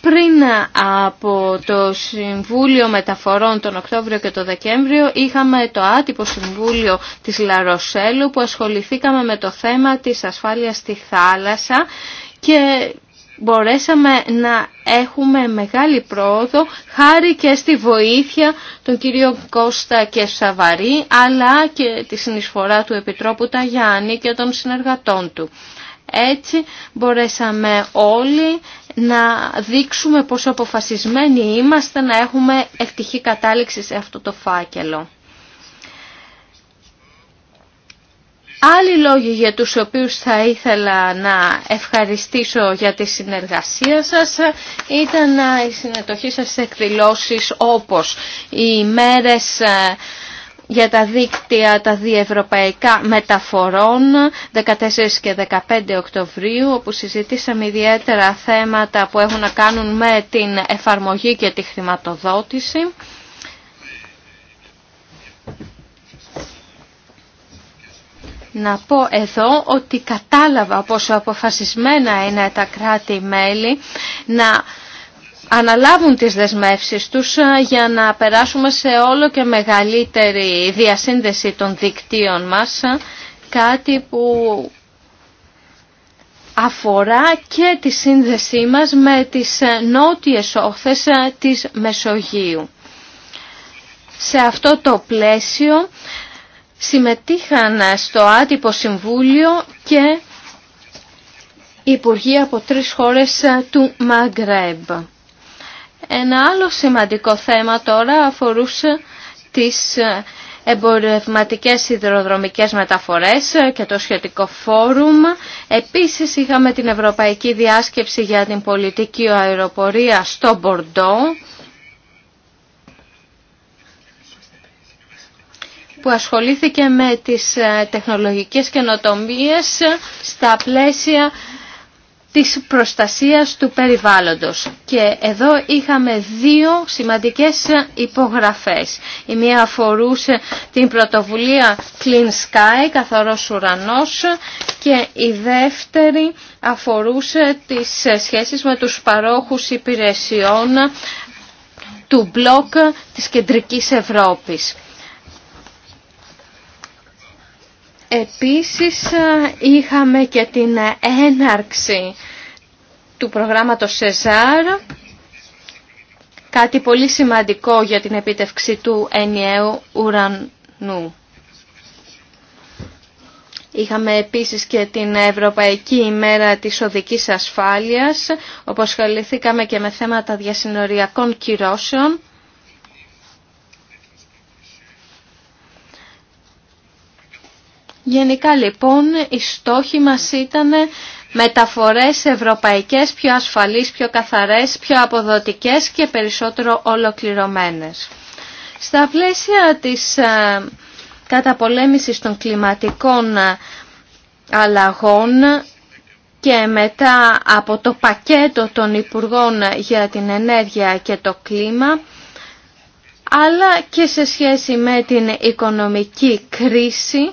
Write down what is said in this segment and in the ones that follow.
Πριν από το Συμβούλιο Μεταφορών τον Οκτώβριο και τον Δεκέμβριο είχαμε το άτυπο Συμβούλιο της Λαροσέλου που ασχοληθήκαμε με το θέμα της ασφάλειας στη θάλασσα και μπορέσαμε να έχουμε μεγάλη πρόοδο χάρη και στη βοήθεια των κυρίων Κώστα και Σαβαρή αλλά και τη συνεισφορά του Επιτρόπου Ταγιάννη και των συνεργατών του. Έτσι μπορέσαμε όλοι να δείξουμε πόσο αποφασισμένοι είμαστε να έχουμε ευτυχή κατάληξη σε αυτό το φάκελο. Άλλοι λόγοι για τους οποίους θα ήθελα να ευχαριστήσω για τη συνεργασία σας ήταν η συνετοχή σας σε εκδηλώσεις όπως οι μέρες ε, για τα δίκτυα τα διευρωπαϊκά μεταφορών 14 και 15 Οκτωβρίου όπου συζητήσαμε ιδιαίτερα θέματα που έχουν να κάνουν με την εφαρμογή και τη χρηματοδότηση. Να πω εδώ ότι κατάλαβα πόσο αποφασισμένα είναι τα κράτη-μέλη να αναλάβουν τις δεσμεύσεις τους ε, για να περάσουμε σε όλο και μεγαλύτερη διασύνδεση των δικτύων μας, ε, κάτι που αφορά και τη σύνδεσή μας με τις ε, νότιες όχθες της Μεσογείου. Σε αυτό το πλαίσιο συμμετείχαν στο άτυπο συμβούλιο και υπουργοί από τρεις χώρες του Μαγκρέμπ. Ένα άλλο σημαντικό θέμα τώρα αφορούσε τις εμπορευματικές υδροδρομικές μεταφορές και το σχετικό φόρουμ. Επίσης είχαμε την Ευρωπαϊκή Διάσκεψη για την Πολιτική Αεροπορία στο Μπορντό, που ασχολήθηκε με τις τεχνολογικές καινοτομίες στα πλαίσια της προστασίας του περιβάλλοντος. Και εδώ είχαμε δύο σημαντικές υπογραφές. Η μία αφορούσε την πρωτοβουλία Clean Sky, καθαρός ουρανός, και η δεύτερη αφορούσε τις σχέσεις με τους παρόχους υπηρεσιών του μπλοκ της Κεντρικής Ευρώπης. Επίσης ε, είχαμε και την έναρξη του προγράμματος ΣΕΖΑΡ, κάτι πολύ σημαντικό για την επίτευξη του ενιαίου ουρανού. Είχαμε επίσης και την Ευρωπαϊκή ημέρα της οδικής ασφάλειας, όπως χαληθήκαμε και με θέματα διασυνοριακών κυρώσεων. Γενικά λοιπόν οι στόχοι μας ήταν μεταφορές ευρωπαϊκές πιο ασφαλείς, πιο καθαρές, πιο αποδοτικές και περισσότερο ολοκληρωμένες. Στα πλαίσια της ε, καταπολέμησης των κλιματικών ε, αλλαγών και μετά από το πακέτο των Υπουργών για την Ενέργεια και το Κλίμα, αλλά και σε σχέση με την οικονομική κρίση,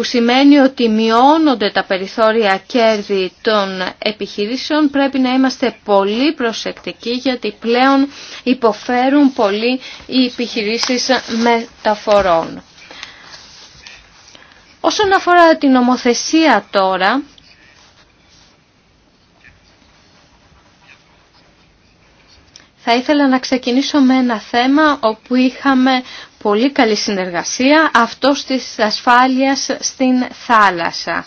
που σημαίνει ότι μειώνονται τα περιθώρια κέρδη των επιχειρήσεων, πρέπει να είμαστε πολύ προσεκτικοί γιατί πλέον υποφέρουν πολύ οι επιχειρήσεις μεταφορών. Όσον αφορά την ομοθεσία τώρα, θα ήθελα να ξεκινήσω με ένα θέμα όπου είχαμε πολύ καλή συνεργασία αυτός της ασφάλειας στην θάλασσα.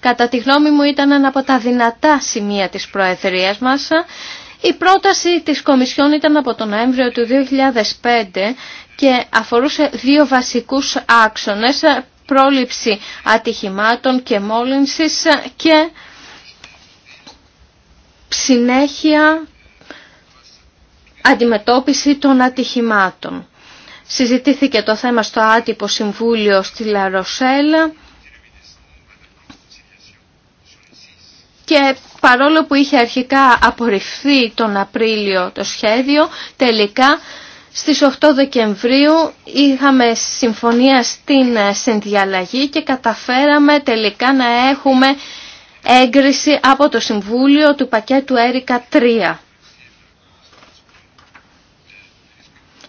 Κατά τη γνώμη μου ήταν ένα από τα δυνατά σημεία της Προεδρίας μας. Η πρόταση της Κομισιόν ήταν από τον Νοέμβριο του 2005 και αφορούσε δύο βασικούς άξονες, πρόληψη ατυχημάτων και μόλυνσης και συνέχεια αντιμετώπιση των ατυχημάτων. Συζητήθηκε το θέμα στο άτυπο συμβούλιο στη Λαροσέλα και παρόλο που είχε αρχικά απορριφθεί τον Απρίλιο το σχέδιο, τελικά στις 8 Δεκεμβρίου είχαμε συμφωνία στην συνδιαλλαγή και καταφέραμε τελικά να έχουμε έγκριση από το Συμβούλιο του πακέτου ΕΡΙΚΑ 3.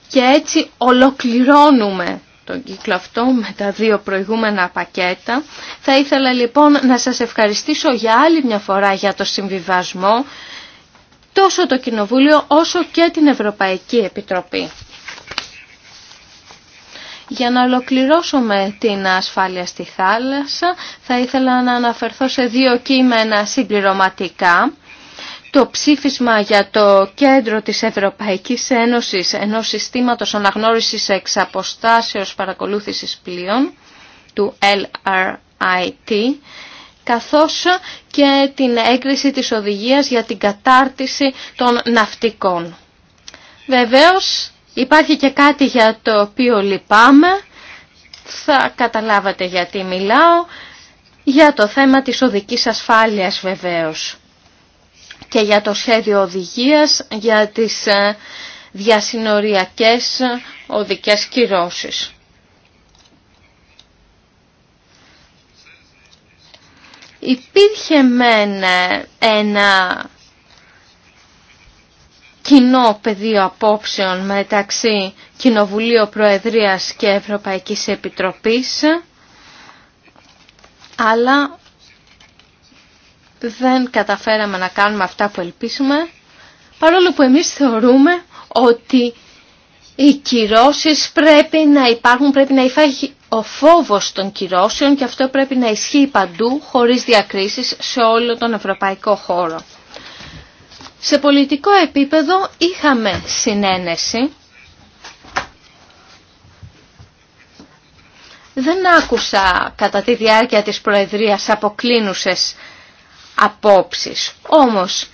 και έτσι ολοκληρώνουμε τον κύκλο αυτό με τα δύο προηγούμενα πακέτα. Θα ήθελα λοιπόν να σας ευχαριστήσω για άλλη μια φορά για το συμβιβασμό τόσο το Κοινοβούλιο όσο και την Ευρωπαϊκή Επιτροπή. Για να ολοκληρώσουμε την ασφάλεια στη θάλασσα, θα ήθελα να αναφερθώ σε δύο κείμενα συμπληρωματικά το ψήφισμα για το κέντρο της Ευρωπαϊκής Ένωσης ενός συστήματος αναγνώρισης εξ αποστάσεως παρακολούθησης πλοίων του LRIT καθώς και την έγκριση της οδηγίας για την κατάρτιση των ναυτικών. Βεβαίως υπάρχει και κάτι για το οποίο λυπάμαι, θα καταλάβατε γιατί μιλάω, για το θέμα της οδικής ασφάλειας βεβαίως και για το σχέδιο οδηγίας για τις ε, διασυνοριακές οδικές κυρώσεις. Υπήρχε μεν ε, ένα κοινό πεδίο απόψεων μεταξύ Κοινοβουλίου Προεδρίας και Ευρωπαϊκής Επιτροπής, αλλά δεν καταφέραμε να κάνουμε αυτά που ελπίσουμε, παρόλο που εμείς θεωρούμε ότι οι κυρώσεις πρέπει να υπάρχουν, πρέπει να υπάρχει ο φόβος των κυρώσεων και αυτό πρέπει να ισχύει παντού χωρίς διακρίσεις σε όλο τον ευρωπαϊκό χώρο. Σε πολιτικό επίπεδο είχαμε συνένεση. Δεν άκουσα κατά τη διάρκεια της Προεδρίας αποκλίνουσες απόψεις. Όμως,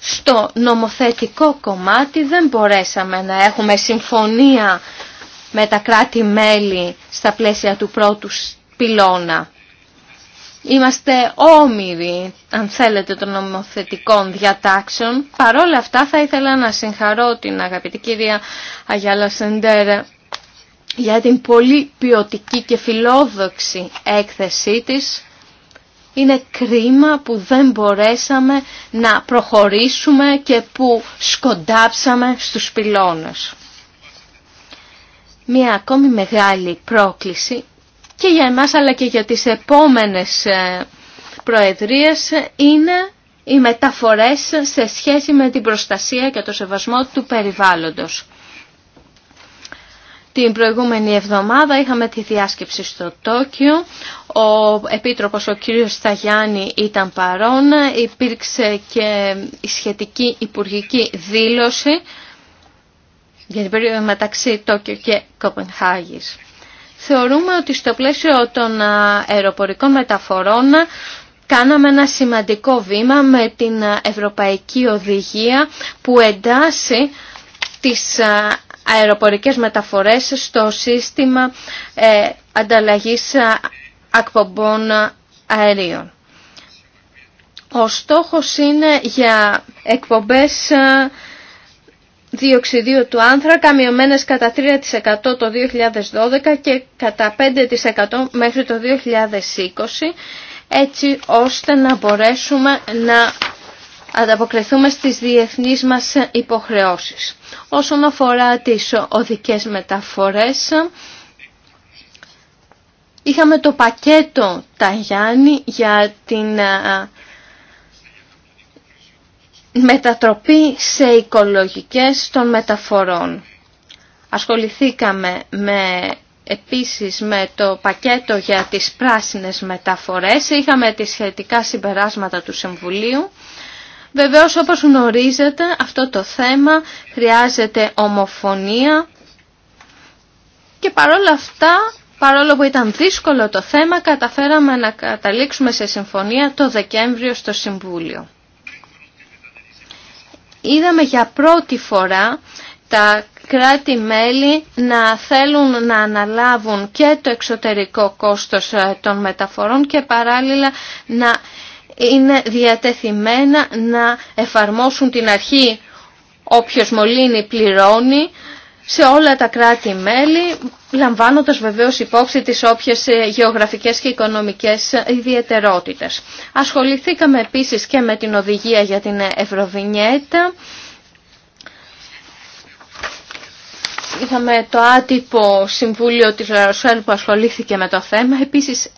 στο νομοθετικό κομμάτι δεν μπορέσαμε να έχουμε συμφωνία με τα κράτη-μέλη στα πλαίσια του πρώτου πυλώνα. Είμαστε όμοιροι, αν θέλετε, των νομοθετικών διατάξεων. Παρόλα αυτά θα ήθελα να συγχαρώ την αγαπητή κυρία Αγιάλα Σεντέρ για την πολύ ποιοτική και φιλόδοξη έκθεσή της είναι κρίμα που δεν μπορέσαμε να προχωρήσουμε και που σκοντάψαμε στους πυλώνες. Μία ακόμη μεγάλη πρόκληση και για εμάς αλλά και για τις επόμενες ε, προεδρίες είναι οι μεταφορές σε σχέση με την προστασία και το σεβασμό του περιβάλλοντος. Την προηγούμενη εβδομάδα είχαμε τη διάσκεψη στο Τόκιο. Ο Επίτροπος ο κύριος Σταγιάννη ήταν παρόν. Υπήρξε και η σχετική υπουργική δήλωση για την περίοδο μεταξύ Τόκιο και Κοπενχάγης. Θεωρούμε ότι στο πλαίσιο των αεροπορικών μεταφορών κάναμε ένα σημαντικό βήμα με την Ευρωπαϊκή Οδηγία που εντάσσει τις αεροπορικές μεταφορές στο σύστημα ε, ανταλλαγής ε, ακπομπών αερίων. Ο στόχος είναι για εκπομπές ε, διοξιδίου του άνθρακα μειωμένες κατά 3% το 2012 και κατά 5% μέχρι το 2020 έτσι ώστε να μπορέσουμε να ανταποκριθούμε στις διεθνείς μας υποχρεώσεις. Όσον αφορά τις οδικές μεταφορές, είχαμε το πακέτο Ταγιάννη για την μετατροπή σε οικολογικές των μεταφορών. Ασχοληθήκαμε με επίσης με το πακέτο για τις πράσινες μεταφορές. Είχαμε τις σχετικά συμπεράσματα του Συμβουλίου. Βεβαίως όπως γνωρίζετε αυτό το θέμα χρειάζεται ομοφωνία και παρόλα αυτά, παρόλο που ήταν δύσκολο το θέμα, καταφέραμε να καταλήξουμε σε συμφωνία το Δεκέμβριο στο Συμβούλιο. Είδαμε για πρώτη φορά τα κράτη-μέλη να θέλουν να αναλάβουν και το εξωτερικό κόστος ε, των μεταφορών και παράλληλα να είναι διατεθειμένα να εφαρμόσουν την αρχή όποιος μολύνει πληρώνει σε όλα τα κράτη-μέλη, λαμβάνοντας βεβαίως υπόψη τις όποιες ε, γεωγραφικές και οικονομικές ε, ιδιαιτερότητες. Ασχοληθήκαμε επίσης και με την οδηγία για την Ευρωβινιέτα είχαμε το άτυπο συμβούλιο της Ρωσέλ που ασχολήθηκε με το θέμα. Επίσης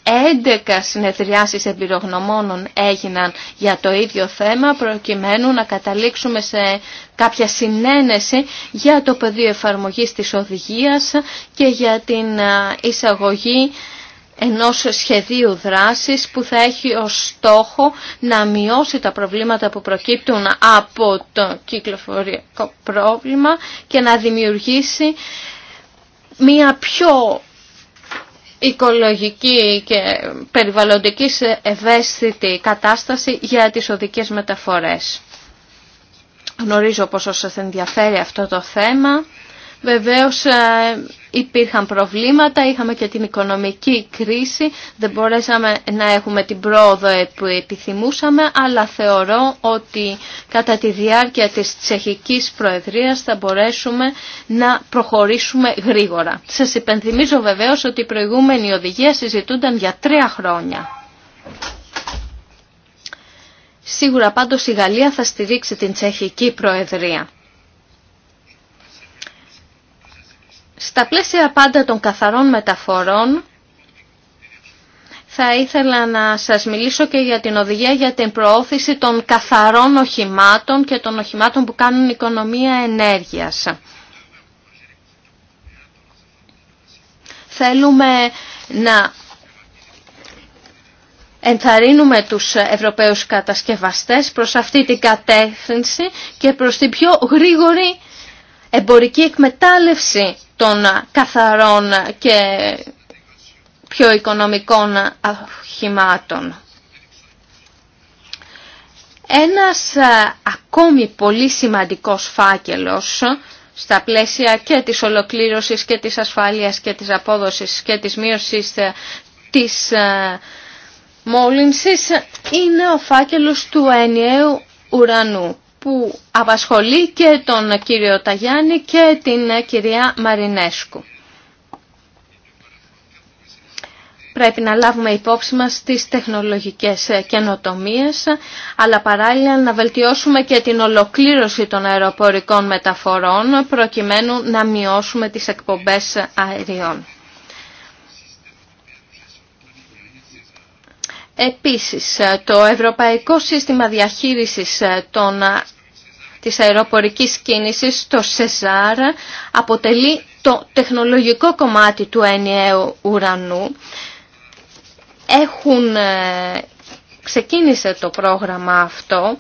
11 συνεδριάσεις εμπειρογνωμόνων έγιναν για το ίδιο θέμα προκειμένου να καταλήξουμε σε κάποια συνένεση για το πεδίο εφαρμογής της οδηγίας και για την ε, εισαγωγή ενός σχεδίου δράσης που θα έχει ως στόχο να μειώσει τα προβλήματα που προκύπτουν από το κυκλοφοριακό πρόβλημα και να δημιουργήσει μια πιο οικολογική και περιβαλλοντική ευαίσθητη κατάσταση για τις οδικές μεταφορές. Γνωρίζω πόσο σας ενδιαφέρει αυτό το θέμα. Βεβαίως ε, υπήρχαν προβλήματα, είχαμε και την οικονομική κρίση, δεν μπορέσαμε να έχουμε την πρόοδο που επιθυμούσαμε, αλλά θεωρώ ότι κατά τη διάρκεια της τσεχικής προεδρίας θα μπορέσουμε να προχωρήσουμε γρήγορα. Σας υπενθυμίζω βεβαίως ότι οι προηγούμενοι οδηγία συζητούνταν για τρία χρόνια. Σίγουρα πάντως η Γαλλία θα στηρίξει την τσεχική προεδρία. Στα πλαίσια πάντα των καθαρών μεταφορών θα ήθελα να σας μιλήσω και για την οδηγία για την προώθηση των καθαρών οχημάτων και των οχημάτων που κάνουν οικονομία ενέργειας. Θέλουμε να ενθαρρύνουμε τους Ευρωπαίους κατασκευαστές προς αυτή την κατεύθυνση και προς την πιο γρήγορη εμπορική εκμετάλλευση των καθαρών και πιο οικονομικών αρχημάτων. Ένας ε, ακόμη πολύ σημαντικός φάκελος στα πλαίσια και της ολοκλήρωσης και της ασφάλειας και της απόδοσης και της μείωσης ε, της ε, μόλυνσης είναι ο φάκελος του ενιαίου ουρανού που απασχολεί και τον κύριο Ταγιάννη και την κυρία Μαρινέσκου. Πρέπει να λάβουμε υπόψη μας τις τεχνολογικές καινοτομίες, αλλά παράλληλα να βελτιώσουμε και την ολοκλήρωση των αεροπορικών μεταφορών, προκειμένου να μειώσουμε τις εκπομπές αεριών. Επίσης, ε, το Ευρωπαϊκό Σύστημα Διαχείρισης ε, των, ε, της αεροπορικής κίνησης, το ΣΕΖΑΡ, αποτελεί το τεχνολογικό κομμάτι του ενιαίου ουρανού. Έχουν, ξεκίνησε το πρόγραμμα αυτό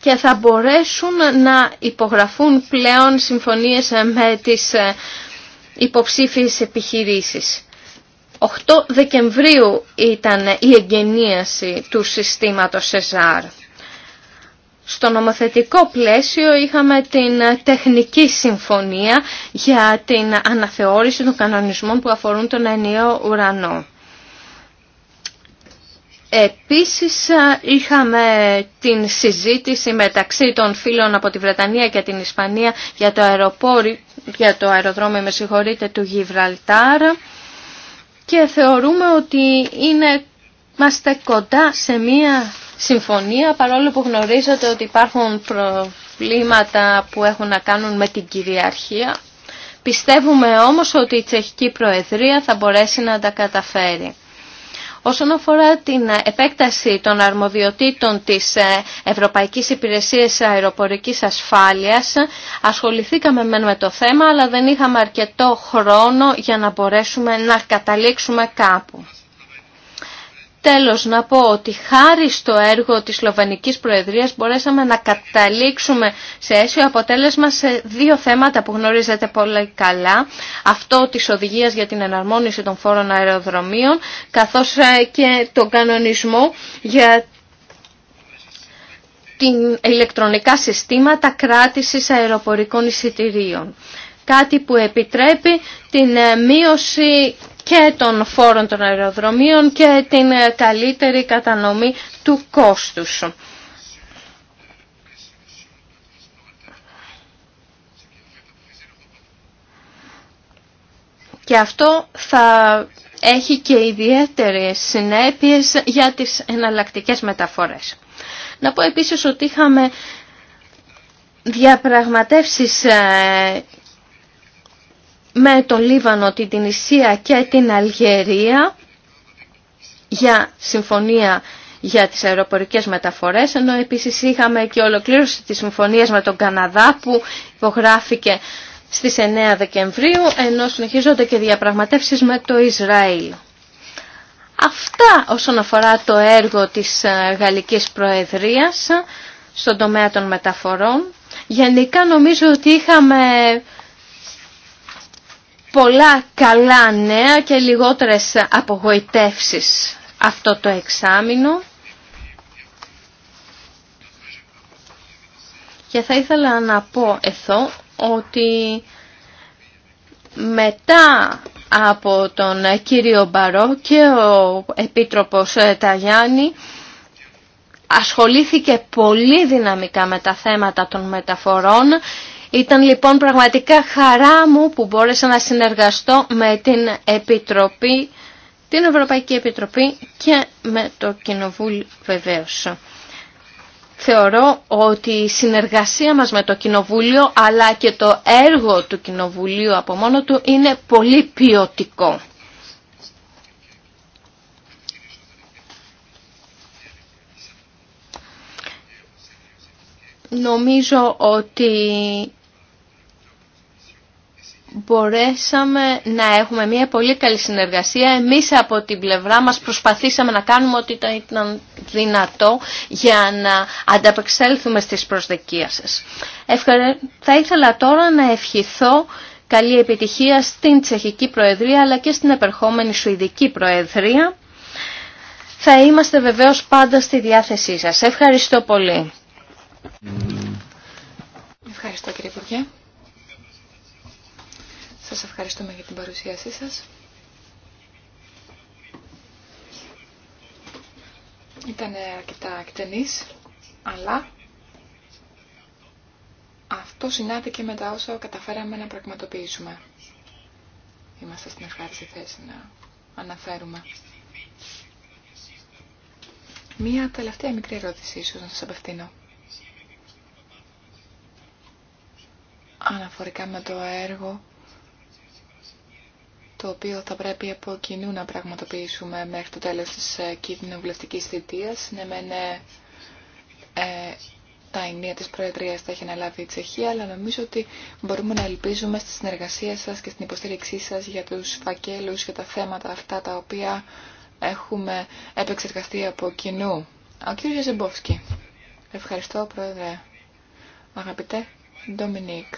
και θα μπορέσουν να υπογραφούν πλέον συμφωνίες με τις υποψήφιες επιχειρήσεις. 8 Δεκεμβρίου ήταν η εγγενίαση του συστήματος ΣΕΖΑΡ. Στο νομοθετικό πλαίσιο είχαμε την τεχνική συμφωνία για την αναθεώρηση των κανονισμών που αφορούν τον ενιαίο ουρανό. Επίσης είχαμε την συζήτηση μεταξύ των φίλων από τη Βρετανία και την Ισπανία για το, αεροπόρι, για το αεροδρόμιο με του Γιβραλτάρ και θεωρούμε ότι είναι, είμαστε κοντά σε μία συμφωνία παρόλο που γνωρίζετε ότι υπάρχουν προβλήματα που έχουν να κάνουν με την κυριαρχία. Πιστεύουμε όμως ότι η Τσεχική Προεδρία θα μπορέσει να τα καταφέρει. Όσον αφορά την ε, επέκταση των αρμοδιοτήτων της ε, Ευρωπαϊκής Υπηρεσίας Αεροπορικής Ασφάλειας, ασχοληθήκαμε με το θέμα, αλλά δεν είχαμε αρκετό χρόνο για να μπορέσουμε να καταλήξουμε κάπου. Τέλος να πω ότι χάρη στο έργο της Σλοβανικής Προεδρίας μπορέσαμε να καταλήξουμε σε αίσιο αποτέλεσμα σε δύο θέματα που γνωρίζετε πολύ καλά. Αυτό της οδηγίας για την εναρμόνιση των φόρων αεροδρομίων καθώς ε, και τον κανονισμό για την ηλεκτρονικά συστήματα κράτησης αεροπορικών εισιτηρίων. Κάτι που επιτρέπει την ε, μείωση και των φόρων των αεροδρομίων και την ε, καλύτερη κατανομή του κόστους. Και αυτό θα έχει και ιδιαίτερες συνέπειες για τις εναλλακτικές μεταφορές. Να πω επίσης ότι είχαμε διαπραγματεύσεις ε, με το Λίβανο, την Τινησία και την Αλγερία για συμφωνία για τις αεροπορικές μεταφορές, ενώ επίσης είχαμε και ολοκλήρωση της συμφωνίας με τον Καναδά που υπογράφηκε στις 9 Δεκεμβρίου, ενώ συνεχίζονται και διαπραγματεύσεις με το Ισραήλ. Αυτά όσον αφορά το έργο της ε, Γαλλικής Προεδρίας στον τομέα των μεταφορών. Γενικά νομίζω ότι είχαμε πολλά καλά νέα και λιγότερες απογοητεύσεις αυτό το εξάμεινο. Και θα ήθελα να πω εδώ ότι μετά από τον κύριο Μπαρό και ο Επίτροπος Ταγιάννη ασχολήθηκε πολύ δυναμικά με τα θέματα των μεταφορών ήταν λοιπόν πραγματικά χαρά μου που μπόρεσα να συνεργαστώ με την Επιτροπή, την Ευρωπαϊκή Επιτροπή και με το Κοινοβούλιο βεβαίως. Θεωρώ ότι η συνεργασία μας με το Κοινοβούλιο αλλά και το έργο του Κοινοβουλίου από μόνο του είναι πολύ ποιοτικό. Νομίζω ότι μπορέσαμε να έχουμε μια πολύ καλή συνεργασία. Εμείς από την πλευρά μας προσπαθήσαμε να κάνουμε ό,τι ήταν δυνατό για να ανταπεξέλθουμε στις προσδοκίες σας. Θα ήθελα τώρα να ευχηθώ καλή επιτυχία στην Τσεχική Προεδρία αλλά και στην επερχόμενη Σουηδική Προεδρία. Θα είμαστε βεβαίως πάντα στη διάθεσή σας. Ευχαριστώ πολύ. Ευχαριστώ κύριε Υπουργέ. Σας ευχαριστούμε για την παρουσίασή σας. Ήταν αρκετά εκτενής, αλλά αυτό συνάδει και με τα όσα καταφέραμε να πραγματοποιήσουμε. Είμαστε στην ευχάριστη θέση να αναφέρουμε. Μία τελευταία μικρή ερώτηση ίσως να σας απευθύνω. Αναφορικά με το έργο το οποίο θα πρέπει από κοινού να πραγματοποιήσουμε μέχρι το τέλος της ε, κοινοβουλευτική θητείας. Ναι, ε, ε, τα ενία της Προεδρίας τα έχει αναλάβει η Τσεχία, αλλά νομίζω ότι μπορούμε να ελπίζουμε στη συνεργασία σας και στην υποστήριξή σας για τους φακέλους και τα θέματα αυτά τα οποία έχουμε επεξεργαστεί από κοινού. Ο κ. Ζεμπόφσκι. Ευχαριστώ, Πρόεδρε. Αγαπητέ Ντομινίκ.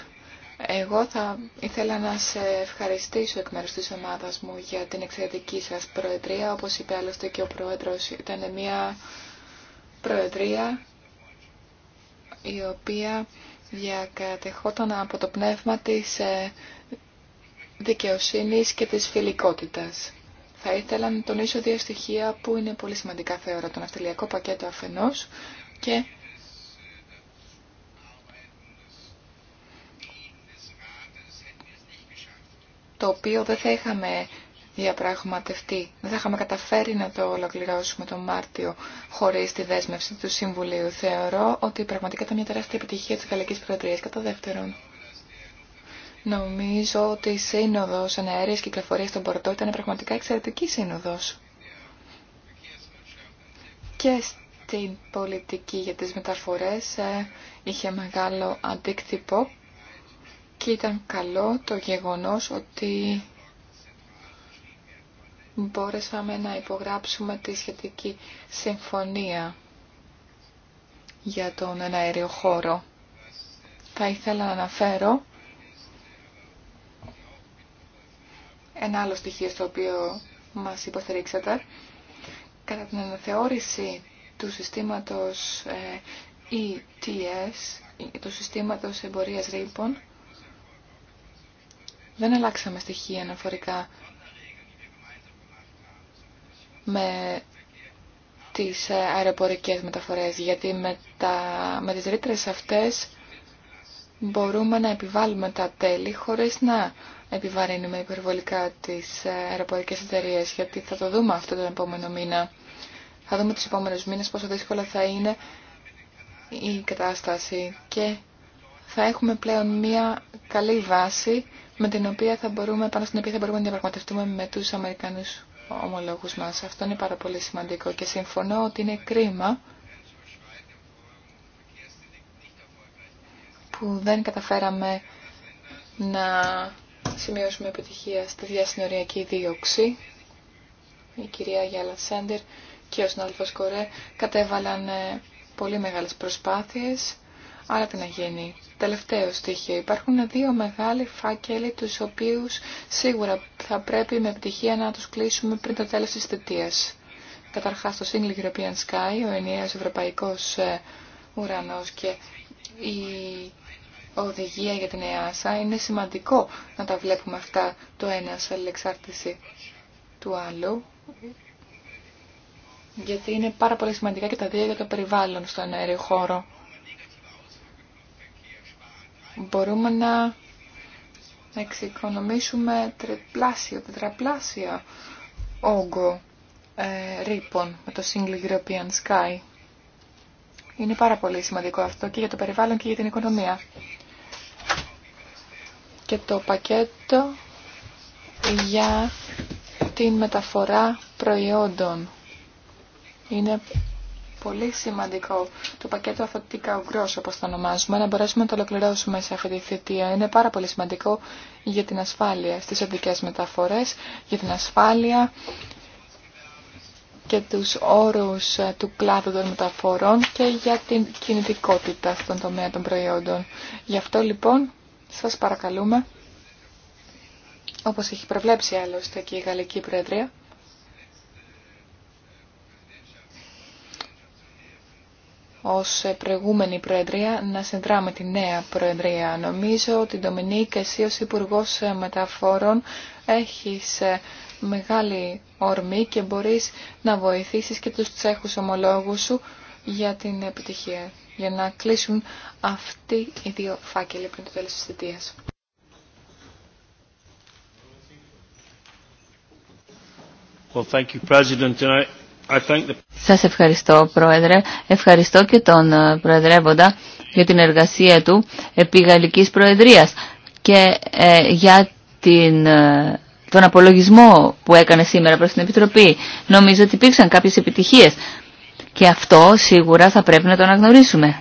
Εγώ θα ήθελα να σε ευχαριστήσω εκ μέρους της ομάδας μου για την εξαιρετική σας προεδρία. Όπως είπε άλλωστε και ο πρόεδρος, ήταν μια προεδρία η οποία διακατεχόταν από το πνεύμα της ε, δικαιοσύνης και της φιλικότητας. Θα ήθελα να τονίσω δύο στοιχεία που είναι πολύ σημαντικά θεωρώ, τον ναυτιλιακό πακέτο αφενός και το οποίο δεν θα είχαμε διαπραγματευτεί, δεν θα είχαμε καταφέρει να το ολοκληρώσουμε τον Μάρτιο χωρίς τη δέσμευση του Συμβουλίου. Θεωρώ ότι πραγματικά ήταν μια τεράστια επιτυχία της Γαλλικής Προεδρίας. Κατά δεύτερον, νομίζω ότι η σύνοδος αναέρειας κυκλοφορίας των Πορτό ήταν πραγματικά εξαιρετική σύνοδος. Και στην πολιτική για τις μεταφορές ε, είχε μεγάλο αντίκτυπο και ήταν καλό το γεγονός ότι μπόρεσαμε να υπογράψουμε τη σχετική συμφωνία για τον εναέριο χώρο. Θα ήθελα να αναφέρω ένα άλλο στοιχείο στο οποίο μας υποστηρίξατε. Κατά την αναθεώρηση του συστήματος ε, ETS, ε, του συστήματος εμπορίας ρήπων, δεν αλλάξαμε στοιχεία αναφορικά με τις ε, αεροπορικές μεταφορές, γιατί με, τα, με τις ρήτρες αυτές μπορούμε να επιβάλλουμε τα τέλη χωρίς να επιβαρύνουμε υπερβολικά τις ε, αεροπορικές εταιρείε, γιατί θα το δούμε αυτό το επόμενο μήνα. Θα δούμε τους επόμενους μήνες πόσο δύσκολα θα είναι η κατάσταση και θα έχουμε πλέον μια καλή βάση με την οποία θα μπορούμε, πάνω στην οποία θα μπορούμε να διαπραγματευτούμε με του Αμερικανούς ομολόγου μα. Αυτό είναι πάρα πολύ σημαντικό και συμφωνώ ότι είναι κρίμα που δεν καταφέραμε να σημειώσουμε επιτυχία στη διασυνοριακή δίωξη. Η κυρία Γιάλα Σέντερ και ο συνάδελφος Κορέ κατέβαλαν ε, πολύ μεγάλες προσπάθειες, αλλά τι να γίνει. Τελευταίο στοιχείο. Υπάρχουν δύο μεγάλοι φάκελοι, τους οποίους σίγουρα θα πρέπει με επιτυχία να τους κλείσουμε πριν το τέλος της θητείας. Καταρχάς το Single European Sky, ο ενιαίος ευρωπαϊκός ε, ουρανός και η οδηγία για την ΕΑΣΑ. Είναι σημαντικό να τα βλέπουμε αυτά το ένα σε εξάρτηση του άλλου. Γιατί είναι πάρα πολύ σημαντικά και τα δύο για το περιβάλλον στον αέριο χώρο μπορούμε να εξοικονομήσουμε τριπλάσιο, τετραπλάσιο όγκο ε, ρήπων με το Single European Sky. Είναι πάρα πολύ σημαντικό αυτό και για το περιβάλλον και για την οικονομία. Και το πακέτο για την μεταφορά προϊόντων. Είναι πολύ σημαντικό το πακέτο αθωτικά γκρός όπως το ονομάζουμε να μπορέσουμε να το ολοκληρώσουμε σε αυτή τη θητεία. Είναι πάρα πολύ σημαντικό για την ασφάλεια στις οδικές μεταφορές, για την ασφάλεια και τους όρους ε, του κλάδου των μεταφορών και για την κινητικότητα στον τομέα των προϊόντων. Γι' αυτό λοιπόν σας παρακαλούμε, όπως έχει προβλέψει άλλωστε και η Γαλλική Προεδρία, ως προηγούμενη Προεδρία να συνδράμε τη νέα Προεδρία. Νομίζω ότι Ντομινίκ, εσύ ως Υπουργός Μεταφόρων έχεις ε, μεγάλη ορμή και μπορείς να βοηθήσεις και τους τσέχους ομολόγους σου για την επιτυχία, για να κλείσουν αυτοί οι δύο φάκελοι πριν το τέλος της θητείας. Well, thank σας ευχαριστώ Πρόεδρε. Ευχαριστώ και τον ε, Προεδρεύοντα για την εργασία του επί Γαλλικής Προεδρίας και ε, για την, ε, τον απολογισμό που έκανε σήμερα προς την Επιτροπή. Νομίζω ότι υπήρξαν κάποιες επιτυχίες και αυτό σίγουρα θα πρέπει να το αναγνωρίσουμε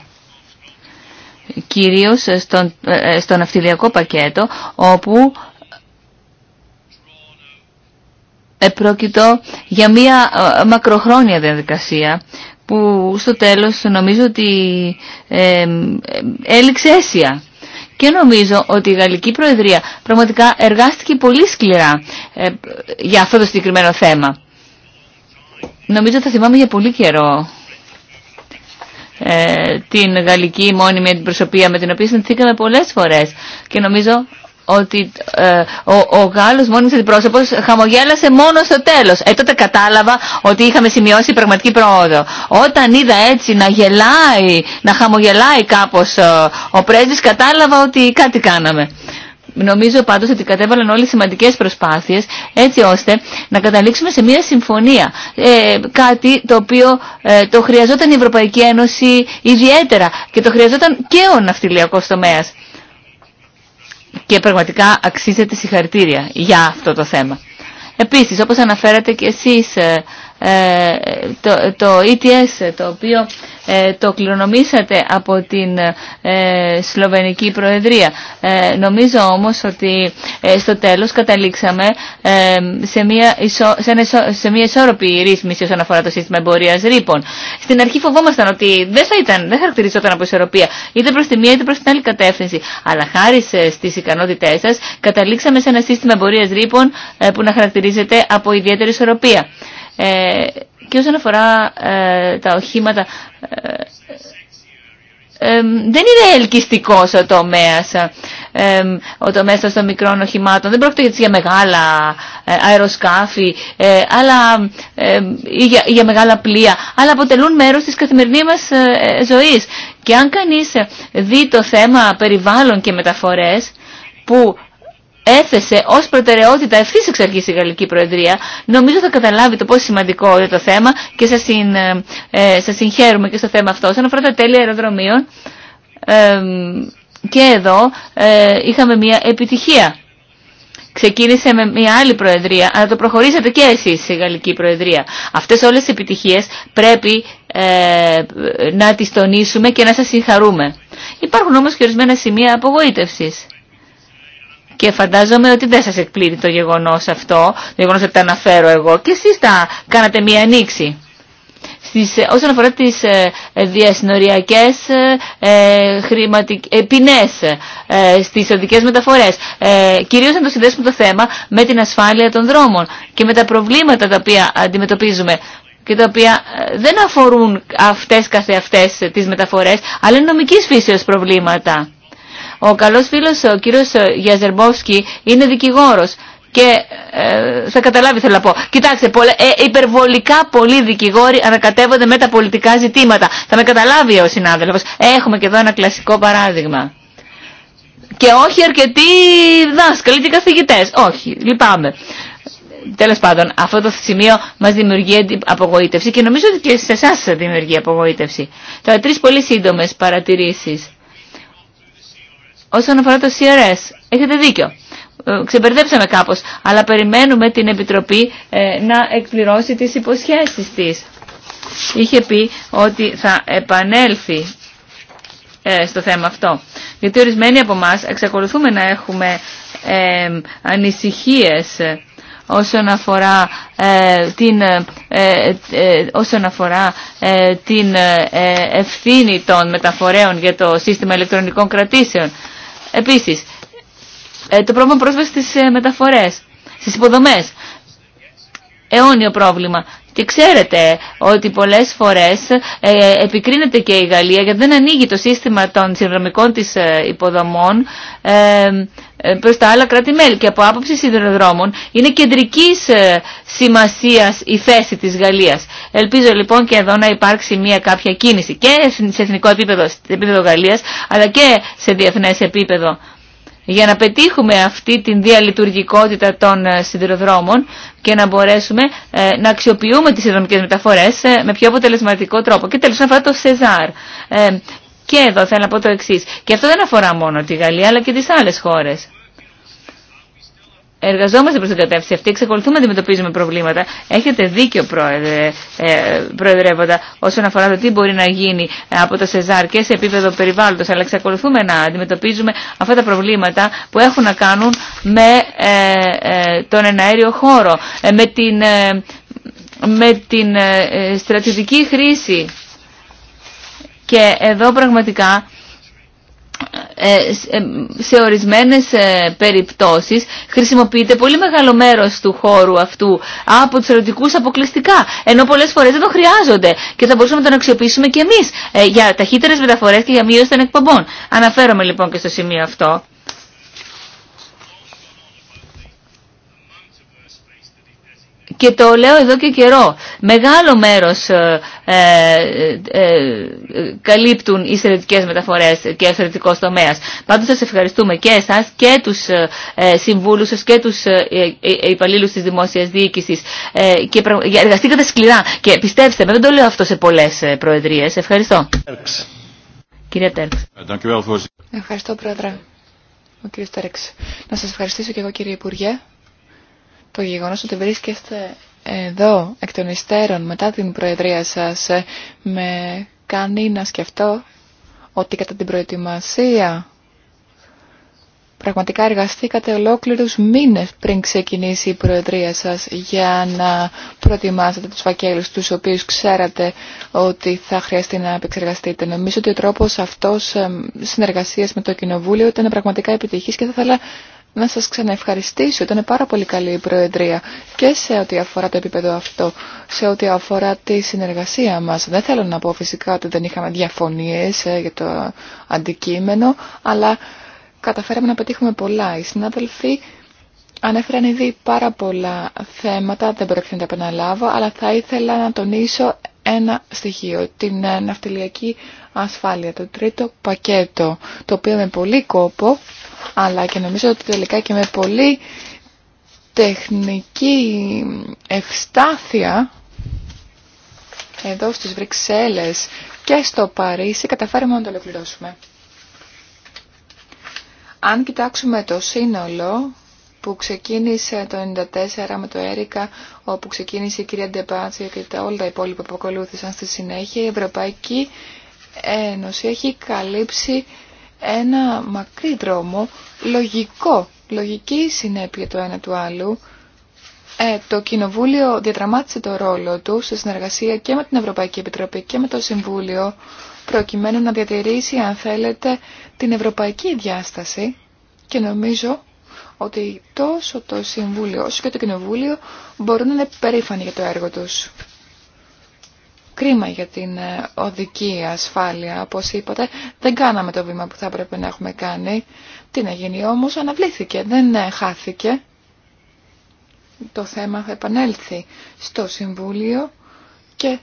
κυρίως στον, στον πακέτο, όπου πρόκειτο για μια ε, μακροχρόνια διαδικασία που στο τέλος νομίζω ότι ε, έληξε αίσια. Και νομίζω ότι η Γαλλική Προεδρία πραγματικά εργάστηκε πολύ σκληρά ε, για αυτό το συγκεκριμένο θέμα. Νομίζω ότι θα θυμάμαι για πολύ καιρό ε, την γαλλική μόνιμη αντιπροσωπεία με την οποία συνθήκαμε πολλές φορές. Και νομίζω ότι ε, ο, ο Γάλλος μόνος αντιπρόσωπος χαμογέλασε μόνο στο τέλος. Ε, τότε κατάλαβα ότι είχαμε σημειώσει πραγματική πρόοδο. Όταν είδα έτσι να γελάει, να χαμογελάει κάπως ο, ε, ο πρέσβης, κατάλαβα ότι κάτι κάναμε. Νομίζω πάντως ότι κατέβαλαν οι σημαντικές προσπάθειες έτσι ώστε να καταλήξουμε σε μια συμφωνία. Ε, κάτι το οποίο το χρειαζόταν η Ευρωπαϊκή Ένωση ιδιαίτερα και το χρειαζόταν και ο ναυτιλιακός τομέας και πραγματικά αξίζεται συγχαρητήρια για αυτό το θέμα. Επίσης, όπως αναφέρατε και εσείς, ε, ε, το, το ETS, το οποίο ε, το κληρονομήσατε από την ε, Σλοβενική Προεδρία. Ε, νομίζω όμως ότι στο τέλος καταλήξαμε σε μια, ισο... σε μια ισόρροπη ρύθμιση όσον αφορά το σύστημα εμπορίας ρήπων. Στην αρχή φοβόμασταν ότι δεν θα ήταν, δεν χαρακτηριζόταν από ισορροπία είτε προς τη μία είτε προς την άλλη κατεύθυνση. Αλλά χάρη στις ικανότητές σας καταλήξαμε σε ένα σύστημα εμπορίας ρήπων που να χαρακτηρίζεται από ιδιαίτερη ισορροπία. Ε, και όσον αφορά ε, τα οχήματα, ε, δεν είναι ελκυστικό ο τομέα. Ε, ο των μικρών οχημάτων δεν πρόκειται για μεγάλα αεροσκάφη αλλά, ή για, μεγάλα πλοία, αλλά αποτελούν μέρο τη καθημερινή μα ζωή. Και αν κανεί δει το θέμα περιβάλλον και μεταφορέ, που έθεσε ως προτεραιότητα ευθύ εξ αρχή η Γαλλική Προεδρία. Νομίζω θα καταλάβει το πόσο σημαντικό είναι το θέμα και σα συν, ε, ε, συγχαίρουμε και στο θέμα αυτό. Σαν αφορά τα τέλη αεροδρομίων, και εδώ ε, είχαμε μια επιτυχία. Ξεκίνησε με μια άλλη προεδρία, αλλά το προχωρήσατε και εσείς η Γαλλική Προεδρία. Αυτές όλε τι επιτυχίε πρέπει να τι τονίσουμε και να σα συγχαρούμε. Υπάρχουν όμω και ορισμένα σημεία απογοήτευση και φαντάζομαι ότι δεν σας εκπλήρει το γεγονός αυτό, το γεγονός ότι τα αναφέρω εγώ και εσείς τα κάνατε μία ανοίξη. Στις, ε, όσον αφορά τις ε, ε διασυνοριακές ε, ε, χρηματικ... ε, ποινές στις οδικές μεταφορές. Ε, κυρίως να το συνδέσουμε το θέμα με την ασφάλεια των δρόμων και με τα προβλήματα τα οποία αντιμετωπίζουμε και τα οποία δεν αφορούν αυτές καθεαυτές τις μεταφορές, αλλά είναι νομικής φύσεως προβλήματα. Ο καλός φίλος ο κύριος ε, Γιαζερμπόφσκι είναι δικηγόρος και ε, θα καταλάβει θέλω να πω. Κοιτάξτε, ε, υπερβολικά πολλοί δικηγόροι ανακατεύονται με τα πολιτικά ζητήματα. Θα με καταλάβει ο συνάδελφος. Έχουμε και εδώ ένα κλασικό παράδειγμα. Και όχι αρκετοί δάσκαλοι και καθηγητές. Όχι, λυπάμαι. Τέλο πάντων, αυτό το σημείο μα δημιουργεί απογοήτευση και νομίζω ότι και σε εσά δημιουργεί απογοήτευση. Τώρα, τρει πολύ σύντομε παρατηρήσει. Όσον αφορά το CRS, έχετε δίκιο. Ε, ξεπερδέψαμε κάπως, αλλά περιμένουμε την Επιτροπή ε, να εκπληρώσει τις υποσχέσεις της. Είχε πει ότι θα επανέλθει ε, στο θέμα αυτό. Γιατί ορισμένοι από εμά εξακολουθούμε να έχουμε ε, ανησυχίες όσον αφορά την, όσον αφορά, την ευθύνη των μεταφορέων για το σύστημα ηλεκτρονικών κρατήσεων. Επίσης, ε, το πρόβλημα πρόσβαση στις ε, μεταφορές, στις υποδομές. Αιώνιο πρόβλημα. Και ξέρετε ότι πολλές φορές ε, επικρίνεται και η Γαλλία γιατί δεν ανοίγει το σύστημα των συνδρομικών της ε, υποδομών ε, προς τα άλλα κράτη-μέλη. Και από άποψη συνδρομών είναι κεντρικής σημασίας η θέση της Γαλλίας. Ελπίζω λοιπόν και εδώ να υπάρξει μια κάποια κίνηση και σε εθνικό επίπεδο, σε επίπεδο Γαλλίας, αλλά και σε διεθνές επίπεδο για να πετύχουμε αυτή την διαλειτουργικότητα των ε, σιδηροδρόμων και να μπορέσουμε ε, να αξιοποιούμε τις ειδομικές μεταφορές ε, με πιο αποτελεσματικό τρόπο. Και τέλος αφορά το ΣΕΖΑΡ. και εδώ θέλω να πω το εξή. Και αυτό δεν αφορά μόνο τη Γαλλία αλλά και τις άλλες χώρες εργαζόμαστε προς την κατεύθυνση αυτή, εξακολουθούμε να αντιμετωπίζουμε προβλήματα. Έχετε δίκιο, πρόεδρε, ε, Προεδρεύοντα, όσον αφορά το τι μπορεί να γίνει από τα ΣΕΖΑΡ και σε επίπεδο περιβάλλοντος, αλλά εξακολουθούμε να αντιμετωπίζουμε αυτά τα προβλήματα που έχουν να κάνουν με ε, ε τον εναέριο χώρο, ε, με την, ε, με την στρατιωτική χρήση. Και εδώ πραγματικά ε, ε, σε ορισμένες ε, περιπτώσεις χρησιμοποιείται πολύ μεγάλο μέρος του χώρου αυτού από τους ερωτικούς αποκλειστικά ενώ πολλές φορές δεν το χρειάζονται και θα μπορούσαμε να τον αξιοποιήσουμε και εμείς για ταχύτερες μεταφορές και για μείωση των εκπομπών. Αναφέρομαι λοιπόν και στο σημείο αυτό και το λέω εδώ και καιρό. Μεγάλο μέρος ε, ε, ε, καλύπτουν οι στρατιωτικές μεταφορές και ο στρατιωτικός τομέας. Πάντως σας ευχαριστούμε και εσάς και τους ε, συμβούλους σας και τους υπαλλήλους της δημόσιας διοίκησης και εργαστήκατε σκληρά και πιστέψτε με, δεν το λέω αυτό σε πολλές προεδρίες. Ευχαριστώ. Κύριε Τέρξ. Ευχαριστώ, Πρόεδρε. Ο κύριος Τέρξ. Να σας ευχαριστήσω και εγώ, κύριε Υπουργέ το γεγονός ότι βρίσκεστε εδώ εκ των υστέρων μετά την προεδρία σας ε, με κάνει να σκεφτώ ότι κατά την προετοιμασία πραγματικά εργαστήκατε ολόκληρους μήνες πριν ξεκινήσει η προεδρία σας για να προετοιμάσετε τους φακέλους τους οποίους ξέρατε ότι θα χρειαστεί να επεξεργαστείτε. Νομίζω ότι ο τρόπος αυτός ε, συνεργασίας με το Κοινοβούλιο ήταν πραγματικά επιτυχής και θα ήθελα να σας ξαναευχαριστήσω. Ήταν πάρα πολύ καλή η Προεδρία και σε ό,τι αφορά το επίπεδο αυτό, σε ό,τι αφορά τη συνεργασία μας. Δεν θέλω να πω φυσικά ότι δεν είχαμε διαφωνίες ε, για το αντικείμενο, αλλά καταφέραμε να πετύχουμε πολλά. Οι συνάδελφοι ανέφεραν ήδη πάρα πολλά θέματα, δεν πρόκειται να τα επαναλάβω, αλλά θα ήθελα να τονίσω ένα στοιχείο, την ναυτιλιακή ασφάλεια, το τρίτο πακέτο, το οποίο με πολύ κόπο αλλά και νομίζω ότι τελικά και με πολύ τεχνική ευστάθεια εδώ στις Βρυξέλλες και στο Παρίσι καταφέρουμε να το ολοκληρώσουμε. Αν κοιτάξουμε το σύνολο που ξεκίνησε το 1994 με το Έρικα, όπου ξεκίνησε η κυρία Ντεπάτσια και τα όλα τα υπόλοιπα που ακολούθησαν στη συνέχεια, η Ευρωπαϊκή Ένωση έχει καλύψει ένα μακρύ δρόμο, λογικό, λογική συνέπεια το ένα του άλλου. Ε, το Κοινοβούλιο διατραμάτισε το ρόλο του σε συνεργασία και με την Ευρωπαϊκή Επιτροπή και με το Συμβούλιο προκειμένου να διατηρήσει, αν θέλετε, την ευρωπαϊκή διάσταση και νομίζω ότι τόσο το Συμβούλιο όσο και το Κοινοβούλιο μπορούν να είναι περήφανοι για το έργο τους. Κρίμα για την ε, οδική ασφάλεια, όπως είπατε. Δεν κάναμε το βήμα που θα έπρεπε να έχουμε κάνει. Τι να γίνει όμως, αναβλήθηκε, δεν ε, χάθηκε. Το θέμα θα επανέλθει στο Συμβούλιο και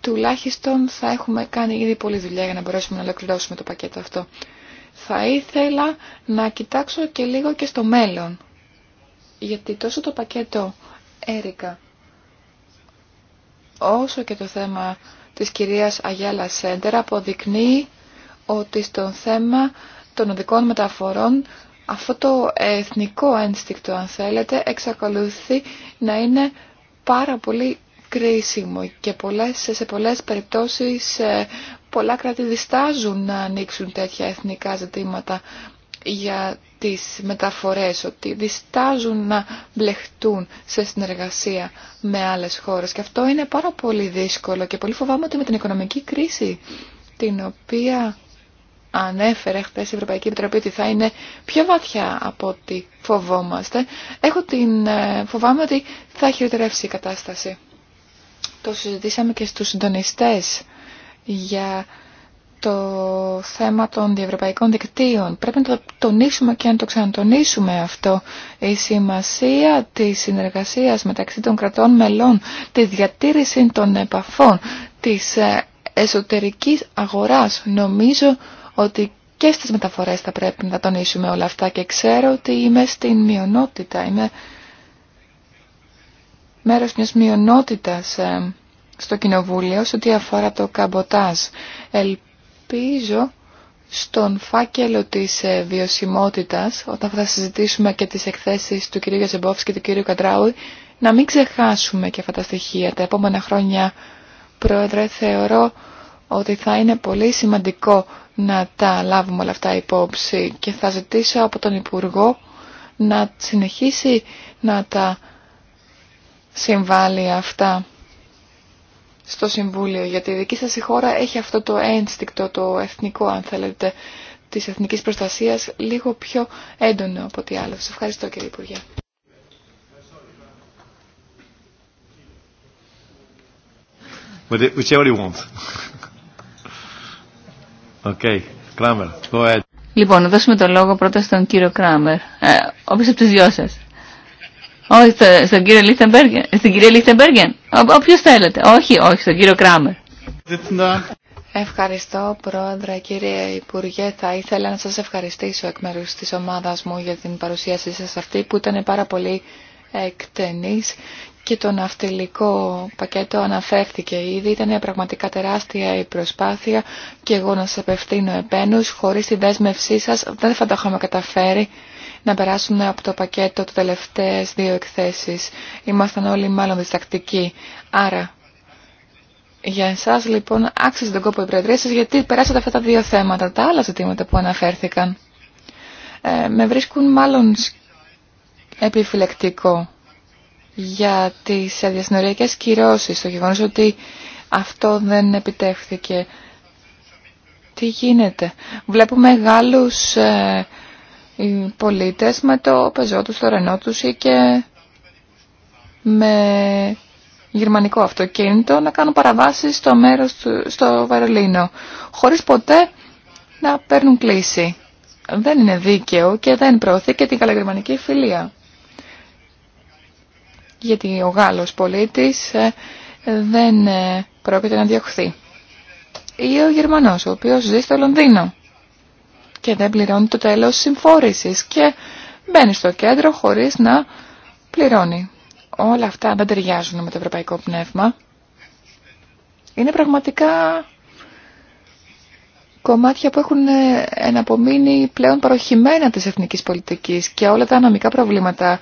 τουλάχιστον θα έχουμε κάνει ήδη πολλή δουλειά για να μπορέσουμε να ολοκληρώσουμε το πακέτο αυτό. Θα ήθελα να κοιτάξω και λίγο και στο μέλλον. Γιατί τόσο το πακέτο Έρικα όσο και το θέμα της κυρίας Αγέλα Σέντερα αποδεικνύει ότι στο θέμα των οδικών μεταφορών αυτό το εθνικό ένστικτο αν θέλετε εξακολουθεί να είναι πάρα πολύ κρίσιμο και πολλές, σε πολλές περιπτώσεις πολλά κράτη διστάζουν να ανοίξουν τέτοια εθνικά ζητήματα για τις μεταφορές, ότι διστάζουν να μπλεχτούν σε συνεργασία με άλλες χώρες. Και αυτό είναι πάρα πολύ δύσκολο και πολύ φοβάμαι ότι με την οικονομική κρίση, την οποία ανέφερε χθε η Ευρωπαϊκή Επιτροπή ότι θα είναι πιο βαθιά από ό,τι φοβόμαστε, έχω την, ε, φοβάμαι ότι θα χειροτερεύσει η κατάσταση. Το συζητήσαμε και στους συντονιστές για το θέμα των διευρωπαϊκών δικτύων. Πρέπει να το τονίσουμε και να το ξανατονίσουμε αυτό. Η σημασία της συνεργασίας μεταξύ των κρατών μελών, τη διατήρηση των επαφών, της ε, εσωτερικής αγοράς. Νομίζω ότι και στις μεταφορές θα πρέπει να τονίσουμε όλα αυτά και ξέρω ότι είμαι στην μειονότητα. Είμαι μέρος μιας μειονότητας ε, στο Κοινοβούλιο σε ό,τι αφορά το καμποτάζ ελπίζω στον φάκελο της ε, βιωσιμότητας, όταν θα συζητήσουμε και τις εκθέσεις του κυρίου Γιαζεμπόφης και του κυρίου Κατράου, να μην ξεχάσουμε και αυτά τα στοιχεία. Τα επόμενα χρόνια, Πρόεδρε, θεωρώ ότι θα είναι πολύ σημαντικό να τα λάβουμε όλα αυτά υπόψη και θα ζητήσω από τον Υπουργό να συνεχίσει να τα συμβάλλει αυτά στο Συμβούλιο, γιατί η δική σας η χώρα έχει αυτό το ένστικτο, το εθνικό αν θέλετε, της εθνικής προστασίας λίγο πιο έντονο από ό,τι άλλο. Σας ευχαριστώ κύριε Υπουργέ. go ahead. Λοιπόν, να δώσουμε το λόγο πρώτα στον κύριο Κράμερ. Ε, όποιος από τους δυο σας. Όχι, στο, στον κύριο Λίχτεμπεργεν. Στην κυρία Λίχτεμπεργεν. Όποιο θέλετε. Όχι, όχι, στον κύριο Κράμερ. Ευχαριστώ Πρόεδρε, κύριε Υπουργέ. Θα ήθελα να σας ευχαριστήσω εκ μέρους της ομάδας μου για την παρουσίασή σας αυτή που ήταν πάρα πολύ εκτενής και το ναυτιλικό πακέτο αναφέρθηκε ήδη. Ήταν πραγματικά τεράστια η προσπάθεια και εγώ να σας απευθύνω επένους. Χωρίς τη δέσμευσή σας δεν θα το είχαμε καταφέρει να περάσουν από το πακέτο του τελευταίες δύο εκθέσεις. Ήμασταν όλοι μάλλον διστακτικοί. Άρα, για εσάς λοιπόν άξιζε τον κόπο η Προεδρία σας γιατί περάσατε αυτά τα δύο θέματα, τα άλλα ζητήματα που αναφέρθηκαν. Ε, με βρίσκουν μάλλον επιφυλεκτικό για τις αδιασυνοριακές κυρώσεις, το γεγονός ότι αυτό δεν επιτεύχθηκε. Τι γίνεται. Βλέπουμε Γάλλους ε, οι πολίτες με το πεζό τους, το ρενό τους ή και με γερμανικό αυτοκίνητο να κάνουν παραβάσεις στο μέρος του, στο Βερολίνο, χωρίς ποτέ να παίρνουν κλίση. Δεν είναι δίκαιο και δεν προωθεί και την καλαγερμανική φιλία. Γιατί ο Γάλλος πολίτης ε, δεν ε, πρόκειται να διωχθεί. Ή ο Γερμανός, ο οποίος ζει στο Λονδίνο και δεν πληρώνει το τέλος συμφόρησης και μπαίνει στο κέντρο χωρίς να πληρώνει. Όλα αυτά δεν ταιριάζουν με το ευρωπαϊκό πνεύμα. Είναι πραγματικά κομμάτια που έχουν ε, εναπομείνει πλέον παροχημένα της εθνικής πολιτικής και όλα τα αναμικά προβλήματα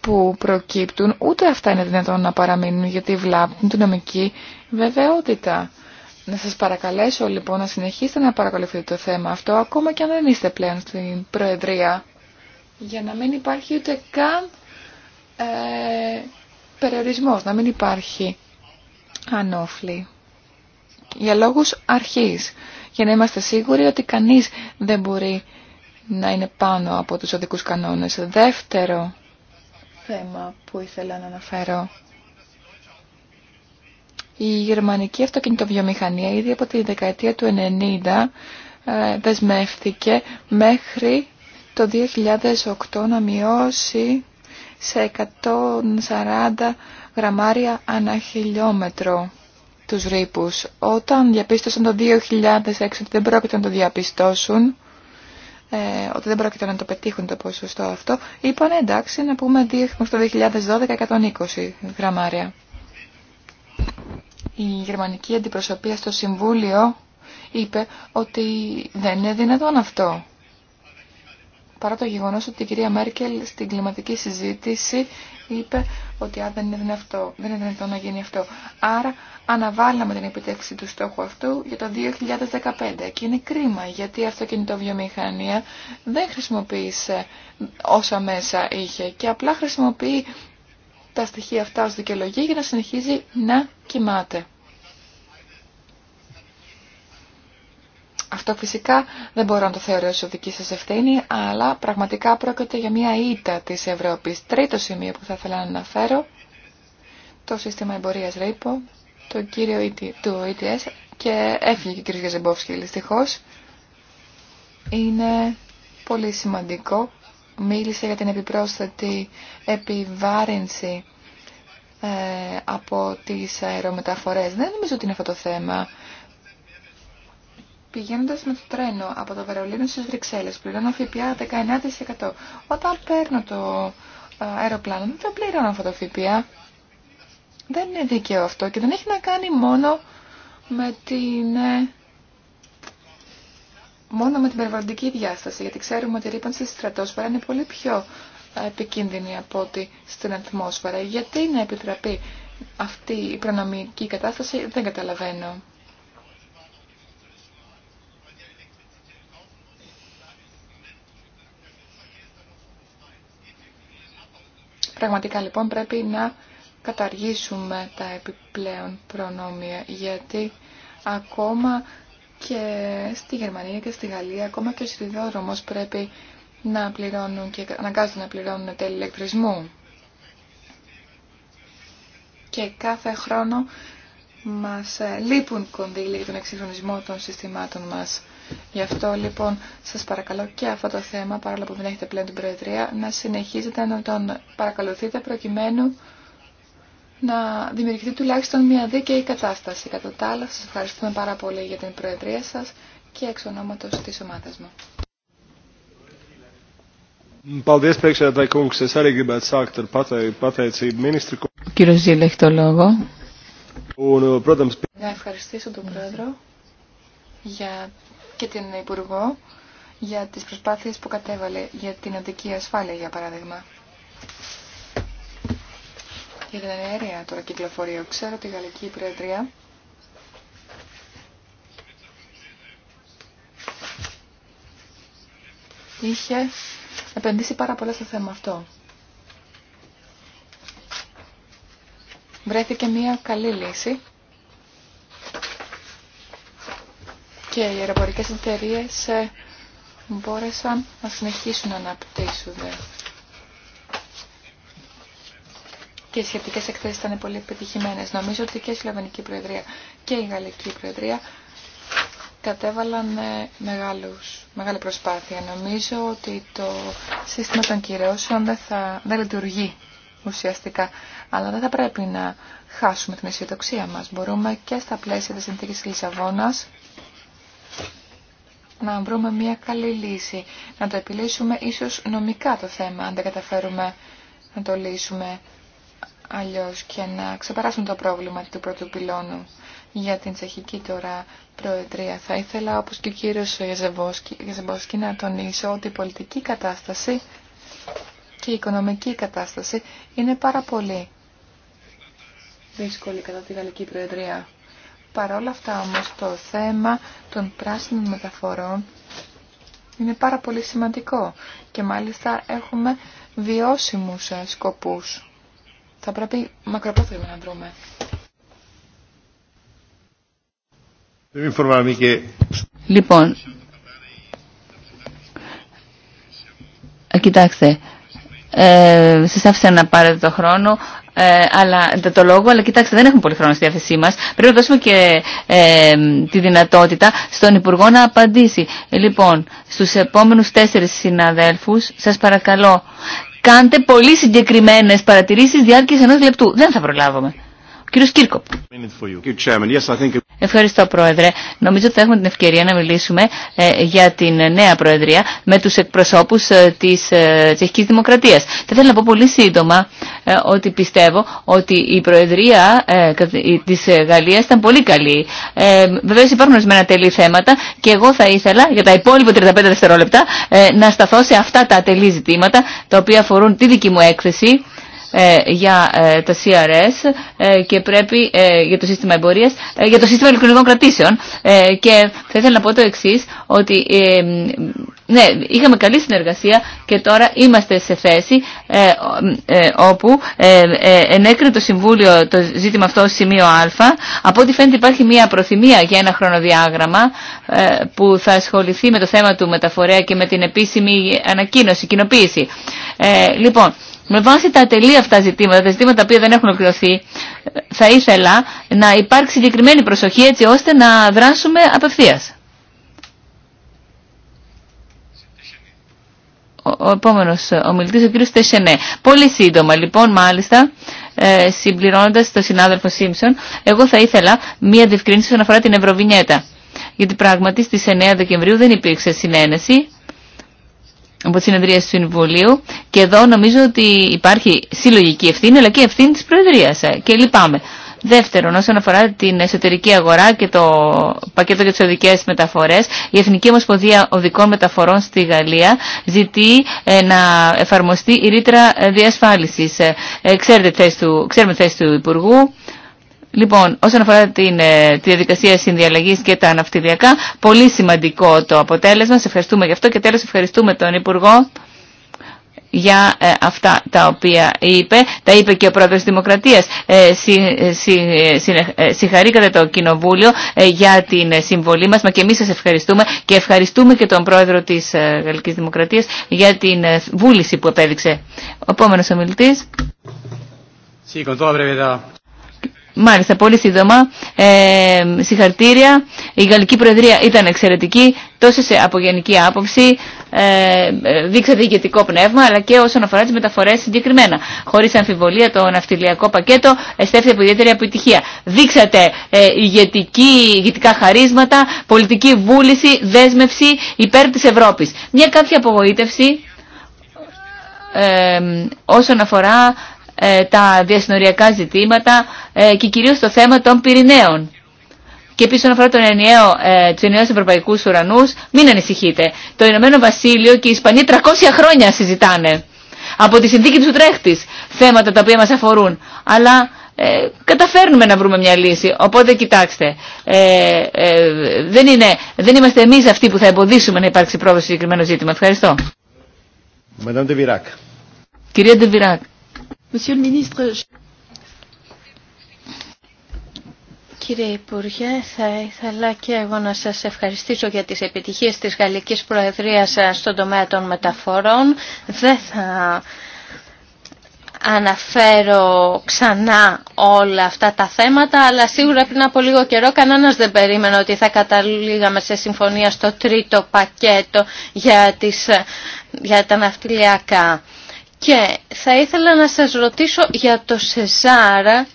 που προκύπτουν, ούτε αυτά είναι δυνατόν να παραμείνουν γιατί βλάπτουν την νομική βεβαιότητα. Να σας παρακαλέσω λοιπόν να συνεχίσετε να παρακολουθείτε το θέμα αυτό ακόμα και αν δεν είστε πλέον στην Προεδρία για να μην υπάρχει ούτε καν ε, περιορισμός, να μην υπάρχει ανόφλη για λόγους αρχής για να είμαστε σίγουροι ότι κανείς δεν μπορεί να είναι πάνω από τους οδικούς κανόνες. Δεύτερο θέμα που ήθελα να αναφέρω η γερμανική αυτοκινητοβιομηχανία ήδη από τη δεκαετία του 90 ε, δεσμεύτηκε μέχρι το 2008 να μειώσει σε 140 γραμμάρια ανά χιλιόμετρο τους ρήπους. Όταν διαπίστωσαν το 2006 ότι δεν πρόκειται να το διαπιστώσουν, ε, ότι δεν πρόκειται να το πετύχουν το ποσοστό αυτό, είπαν εντάξει να πούμε μέχρι το 2012 120 γραμμάρια η γερμανική αντιπροσωπεία στο Συμβούλιο είπε ότι δεν είναι δυνατόν αυτό. Παρά το γεγονός ότι η κυρία Μέρκελ στην κλιματική συζήτηση είπε ότι α, δεν, είναι αυτό, δεν είναι δυνατόν να γίνει αυτό. Άρα αναβάλαμε την επιτέξη του στόχου αυτού για το 2015 και είναι κρίμα γιατί η αυτοκινητοβιομηχανία δεν χρησιμοποίησε όσα μέσα είχε και απλά χρησιμοποιεί τα στοιχεία αυτά ως δικαιολογία για να συνεχίζει να κοιμάται. Αυτό φυσικά δεν μπορώ να το θεωρώ ως δική σας ευθύνη, αλλά πραγματικά πρόκειται για μια ήττα της Ευρώπης. Τρίτο σημείο που θα ήθελα να αναφέρω, το σύστημα εμπορίας ρήπο, το κύριο του ETS και έφυγε και ο κ. Γεζεμπόφσκι δυστυχώς. Είναι πολύ σημαντικό μίλησε για την επιπρόσθετη επιβάρυνση ε, από τις αερομεταφορές. Δεν νομίζω ότι είναι αυτό το θέμα. Πηγαίνοντα με το τρένο από το Βερολίνο στις Βρυξέλλες, πληρώνω ΦΠΑ 19%. Όταν παίρνω το ε, αεροπλάνο, δεν το πληρώνω αυτό το ΦΠΑ. Δεν είναι δίκαιο αυτό και δεν έχει να κάνει μόνο με την ε, μόνο με την περιβαλλοντική διάσταση, γιατί ξέρουμε ότι η ρήπανση στη στρατόσφαιρα είναι πολύ πιο ε, επικίνδυνη από ότι στην ατμόσφαιρα. Γιατί να επιτραπεί αυτή η προνομική κατάσταση δεν καταλαβαίνω. Πραγματικά λοιπόν πρέπει να καταργήσουμε τα επιπλέον προνόμια γιατί ακόμα και στη Γερμανία και στη Γαλλία ακόμα και ο σιδηρόδρομος πρέπει να πληρώνουν και αναγκάζονται να πληρώνουν τέλη ηλεκτρισμού. Και κάθε χρόνο μας ε, λείπουν κονδύλια για τον εξυγχρονισμό των συστημάτων μας. Γι' αυτό λοιπόν σας παρακαλώ και αυτό το θέμα, παρόλο που δεν έχετε πλέον την Προεδρία, να συνεχίζετε να τον παρακολουθείτε προκειμένου να δημιουργηθεί τουλάχιστον μια δίκαιη κατάσταση. Κατά τα άλλα, σας ευχαριστούμε πάρα πολύ για την προεδρία σας και εξ ονόματος της ομάδας μου. Κύριο Ζήλεχ, το λόγο. Uh, να ευχαριστήσω τον Πρόεδρο για... και την Υπουργό για τις προσπάθειες που κατέβαλε για την οδική ασφάλεια, για παράδειγμα για την αέρια τώρα κυκλοφορία. Ξέρω ότι η Γαλλική πρέτρια. είχε επενδύσει πάρα πολλά στο θέμα αυτό. Βρέθηκε μια καλή λύση και οι αεροπορικές εταιρείες ε, μπόρεσαν να συνεχίσουν να αναπτύσσονται και οι σχετικές εκθέσεις ήταν πολύ επιτυχημένες. Νομίζω ότι και η Σλοβενική Προεδρία και η Γαλλική Προεδρία κατέβαλαν ε, μεγάλους, μεγάλη προσπάθεια. Νομίζω ότι το σύστημα των κυρώσεων δεν, θα, δεν λειτουργεί ουσιαστικά, αλλά δεν θα πρέπει να χάσουμε την αισιοδοξία μας. Μπορούμε και στα πλαίσια της συνθήκης Λισαβόνας να βρούμε μια καλή λύση, να το επιλύσουμε ίσως νομικά το θέμα, αν δεν καταφέρουμε να το λύσουμε αλλιώς και να ξεπεράσουν το πρόβλημα του πρώτου πυλώνου για την τσεχική τώρα προεδρία. Θα ήθελα όπως και ο κύριος Γεζεμπόσκι να τονίσω ότι η πολιτική κατάσταση και η οικονομική κατάσταση είναι πάρα πολύ δύσκολη κατά τη Γαλλική Προεδρία. Παρ' όλα αυτά όμως το θέμα των πράσινων μεταφορών είναι πάρα πολύ σημαντικό και μάλιστα έχουμε βιώσιμους ε, σκοπούς θα πρέπει μακροπρόθεσμα να δρούμε. Λοιπόν, ε, κοιτάξτε, ε, σας άφησα να πάρετε το χρόνο, ε, αλλά, ε, το, λόγο, αλλά κοιτάξτε, δεν έχουμε πολύ χρόνο στη διάθεσή μα. Πρέπει να δώσουμε και ε, τη δυνατότητα στον Υπουργό να απαντήσει. Λοιπόν, στου επόμενου τέσσερι συναδέλφου, σα παρακαλώ κάντε πολύ συγκεκριμένε παρατηρήσει διάρκεια ενό λεπτού. Δεν θα προλάβουμε. Κύριο Κύρκο. Ευχαριστώ Πρόεδρε. Νομίζω ότι θα έχουμε την ευκαιρία να μιλήσουμε ε, για την νέα Προεδρία με τους εκπροσώπους ε, της ε, Τσεχικής Δημοκρατίας. Θα ήθελα να πω πολύ σύντομα ότι πιστεύω ότι η Προεδρία της Γαλλίας ήταν πολύ καλή. Βεβαίω υπάρχουν ορισμένα τελή θέματα και εγώ θα ήθελα για τα υπόλοιπα 35 δευτερόλεπτα να σταθώ σε αυτά τα ατελή ζητήματα τα οποία αφορούν τη δική μου έκθεση ε, για ε, τα CRS ε, και πρέπει για το σύστημα εμπορίας, για το σύστημα ηλεκτρονικών κρατήσεων. Και θα ήθελα να πω το εξή, ότι ναι, είχαμε καλή συνεργασία και τώρα είμαστε σε θέση ε, ε όπου ε, ε, ενέκρινε το Συμβούλιο το ζήτημα αυτό σημείο Α. Από ό,τι φαίνεται υπάρχει μια προθυμία για ένα χρονοδιάγραμμα ε, που θα ασχοληθεί με το θέμα του μεταφορέα και με την επίσημη ανακοίνωση, κοινοποίηση. λοιπόν, με βάση τα τελεία αυτά ζητήματα, τα ζητήματα τα οποία δεν έχουν ολοκληρωθεί, θα ήθελα να υπάρξει συγκεκριμένη προσοχή έτσι ώστε να δράσουμε απευθείας. ο επόμενος ε, ομιλητής, ο κύριος Τεσενέ. Πολύ σύντομα λοιπόν, μάλιστα, ε, συμπληρώνοντας το συνάδελφο Σίμψον, εγώ θα ήθελα μία διευκρίνηση όσον αφορά την Ευρωβινιέτα. Γιατί πράγματι στις 9 Δεκεμβρίου δεν υπήρξε συνένεση από τη συνεδρία του Συμβουλίου και εδώ νομίζω ότι υπάρχει συλλογική ευθύνη αλλά και ευθύνη της Προεδρίας ε, και λυπάμαι. Δεύτερον, όσον αφορά την εσωτερική αγορά και το πακέτο για τι οδικέ μεταφορέ, η Εθνική Ομοσπονδία Οδικών Μεταφορών στη Γαλλία ζητεί ε, να εφαρμοστεί η ρήτρα διασφάλιση. Ε, ε, ξέρετε τη του, θέση του Υπουργού. Λοιπόν, όσον αφορά την, τη διαδικασία συνδιαλλαγή και τα αναυτιδιακά, πολύ σημαντικό το αποτέλεσμα. Σε ευχαριστούμε γι' αυτό και τέλο ευχαριστούμε τον Υπουργό για ε, αυτά τα οποία είπε. Τα είπε και ο πρόεδρος της Δημοκρατίας. Ε, συ, ε, συγχαρήκατε το Κοινοβούλιο ε, για την συμβολή μας. Μα και εμείς σας ευχαριστούμε και ευχαριστούμε και τον πρόεδρο της Γαλλικής Δημοκρατίας για την βούληση που επέδειξε. Ο επόμενος ομιλητής. Μάλιστα, πολύ σύντομα. Ε, συγχαρητήρια. Η Γαλλική Προεδρία ήταν εξαιρετική τόσο σε απογενική άποψη, ε, ε δείξατε ηγετικό πνεύμα, αλλά και όσον αφορά τι μεταφορέ συγκεκριμένα. Χωρί αμφιβολία το ναυτιλιακό πακέτο εστέφθηκε από ιδιαίτερη επιτυχία. Δείξατε ε, ηγετική, ηγετικά χαρίσματα, πολιτική βούληση, δέσμευση υπέρ τη Ευρώπη. Μια κάποια απογοήτευση ε, όσον αφορά ε, τα διασυνοριακά ζητήματα ε, και κυρίως το θέμα των πυρηναίων. Και επίση όσον αφορά τον ενιαίο, ε, του ενιαίου ευρωπαϊκού ουρανού, μην ανησυχείτε. Το Ηνωμένο Βασίλειο και η Ισπανία 300 χρόνια συζητάνε από τη συνθήκη του τρέχτης θέματα τα οποία μας αφορούν. Αλλά ε, καταφέρνουμε να βρούμε μια λύση. Οπότε κοιτάξτε, ε, ε, δεν, είναι, δεν είμαστε εμείς αυτοί που θα εμποδίσουμε να υπάρξει πρόοδο σε συγκεκριμένο ζήτημα. Ευχαριστώ. Κυρία Ντεβιράκ. Κύριε Υπουργέ, θα ήθελα και εγώ να σας ευχαριστήσω για τις επιτυχίες της Γαλλικής Προεδρίας ε, στον τομέα των μεταφορών. Δεν θα αναφέρω ξανά όλα αυτά τα θέματα, αλλά σίγουρα πριν από λίγο καιρό κανένας δεν περίμενε ότι θα καταλήγαμε σε συμφωνία στο τρίτο πακέτο για, τις, ε, για τα ναυτιλιακά. Και θα ήθελα να σας ρωτήσω για το Σεζάρα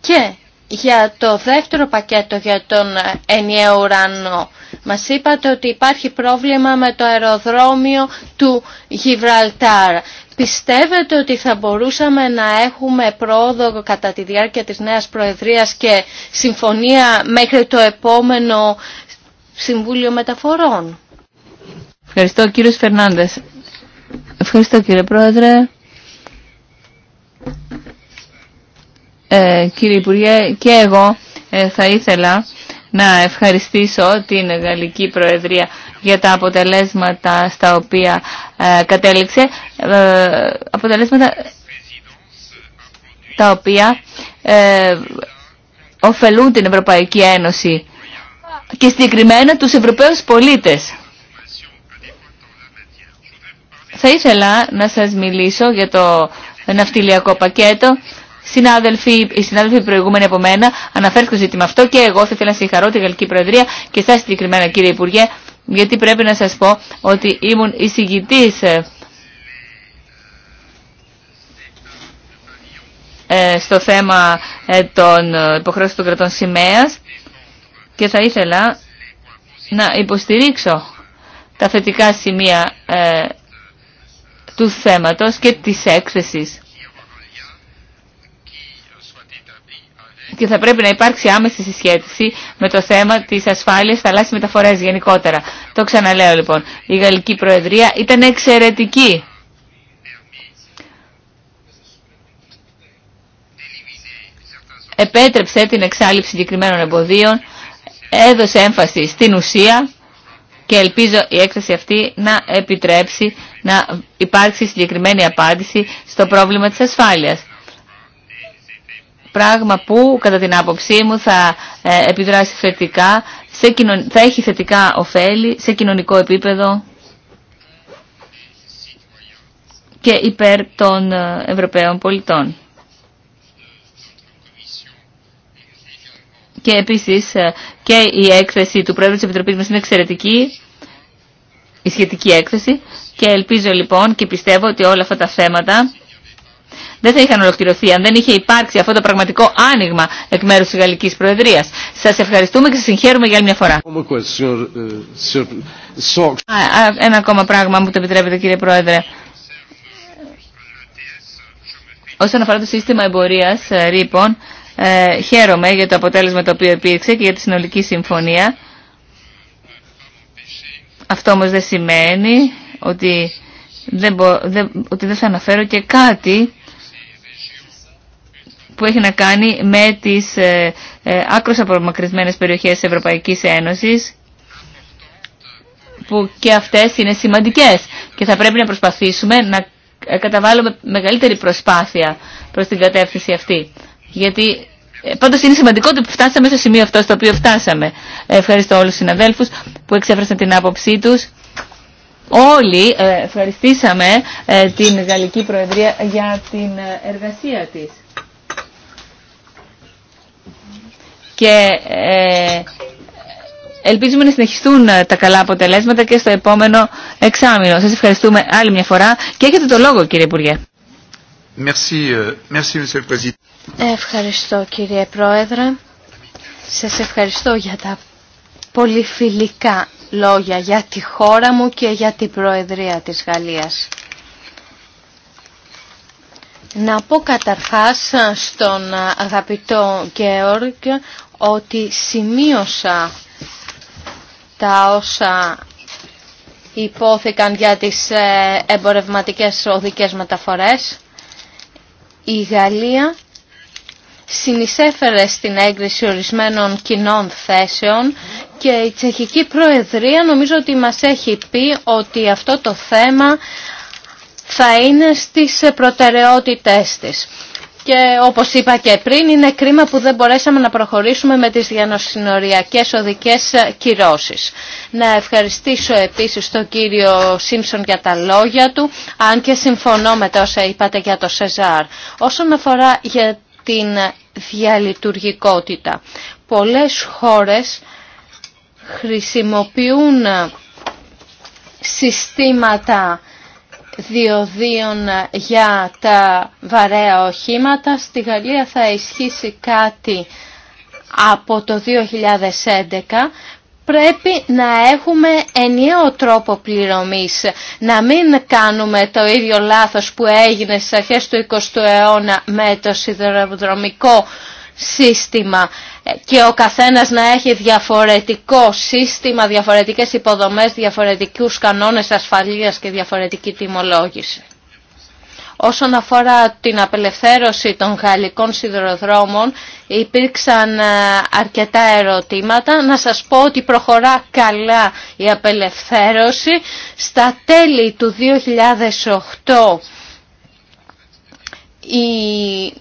και για το δεύτερο πακέτο για τον ενιαίο ουρανό. Μας είπατε ότι υπάρχει πρόβλημα με το αεροδρόμιο του Γιβραλτάρ. Πιστεύετε ότι θα μπορούσαμε να έχουμε πρόοδο κατά τη διάρκεια της νέας προεδρίας και συμφωνία μέχρι το επόμενο Συμβούλιο Μεταφορών. Ευχαριστώ κύριος Φερνάντες. Ευχαριστώ κύριε Πρόεδρε. Ε, κύριε Υπουργέ, και εγώ ε, θα ήθελα να ευχαριστήσω την Γαλλική Προεδρία για τα αποτελέσματα στα οποία ε, κατέληξε. Ε, αποτελέσματα τα οποία ωφελούν την Ευρωπαϊκή Ένωση και συγκεκριμένα τους Ευρωπαίους πολίτες. Θα ήθελα να σας μιλήσω για το ναυτιλιακό πακέτο. Συνάδελφοι, οι συνάδελφοι προηγούμενοι από μένα αναφέρθηκαν στο ζήτημα αυτό και εγώ θα ήθελα να συγχαρώ τη Γαλλική Προεδρία και εσάς συγκεκριμένα κύριε Υπουργέ, γιατί πρέπει να σας πω ότι ήμουν εισηγητής ε, ε, στο θέμα ε, των υποχρεώσεων των κρατών σημαία και θα ήθελα να υποστηρίξω τα θετικά σημεία του θέματος και της έκθεσης. και θα πρέπει να υπάρξει άμεση συσχέτιση με το θέμα τη ασφάλεια θαλάσσιων μεταφορέ γενικότερα. Το ξαναλέω λοιπόν. Η Γαλλική Προεδρία ήταν εξαιρετική. Επέτρεψε την εξάλληψη συγκεκριμένων εμποδίων, έδωσε έμφαση στην ουσία και ελπίζω η έκθεση αυτή να επιτρέψει να υπάρξει συγκεκριμένη απάντηση στο πρόβλημα της ασφάλειας. Πράγμα που, κατά την άποψή μου, θα ε, επιδράσει θετικά, σε θα έχει θετικά ωφέλη σε κοινωνικό επίπεδο και υπέρ των ε, Ευρωπαίων πολιτών. και επίσης ε, και η έκθεση του Πρόεδρου της Επιτροπής μας είναι εξαιρετική, η σχετική έκθεση και ελπίζω λοιπόν και πιστεύω ότι όλα αυτά τα θέματα δεν θα είχαν ολοκληρωθεί αν δεν είχε υπάρξει αυτό το πραγματικό άνοιγμα εκ μέρου τη Γαλλική Προεδρία. Σα ευχαριστούμε και σα συγχαίρουμε για άλλη μια φορά. Uh, ένα ακόμα πράγμα, μου το επιτρέπετε, κύριε Πρόεδρε. Όσον αφορά το σύστημα εμπορία ε, ρήπων, ε, χαίρομαι για το αποτέλεσμα το οποίο υπήρξε και για τη συνολική συμφωνία. Αυτό όμως δεν σημαίνει ότι δεν, ότι δεν θα αναφέρω και κάτι που έχει να κάνει με τις ε, ε, άκρως απομακρυσμένες περιοχές της Ευρωπαϊκής Ένωσης που και αυτές είναι σημαντικές και θα πρέπει να προσπαθήσουμε να ε, καταβάλουμε μεγαλύτερη προσπάθεια προς την κατεύθυνση αυτή. Γιατί ε, Πάντω είναι σημαντικό ότι φτάσαμε στο σημείο αυτό στο οποίο φτάσαμε. Ευχαριστώ όλου του συναδέλφου που εξέφρασαν την άποψή του. Όλοι ε, ευχαριστήσαμε ε, την Γαλλική Προεδρία για την εργασία της. Και ελπίζουμε να συνεχιστούν τα καλά αποτελέσματα και στο επόμενο εξάμεινο. Σας ευχαριστούμε άλλη μια φορά και έχετε το λόγο κύριε Υπουργέ. Merci, euh, merci, Ευχαριστώ κύριε Πρόεδρε. Σας ευχαριστώ για τα πολύ φιλικά λόγια για τη χώρα μου και για την Προεδρία της Γαλλίας. Να πω καταρχάς στον αγαπητό Γκέοργ ότι σημείωσα τα όσα υπόθηκαν για τις ε, εμπορευματικές οδικές μεταφορές. Η Γαλλία συνεισέφερε στην έγκριση ορισμένων κοινών θέσεων και η Τσεχική Προεδρία νομίζω ότι μας έχει πει ότι αυτό το θέμα θα είναι στις προτεραιότητές της. Και όπως είπα και πριν, είναι κρίμα που δεν μπορέσαμε να προχωρήσουμε με τις διανοσυνοριακές οδικές κυρώσεις. Να ευχαριστήσω επίσης τον κύριο Σίμψον για τα λόγια του, αν και συμφωνώ με τα όσα είπατε για το Σεζάρ. Όσον αφορά για την διαλειτουργικότητα. Πολλές χώρες χρησιμοποιούν συστήματα διοδίων για τα βαρέα οχήματα. Στη Γαλλία θα ισχύσει κάτι από το 2011 πρέπει να έχουμε ενιαίο τρόπο πληρωμής, να μην κάνουμε το ίδιο λάθος που έγινε στις αρχές του 20ου αιώνα με το σιδεροδρομικό σύστημα και ο καθένας να έχει διαφορετικό σύστημα, διαφορετικές υποδομές, διαφορετικούς κανόνες ασφαλείας και διαφορετική τιμολόγηση. Όσον αφορά την απελευθέρωση των γαλλικών σιδηροδρόμων υπήρξαν ε, αρκετά ερωτήματα. Να σας πω ότι προχωρά καλά η απελευθέρωση. Στα τέλη του 2008 οι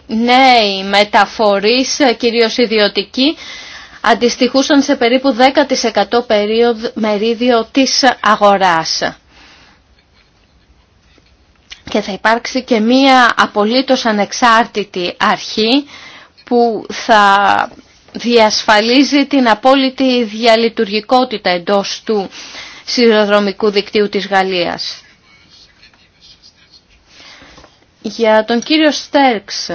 νέοι μεταφορείς, ε, κυρίως ιδιωτικοί, αντιστοιχούσαν σε περίπου 10% μερίδιο της αγοράς και θα υπάρξει και μία απολύτως ανεξάρτητη αρχή που θα διασφαλίζει την απόλυτη διαλειτουργικότητα εντός του σιδηροδρομικού δικτύου της Γαλλίας. Για τον κύριο Στέρξ,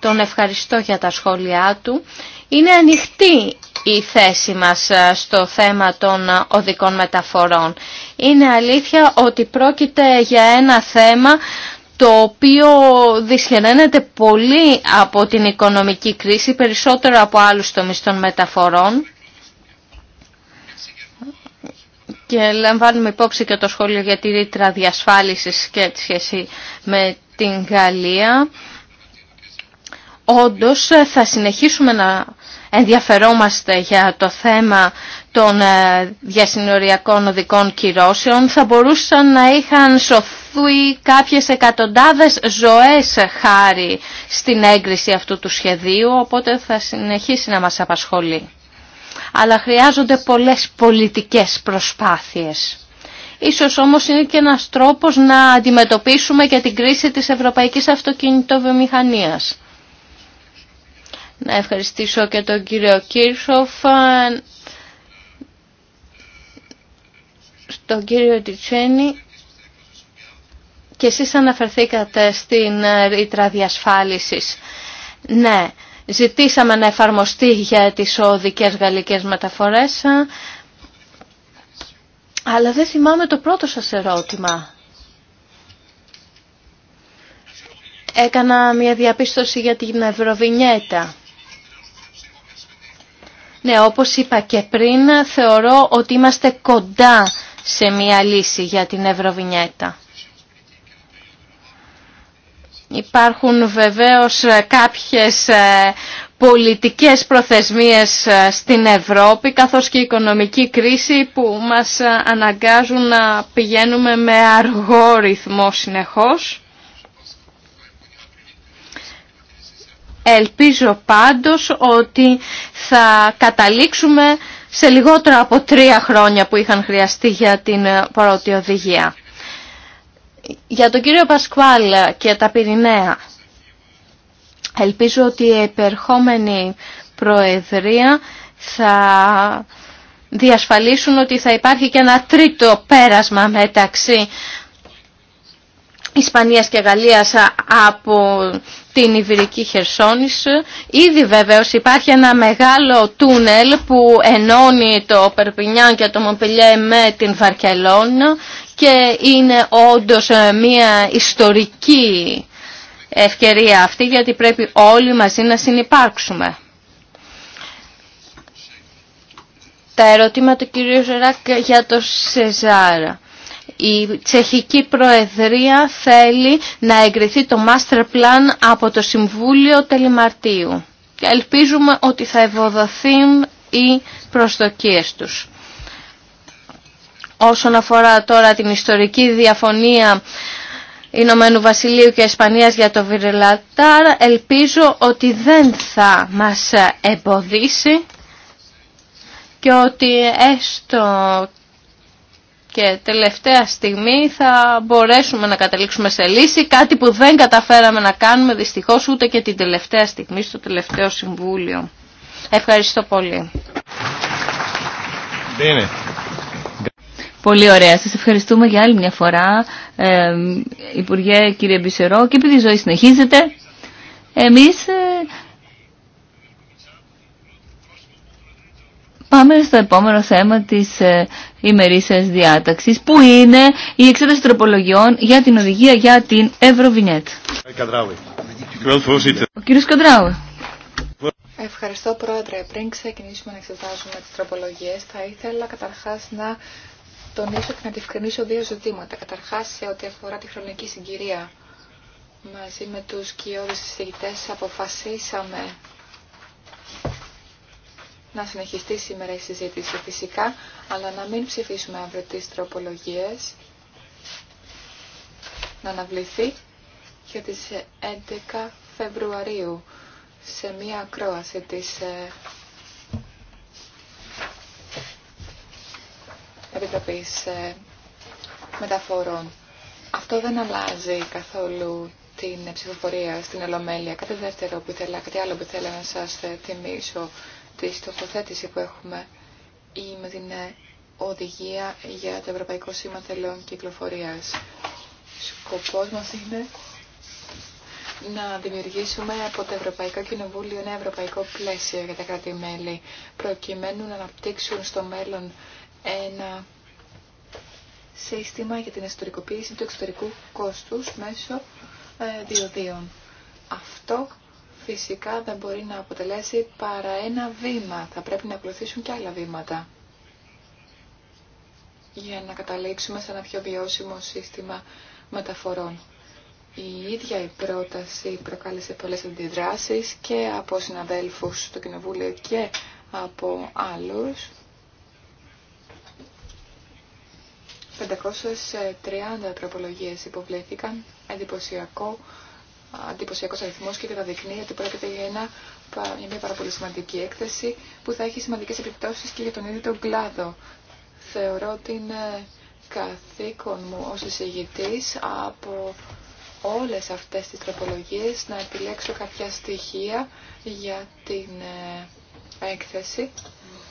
τον ευχαριστώ για τα σχόλιά του. Είναι ανοιχτή η θέση μας ε, στο θέμα των ε, οδικών μεταφορών. Είναι αλήθεια ότι πρόκειται για ένα θέμα το οποίο δυσχεραίνεται πολύ από την οικονομική κρίση, περισσότερο από άλλους τομείς των μεταφορών. Και λαμβάνουμε υπόψη και το σχόλιο για τη ρήτρα διασφάλισης και τη σχέση με την Γαλλία. Όντως θα συνεχίσουμε να ενδιαφερόμαστε για το θέμα των ε, διασυνοριακών οδικών κυρώσεων θα μπορούσαν να είχαν σωθεί κάποιες εκατοντάδες ζωές χάρη στην έγκριση αυτού του σχεδίου, οπότε θα συνεχίσει να μας απασχολεί. Αλλά χρειάζονται πολλές πολιτικές προσπάθειες. Ίσως όμως είναι και ένας τρόπος να αντιμετωπίσουμε και την κρίση της ευρωπαϊκής αυτοκινητοβιομηχανίας. Να ευχαριστήσω και τον κύριο Κίρσοφ, τον κύριο Τιτσένη και εσείς αναφερθήκατε στην ρήτρα διασφάλισης. Ναι, ζητήσαμε να εφαρμοστεί για τις οδικές γαλλικές μεταφορές, αλλά δεν θυμάμαι το πρώτο σας ερώτημα. Έκανα μια διαπίστωση για την Ευρωβινιέτα. Ναι, όπως είπα και πριν, θεωρώ ότι είμαστε κοντά σε μια λύση για την Ευρωβινιέτα. Υπάρχουν βεβαίως ε, κάποιες ε, πολιτικές προθεσμίες ε, στην Ευρώπη καθώς και η οικονομική κρίση που μας αναγκάζουν να πηγαίνουμε με αργό ρυθμό συνεχώς. Ελπίζω πάντως ότι θα καταλήξουμε σε λιγότερο από τρία χρόνια που είχαν χρειαστεί για την ε, πρώτη οδηγία. Για τον κύριο Πασκουάλ και τα Πυρηναία, ελπίζω ότι η υπερχόμενη Προεδρία θα διασφαλίσουν ότι θα υπάρχει και ένα τρίτο πέρασμα μεταξύ Ισπανίας και Γαλλίας από την Ιβυρική Χερσόνησο. Ήδη βεβαίω υπάρχει ένα μεγάλο τούνελ που ενώνει το Περπινιάν και το Μομπελιέ με την Βαρκελόνα και είναι όντως ε, μια ιστορική ευκαιρία αυτή γιατί πρέπει όλοι μαζί να συνεπάρξουμε. Τα ερωτήματα του κυρίου Ζεράκ για το Σεζάρα η Τσεχική Προεδρία θέλει να εγκριθεί το Master Plan από το Συμβούλιο Τελημαρτίου. Και ελπίζουμε ότι θα ευοδοθεί οι προσδοκίες τους. Όσον αφορά τώρα την ιστορική διαφωνία Ηνωμένου Βασιλείου και Ισπανίας για το Βιρελατάρ, ελπίζω ότι δεν θα μας εμποδίσει και ότι έστω και τελευταία στιγμή θα μπορέσουμε να καταλήξουμε σε λύση, κάτι που δεν καταφέραμε να κάνουμε δυστυχώς ούτε και την τελευταία στιγμή στο τελευταίο Συμβούλιο. Ευχαριστώ πολύ. Πολύ ωραία. Σας ευχαριστούμε για άλλη μια φορά, ε, Υπουργέ κύριε Μπισερό, και επειδή η ζωή συνεχίζεται, εμείς ε, Πάμε στο επόμενο θέμα της ε, ημερήσιας διάταξης, που είναι η εξέταση τροπολογιών για την οδηγία για την Ευρωβινιέτ. Ο κύριος Καντράου. Ευχαριστώ Πρόεδρε. Πριν ξεκινήσουμε να εξετάζουμε τις τροπολογίες, θα ήθελα καταρχάς να τονίσω και να διευκρινίσω δύο ζητήματα. Καταρχάς σε ό,τι αφορά τη χρονική συγκυρία. Μαζί με τους κοιόδους συζητητές αποφασίσαμε να συνεχιστεί σήμερα η συζήτηση φυσικά, αλλά να μην ψηφίσουμε αύριο τι τροπολογίε να αναβληθεί για τι 11 ε, Φεβρουαρίου σε μία ακρόαση της ε, Επιτροπής ε, Μεταφορών. Αυτό δεν αλλάζει καθόλου την ψηφοφορία στην Ολομέλεια. Κάτι δεύτερο που ήθελα, κάτι άλλο που ήθελα να σας θυμίσω τη τοποθέτηση που έχουμε ή με την ε, οδηγία για το Ευρωπαϊκό Σήμα Θελών Κυκλοφορίας. Σκοπός μας είναι να δημιουργήσουμε από το Ευρωπαϊκό Κοινοβούλιο ένα ευρωπαϊκό πλαίσιο για τα κράτη-μέλη, προκειμένου να αναπτύξουν στο μέλλον ένα σύστημα για την εσωτερικοποίηση του εξωτερικού κόστους μέσω ε, διοδίων. Αυτό φυσικά δεν μπορεί να αποτελέσει παρά ένα βήμα. Θα πρέπει να ακολουθήσουν και άλλα βήματα για να καταλήξουμε σε ένα πιο βιώσιμο σύστημα μεταφορών. Η ίδια η πρόταση προκάλεσε πολλές αντιδράσεις και από συναδέλφους στο Κοινοβούλιο και από άλλους. 530 τροπολογίες υποβλήθηκαν, εντυπωσιακό εντυπωσιακό αριθμό και καταδεικνύει ότι πρόκειται για, ένα, μια πάρα πολύ σημαντική έκθεση που θα έχει σημαντικέ επιπτώσει και για τον ίδιο τον κλάδο. Θεωρώ ότι είναι καθήκον μου ως εισηγητής από όλες αυτές τις τροπολογίες να επιλέξω κάποια στοιχεία για την ε, έκθεση,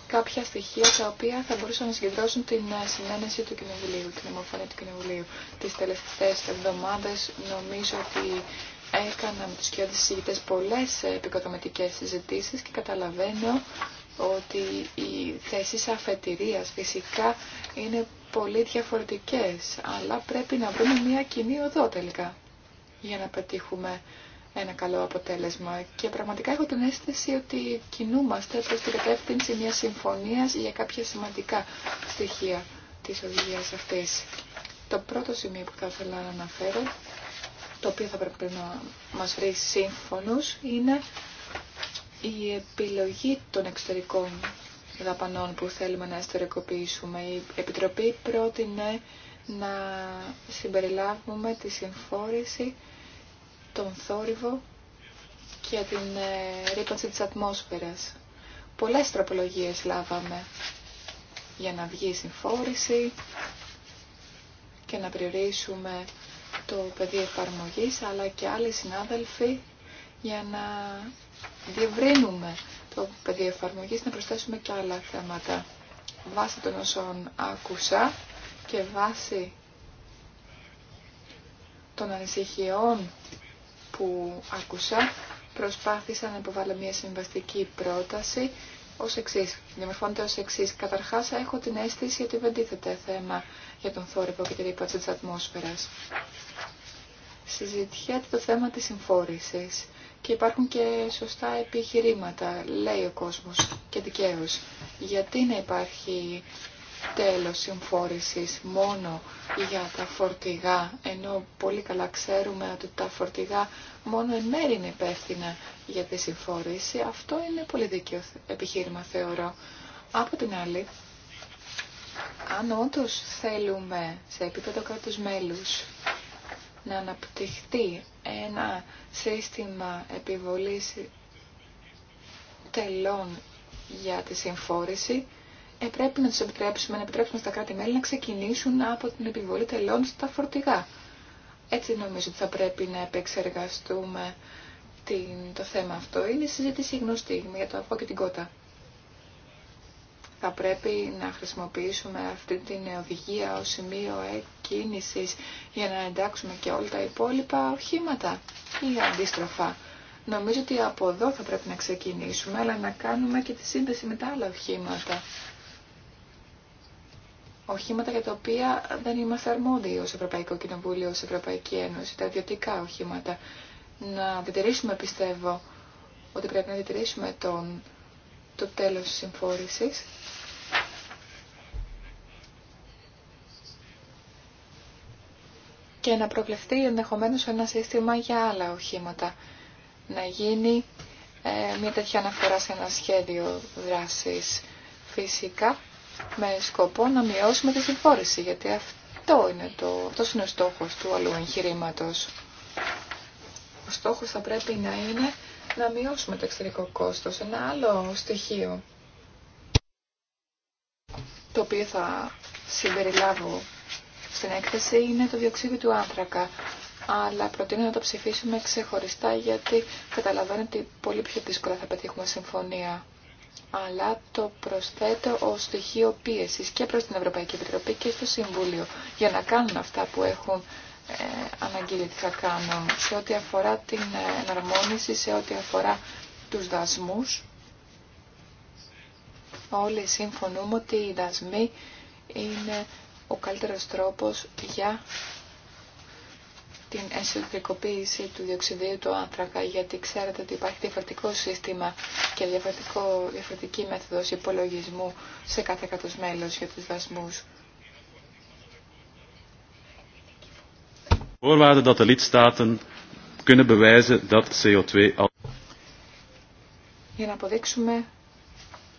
κάποια στοιχεία τα οποία θα μπορούσαν να συγκεντρώσουν την ε, συνένεση του Κοινοβουλίου, την ομοφωνία του Κοινοβουλίου. Τις τελευταίες εβδομάδες νομίζω ότι έκανα με τους κοιόντες συζητητές πολλές επικοδομητικές συζητήσεις και καταλαβαίνω ότι οι θέσεις αφετηρίας φυσικά είναι πολύ διαφορετικές, αλλά πρέπει να βρούμε μια κοινή οδό τελικά για να πετύχουμε ένα καλό αποτέλεσμα. Και πραγματικά έχω την αίσθηση ότι κινούμαστε προς την κατεύθυνση μια συμφωνίας για κάποια σημαντικά στοιχεία της οδηγίας αυτής. Το πρώτο σημείο που θα ήθελα να αναφέρω το οποίο θα πρέπει να μας βρει σύμφωνος είναι η επιλογή των εξωτερικών δαπανών που θέλουμε να εσωτερικοποιήσουμε. Η Επιτροπή πρότεινε να συμπεριλάβουμε τη συμφόρηση, τον θόρυβο και την ε, ρήπανση της ατμόσφαιρας. Πολλές τροπολογίες λάβαμε για να βγει η συμφόρηση και να περιορίσουμε το παιδί εφαρμογής αλλά και άλλοι συνάδελφοι για να διευρύνουμε το παιδί εφαρμογής, να προσθέσουμε και άλλα θέματα. Βάσει των όσων άκουσα και βάσει των ανησυχιών που άκουσα, προσπάθησα να υποβάλω μια συμβαστική πρόταση ω εξή. Διαμορφώνεται ω εξή. Καταρχά, έχω την αίσθηση ότι δεν τίθεται θέμα για τον θόρυβο και την ύπαρξη τη ατμόσφαιρα. Συζητιέται το θέμα τη συμφόρηση και υπάρχουν και σωστά επιχειρήματα, λέει ο κόσμο και δικαίω. Γιατί να υπάρχει τέλος συμφόρησης μόνο για τα φορτηγά, ενώ πολύ καλά ξέρουμε ότι τα φορτηγά μόνο εν μέρη είναι υπεύθυνα για τη συμφόρηση. Αυτό είναι πολύ δίκαιο επιχείρημα θεωρώ. Από την άλλη, αν όντω θέλουμε σε επίπεδο κράτους μέλους να αναπτυχθεί ένα σύστημα επιβολής τελών για τη συμφόρηση, ε, πρέπει να του επιτρέψουμε, να επιτρέψουμε στα κράτη-μέλη να ξεκινήσουν από την επιβολή τελών στα φορτηγά. Έτσι νομίζω ότι θα πρέπει να επεξεργαστούμε την, το θέμα αυτό. Είναι συζήτηση γνωστή για το αφό και την κότα. Θα πρέπει να χρησιμοποιήσουμε αυτή την οδηγία ως σημείο εκκίνησης για να εντάξουμε και όλα τα υπόλοιπα οχήματα ή αντίστροφα. Νομίζω ότι από εδώ θα πρέπει να ξεκινήσουμε, αλλά να κάνουμε και τη σύνδεση με τα άλλα οχήματα οχήματα για τα οποία δεν είμαστε αρμόδιοι ως Ευρωπαϊκό Κοινοβούλιο, ως Ευρωπαϊκή Ένωση, τα ιδιωτικά οχήματα. Να διατηρήσουμε, πιστεύω, ότι πρέπει να διατηρήσουμε τον, το τέλος της συμφόρησης. Και να προβλεφθεί ενδεχομένως ένα σύστημα για άλλα οχήματα. Να γίνει ε, μια τέτοια αναφορά σε ένα σχέδιο δράσης φυσικά με σκοπό να μειώσουμε τη συμφόρηση, γιατί αυτό είναι, το, αυτός είναι ο στόχος του αλλού εγχειρήματο. Ο στόχος θα πρέπει να είναι να μειώσουμε το εξωτερικό κόστος. Ένα άλλο στοιχείο το οποίο θα συμπεριλάβω στην έκθεση είναι το διοξείδιο του άνθρακα. Αλλά προτείνω να το ψηφίσουμε ξεχωριστά γιατί καταλαβαίνετε πολύ πιο δύσκολα θα πετύχουμε συμφωνία αλλά το προσθέτω ως στοιχείο πίεσης και προς την Ευρωπαϊκή Επιτροπή και στο Συμβούλιο για να κάνουν αυτά που έχουν ε, αναγγείλει ότι θα κάνουν σε ό,τι αφορά την ε, εναρμόνιση, σε ό,τι αφορά τους δασμούς. Όλοι συμφωνούμε ότι οι δασμοί είναι ο καλύτερος τρόπος για την εσωτερικοποίηση του διοξιδίου του άνθρακα, γιατί ξέρετε ότι υπάρχει διαφορετικό σύστημα και διαφορετικό, διαφορετική μέθοδος υπολογισμού σε κάθε κράτος μέλος για τους δασμούς. Για να αποδείξουμε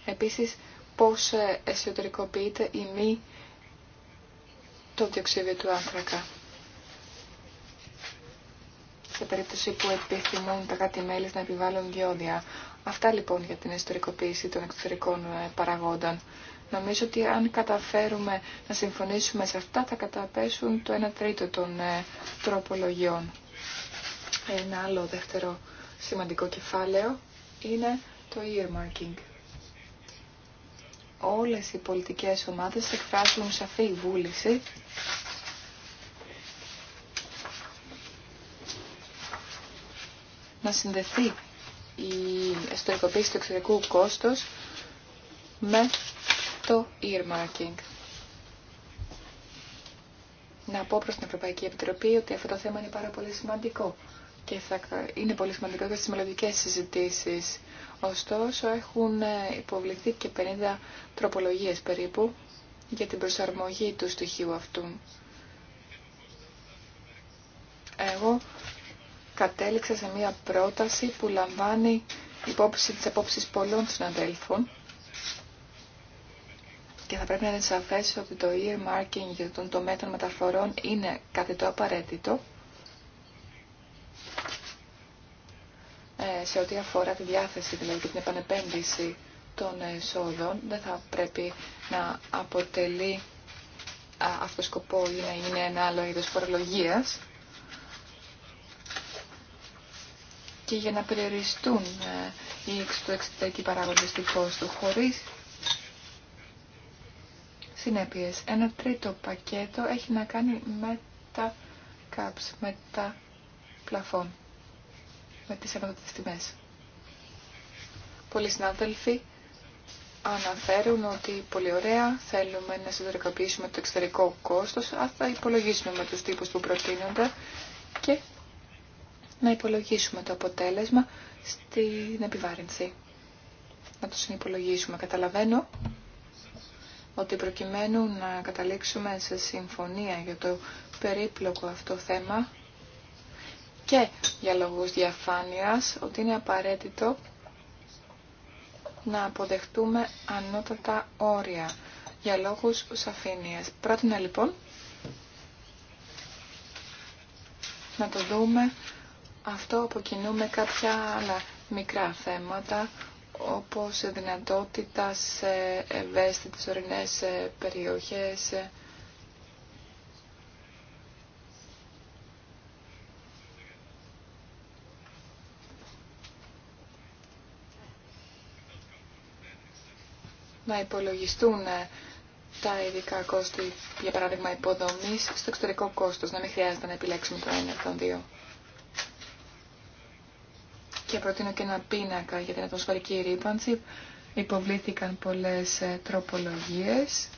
επίσης πώς ε, εσωτερικοποιείται η μη το διοξίδιο του άνθρακα σε περίπτωση που επιθυμούν τα κάτι μέλη να επιβάλλουν διόδια. Αυτά λοιπόν για την ιστορικοποίηση των εξωτερικών ε, παραγόντων. Νομίζω ότι αν καταφέρουμε να συμφωνήσουμε σε αυτά θα καταπέσουν το 1 τρίτο των ε, τροπολογιών. Ένα άλλο δεύτερο σημαντικό κεφάλαιο είναι το earmarking. Όλες οι πολιτικές ομάδες εκφράζουν σαφή βούληση να συνδεθεί η εσωτερικοποίηση του εξωτερικού κόστος με το earmarking. Να πω προς την Ευρωπαϊκή Επιτροπή ότι αυτό το θέμα είναι πάρα πολύ σημαντικό και θα είναι πολύ σημαντικό και στις μελλοντικές συζητήσεις. Ωστόσο έχουν ε, υποβληθεί και 50 τροπολογίες περίπου για την προσαρμογή του στοιχείου αυτού. Εγώ κατέληξα σε μια πρόταση που λαμβάνει υπόψη τις απόψεις πολλών συναδέλφων και θα πρέπει να είναι σαφές ότι το earmarking για τον τομέα των μεταφορών είναι κάτι το απαραίτητο ε, σε ό,τι αφορά τη διάθεση δηλαδή την επανεπένδυση των εσόδων δεν θα πρέπει να αποτελεί αυτό σκοπό ή να είναι ένα άλλο είδος φορολογίας και για να περιοριστούν ε, οι εξωτερικοί παράγοντες του κόστου χωρίς συνέπειες. Ένα τρίτο πακέτο έχει να κάνει με τα caps, με τα πλαφόν, με τις ανώτατες τιμές. Πολλοί συνάδελφοι αναφέρουν ότι πολύ ωραία θέλουμε να συντορικοποιήσουμε το εξωτερικό κόστος, αλλά θα υπολογίσουμε με τους τύπους που προτείνονται και να υπολογίσουμε το αποτέλεσμα στην επιβάρυνση. Να το συνυπολογίσουμε. Καταλαβαίνω ότι προκειμένου να καταλήξουμε σε συμφωνία για το περίπλοκο αυτό θέμα και για λόγους διαφάνειας ότι είναι απαραίτητο να αποδεχτούμε ανώτατα όρια για λόγους σαφήνειας. Πρότεινα λοιπόν να το δούμε αυτό αποκινούμε κάποια άλλα μικρά θέματα όπως δυνατότητα σε ευαίσθητες ορεινές περιοχές να υπολογιστούν τα ειδικά κόστη, για παράδειγμα υποδομής, στο εξωτερικό κόστος, να μην χρειάζεται να επιλέξουμε το ένα από τον δύο και προτείνω και ένα πίνακα για την ατμοσφαιρική ρήπανση. Υποβλήθηκαν πολλές ε, τροπολογίες.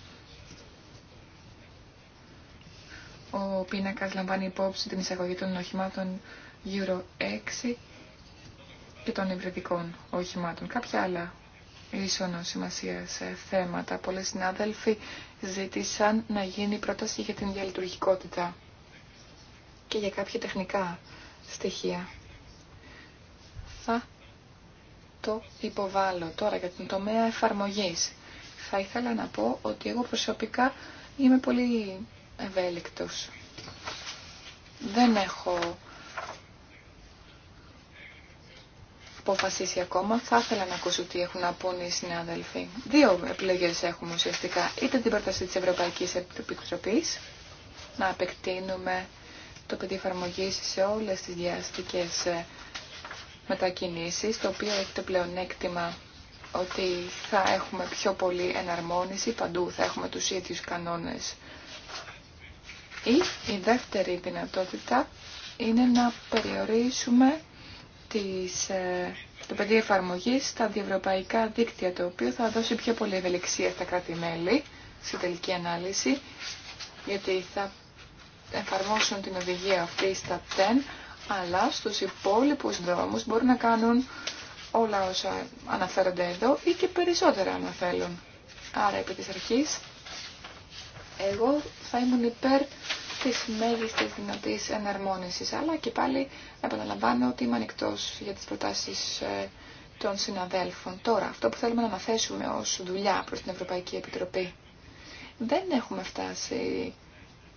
Ο πίνακας λαμβάνει υπόψη την εισαγωγή των οχημάτων Euro 6 και των υβριδικών οχημάτων. Κάποια άλλα ίσονο σημασία σε θέματα. Πολλοί συνάδελφοι ζήτησαν να γίνει πρόταση για την διαλειτουργικότητα και για κάποια τεχνικά στοιχεία θα το υποβάλλω. Τώρα για την τομέα εφαρμογής. Θα ήθελα να πω ότι εγώ προσωπικά είμαι πολύ ευέλικτος. Δεν έχω αποφασίσει ακόμα. Θα ήθελα να ακούσω τι έχουν να πούν οι συνάδελφοι. Δύο επιλογές έχουμε ουσιαστικά. Είτε την πρόταση της Ευρωπαϊκής Επιτροπής, να επεκτείνουμε το παιδί εφαρμογή σε όλες τις διαστικές ε, μετακινήσεις, το οποίο έχει το πλεονέκτημα ότι θα έχουμε πιο πολύ εναρμόνιση, παντού θα έχουμε τους ίδιους κανόνες. Ή η δεύτερη δυνατότητα είναι να περιορίσουμε τις, ε, το πεδίο εφαρμογή στα διευρωπαϊκά δίκτυα, το οποίο θα δώσει πιο πολύ ευελιξία στα κράτη-μέλη, στη τελική ανάλυση, γιατί θα εφαρμόσουν την οδηγία αυτή στα 10, αλλά στους υπόλοιπους δρόμους μπορούν να κάνουν όλα όσα αναφέρονται εδώ ή και περισσότερα αν θέλουν. Άρα επί της αρχής εγώ θα ήμουν υπέρ της μέγιστης δυνατής εναρμόνισης, αλλά και πάλι επαναλαμβάνω ότι είμαι ανοιχτό για τις προτάσεις ε, των συναδέλφων. Τώρα, αυτό που θέλουμε να αναθέσουμε ως δουλειά προς την Ευρωπαϊκή Επιτροπή. Δεν έχουμε φτάσει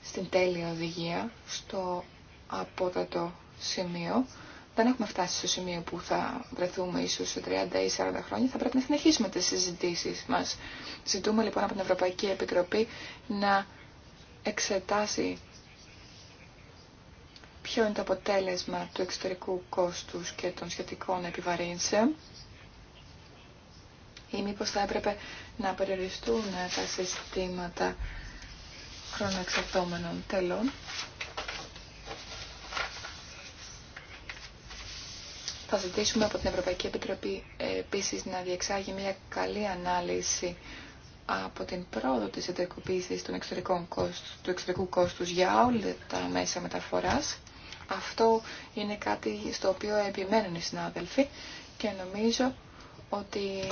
στην τέλεια οδηγία, στο απότατο σημείο. Δεν έχουμε φτάσει στο σημείο που θα βρεθούμε ίσως σε 30 ή 40 χρόνια. Θα πρέπει να συνεχίσουμε τις συζητήσεις μας. Ζητούμε λοιπόν από την Ευρωπαϊκή Επιτροπή να εξετάσει ποιο είναι το αποτέλεσμα του εξωτερικού κόστους και των σχετικών επιβαρύνσεων ή μήπως θα έπρεπε να περιοριστούν τα συστήματα χρονοεξαρτώμενων τελών. Θα ζητήσουμε από την Ευρωπαϊκή Επιτροπή ε, επίσης να διεξάγει μια καλή ανάλυση από την πρόοδο της εταιρικοποίηση των εξωτερικών του εξωτερικού κόστους για όλα τα μέσα μεταφοράς. Αυτό είναι κάτι στο οποίο επιμένουν οι συνάδελφοι και νομίζω ότι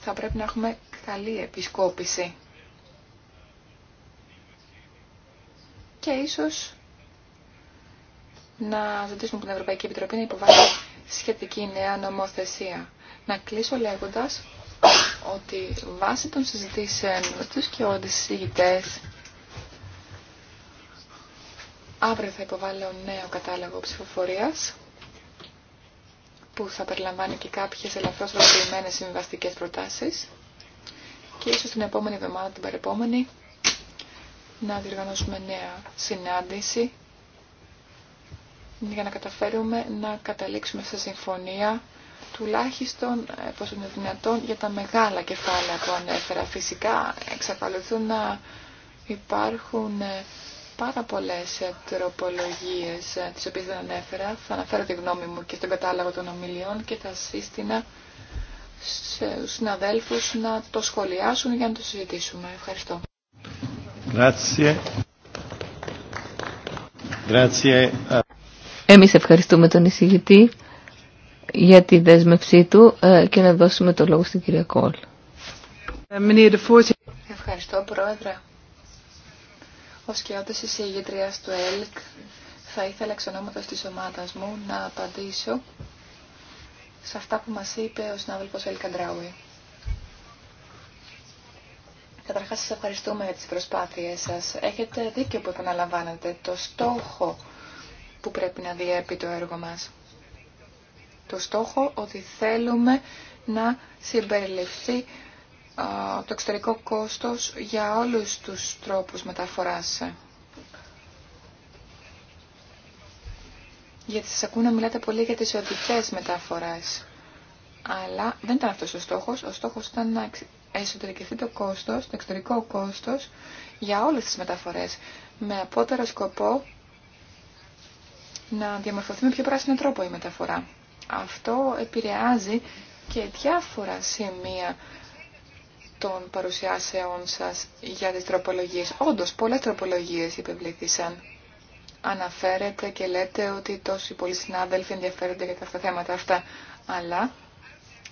θα πρέπει να έχουμε καλή επισκόπηση. Και ίσως να ζητήσουμε από την Ευρωπαϊκή Επιτροπή να υποβάλει σχετική νέα νομοθεσία. Να κλείσω λέγοντας ότι βάσει των συζητήσεων τους και όντες συζητητές αύριο θα υποβάλω νέο κατάλογο ψηφοφορίας που θα περιλαμβάνει και κάποιες ελαφρώς ροποιημένες συμβαστικές προτάσεις και ίσως την επόμενη εβδομάδα, την παρεπόμενη, να διοργανώσουμε νέα συνάντηση για να καταφέρουμε να καταλήξουμε σε συμφωνία τουλάχιστον ε, πόσο είναι δυνατόν για τα μεγάλα κεφάλαια που ανέφερα. Φυσικά εξακολουθούν να υπάρχουν ε, πάρα πολλές ε, τροπολογίες τις οποίες δεν ανέφερα. Θα αναφέρω τη γνώμη μου και στον κατάλογο των ομιλιών και θα σύστηνα στους συναδέλφους να το σχολιάσουν για να το συζητήσουμε. Ευχαριστώ. Grazie. Grazie. Εμείς ευχαριστούμε τον εισηγητή για τη δέσμευσή του ε, και να δώσουμε το λόγο στην κυρία Κόλ. Ευχαριστώ Πρόεδρε. Ως και εισηγητρίας εισηγητρία του ΕΛΚ θα ήθελα εξ ονόματος της ομάδας μου να απαντήσω σε αυτά που μας είπε ο συνάδελφος Ελ Καντράουι. Καταρχάς σας ευχαριστούμε για τις προσπάθειες σας. Έχετε δίκιο που επαναλαμβάνετε το στόχο που πρέπει να διέπει το έργο μας. Το στόχο ότι θέλουμε να συμπεριληφθεί το εξωτερικό κόστος για όλους τους τρόπους μεταφοράς. Γιατί σας ακούω να μιλάτε πολύ για τις οδικές μεταφορές. Αλλά δεν ήταν αυτός ο στόχος. Ο στόχος ήταν να εσωτερικευτεί το κόστος, το εξωτερικό κόστος για όλες τις μεταφορές. Με απότερο σκοπό να διαμορφωθεί με πιο πράσινο τρόπο η μεταφορά. Αυτό επηρεάζει και διάφορα σημεία των παρουσιάσεών σας για τις τροπολογίες. Όντως, πολλές τροπολογίες υπευλήθησαν. Αναφέρετε και λέτε ότι τόσοι πολλοί συνάδελφοι ενδιαφέρονται για τα θέματα αυτά, αλλά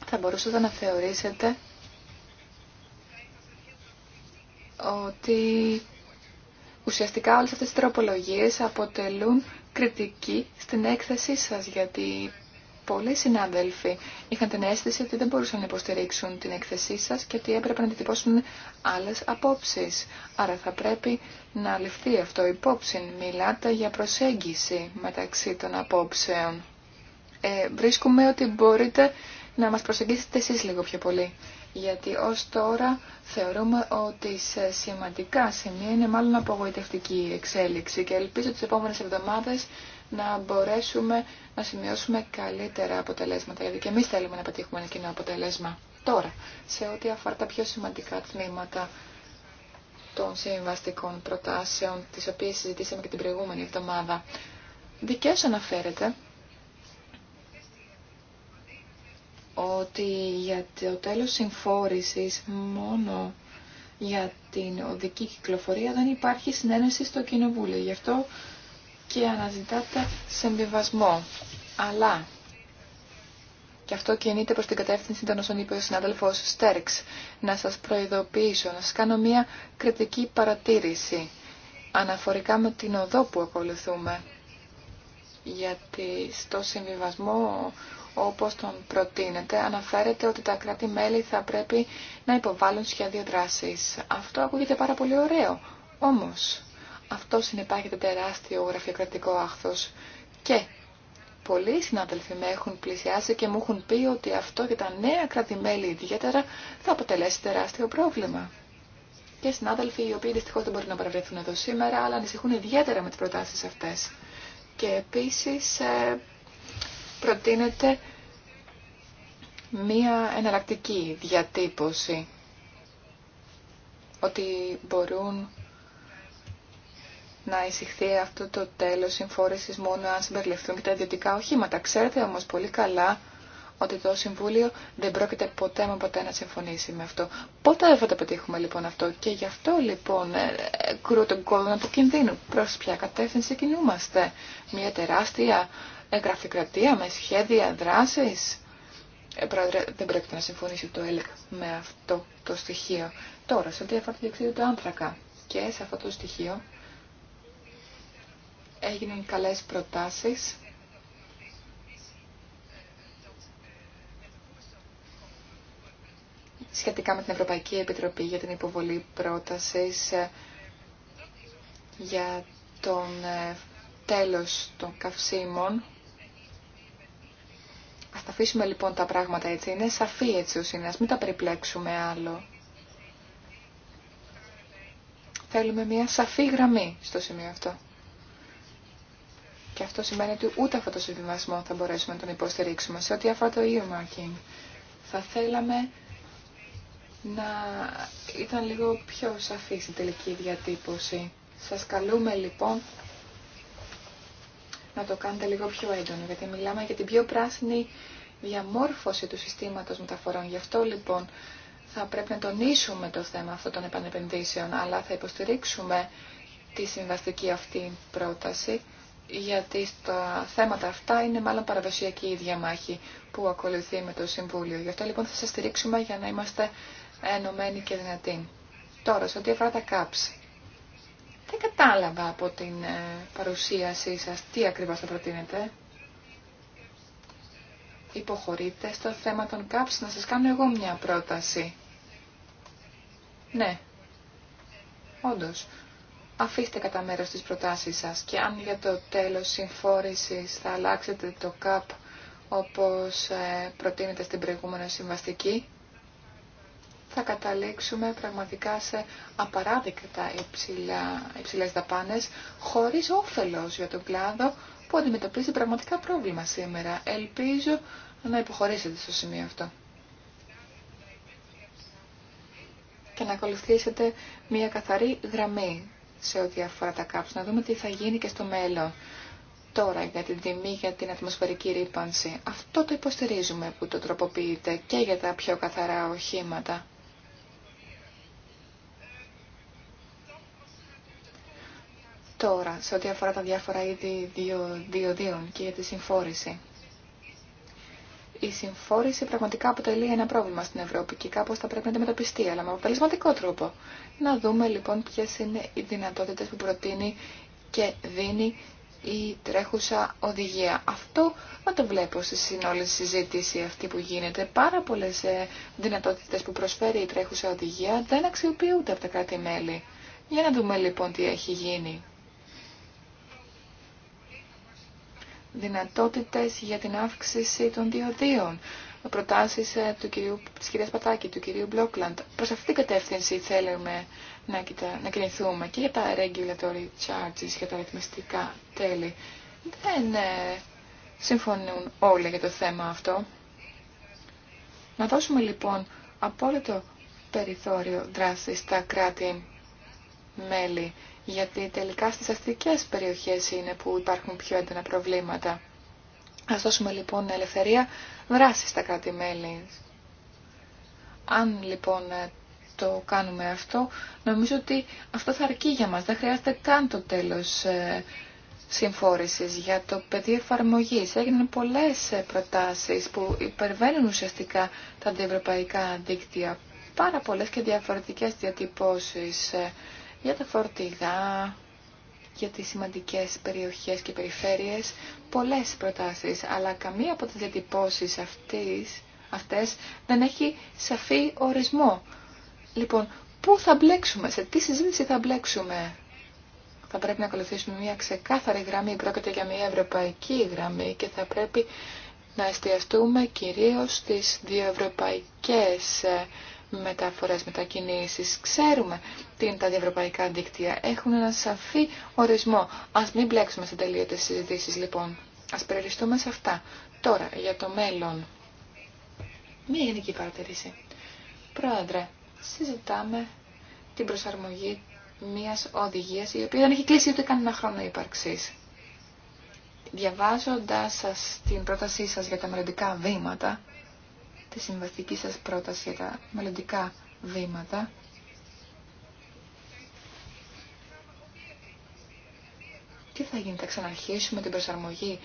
θα μπορούσατε να θεωρήσετε ότι Ουσιαστικά όλες αυτές οι τροπολογίες αποτελούν κριτική στην έκθεσή σας, γιατί πολλοί συνάδελφοι είχαν την αίσθηση ότι δεν μπορούσαν να υποστηρίξουν την έκθεσή σας και ότι έπρεπε να αντιτυπώσουν άλλες απόψεις. Άρα θα πρέπει να ληφθεί αυτό υπόψη. Μιλάτε για προσέγγιση μεταξύ των απόψεων. Ε, βρίσκουμε ότι μπορείτε να μας προσεγγίσετε εσείς λίγο πιο πολύ γιατί ως τώρα θεωρούμε ότι σε σημαντικά σημεία είναι μάλλον απογοητευτική η εξέλιξη και ελπίζω τις επόμενες εβδομάδες να μπορέσουμε να σημειώσουμε καλύτερα αποτελέσματα, γιατί και εμείς θέλουμε να πετύχουμε ένα κοινό αποτελέσμα. Τώρα, σε ό,τι αφορά τα πιο σημαντικά τμήματα των συμβαστικών προτάσεων, τις οποίες συζητήσαμε και την προηγούμενη εβδομάδα, δικαίως αναφέρεται ότι για το τέλος συμφόρησης μόνο για την οδική κυκλοφορία δεν υπάρχει συνένεση στο Κοινοβούλιο. Γι' αυτό και αναζητάται συμβιβασμό. Αλλά, και αυτό κινείται προς την κατεύθυνση των όσων είπε ο συνάδελφος Στέρξ, να σας προειδοποιήσω, να σας κάνω μια κριτική παρατήρηση αναφορικά με την οδό που ακολουθούμε. Γιατί στο συμβιβασμό όπως τον προτείνεται, αναφέρεται ότι τα κράτη-μέλη θα πρέπει να υποβάλουν σχέδιο δράσης. Αυτό ακούγεται πάρα πολύ ωραίο. Όμως, αυτό συνεπάγεται τεράστιο γραφειοκρατικό άχθος και πολλοί συνάδελφοι με έχουν πλησιάσει και μου έχουν πει ότι αυτό για τα νέα κράτη-μέλη ιδιαίτερα θα αποτελέσει τεράστιο πρόβλημα. Και συνάδελφοι οι οποίοι δυστυχώς δεν μπορούν να παραβρεθούν εδώ σήμερα, αλλά ανησυχούν ιδιαίτερα με τις προτάσεις αυτές. Και επίσης ε, προτείνεται μία εναλλακτική διατύπωση ότι μπορούν να εισηχθεί αυτό το τέλος συμφόρησης μόνο αν συμπεριληφθούν και τα ιδιωτικά οχήματα. Ξέρετε όμως πολύ καλά ότι το Συμβούλιο δεν πρόκειται ποτέ με ποτέ να συμφωνήσει με αυτό. Πότε θα το πετύχουμε λοιπόν αυτό και γι' αυτό λοιπόν ε, κρούω τον κόδωνα του κινδύνου. Προς ποια κατεύθυνση κινούμαστε. Μια τεράστια κρατία με σχέδια δράσης. Ε, πρόεδρε, δεν πρέπει να συμφωνήσει το ΕΛΚ με αυτό το στοιχείο. Τώρα, σε ό,τι αφορά τη του άνθρακα και σε αυτό το στοιχείο έγιναν καλές προτάσεις. σχετικά με την Ευρωπαϊκή Επιτροπή για την υποβολή πρότασης ε, για τον ε, τέλος των καυσίμων Ας τα αφήσουμε λοιπόν τα πράγματα έτσι. Είναι σαφή έτσι ο σύνας μην τα περιπλέξουμε άλλο. Θέλουμε μια σαφή γραμμή στο σημείο αυτό. Και αυτό σημαίνει ότι ούτε αυτό το συμβιβασμό θα μπορέσουμε να τον υποστηρίξουμε. Σε ό,τι αφορά το earmarking, θα θέλαμε να ήταν λίγο πιο σαφή στην τελική διατύπωση. Σας καλούμε λοιπόν να το κάνετε λίγο πιο έντονο, γιατί μιλάμε για την πιο πράσινη διαμόρφωση του συστήματος μεταφορών. Γι' αυτό λοιπόν θα πρέπει να τονίσουμε το θέμα αυτών των επανεπενδύσεων, αλλά θα υποστηρίξουμε τη συμβαστική αυτή πρόταση, γιατί στα θέματα αυτά είναι μάλλον παραδοσιακή η διαμάχη που ακολουθεί με το Συμβούλιο. Γι' αυτό λοιπόν θα σας στηρίξουμε για να είμαστε ενωμένοι και δυνατοί. Τώρα, σε ό,τι αφορά τα κάψη. Δεν κατάλαβα από την ε, παρουσίασή σας τι ακριβώς θα προτείνετε. Υποχωρείτε στο θέμα των ΚΑΠΣ να σας κάνω εγώ μια πρόταση. Ναι, όντως. Αφήστε κατά μέρο τις προτάσεις σας και αν για το τέλος συμφόρησης θα αλλάξετε το ΚΑΠ όπως ε, προτείνετε στην προηγούμενη συμβαστική, θα καταλήξουμε πραγματικά σε απαράδεκτα υψηλά, υψηλές δαπάνες χωρίς όφελος για τον κλάδο που αντιμετωπίζει πραγματικά πρόβλημα σήμερα. Ελπίζω να υποχωρήσετε στο σημείο αυτό. Και να ακολουθήσετε μια καθαρή γραμμή σε ό,τι αφορά τα κάψη. Να δούμε τι θα γίνει και στο μέλλον. Τώρα για την τιμή για την ατμοσφαιρική ρήπανση. Αυτό το υποστηρίζουμε που το τροποποιείται και για τα πιο καθαρά οχήματα. Τώρα, σε ό,τι αφορά τα διάφορα είδη διοδίων και για τη συμφόρηση. Η συμφόρηση πραγματικά αποτελεί ένα πρόβλημα στην Ευρώπη και κάπω θα πρέπει να αντιμετωπιστεί, αλλά με αποτελεσματικό τρόπο. Να δούμε λοιπόν ποιε είναι οι δυνατότητε που προτείνει και δίνει η τρέχουσα οδηγία. Αυτό να το βλέπω στη συνόλη συζήτηση αυτή που γίνεται. Πάρα πολλέ ε, δυνατότητε που προσφέρει η τρέχουσα οδηγία δεν αξιοποιούνται από τα κράτη-μέλη. Για να δούμε λοιπόν τι έχει γίνει. δυνατότητες για την αύξηση των διοδίων, προτάσεις ε, του κυρίου, της κυρίας Πατάκη, του κυρίου Μπλόκλαντ. Προς αυτήν την κατεύθυνση θέλουμε να, κοιτα... να κινηθούμε και για τα regulatory charges, για τα ρυθμιστικά τέλη. Δεν ε, συμφωνούν όλοι για το θέμα αυτό. Να δώσουμε λοιπόν απόλυτο περιθώριο δράση στα κράτη-μέλη γιατί τελικά στις αστικές περιοχές είναι που υπάρχουν πιο έντονα προβλήματα. Ας δώσουμε λοιπόν ελευθερία δράση στα κράτη-μέλη. Αν λοιπόν το κάνουμε αυτό, νομίζω ότι αυτό θα αρκεί για μας. Δεν χρειάζεται καν το τέλος ε, συμφόρησης για το πεδίο εφαρμογή. Έγιναν πολλές ε, προτάσεις που υπερβαίνουν ουσιαστικά τα αντιευρωπαϊκά δίκτυα. Πάρα πολλές και διαφορετικές διατυπώσεις ε, για τα φορτηγά, για τις σημαντικές περιοχές και περιφέρειες, πολλές προτάσεις, αλλά καμία από τις διατυπώσεις αυτής, αυτές δεν έχει σαφή ορισμό. Λοιπόν, πού θα μπλέξουμε, σε τι συζήτηση θα μπλέξουμε. Θα πρέπει να ακολουθήσουμε μια ξεκάθαρη γραμμή, πρόκειται για μια ευρωπαϊκή γραμμή και θα πρέπει να εστιαστούμε κυρίως στις διευρωπαϊκές μεταφορές, μετακινήσεις. Ξέρουμε τι είναι τα διευρωπαϊκά δίκτυα. Έχουν ένα σαφή ορισμό. Ας μην μπλέξουμε σε τελεία συζητήσεις λοιπόν. Ας περιοριστούμε σε αυτά. Τώρα, για το μέλλον. Μία γενική παρατηρήση. Πρόεδρε, συζητάμε την προσαρμογή μιας οδηγίας η οποία δεν έχει κλείσει ούτε κανένα χρόνο ύπαρξή, Διαβάζοντας σας την πρότασή σας για τα μελλοντικά βήματα, τη συμβαστική σας πρόταση για τα μελλοντικά βήματα. Τι θα γίνει, θα ξαναρχίσουμε την προσαρμογή,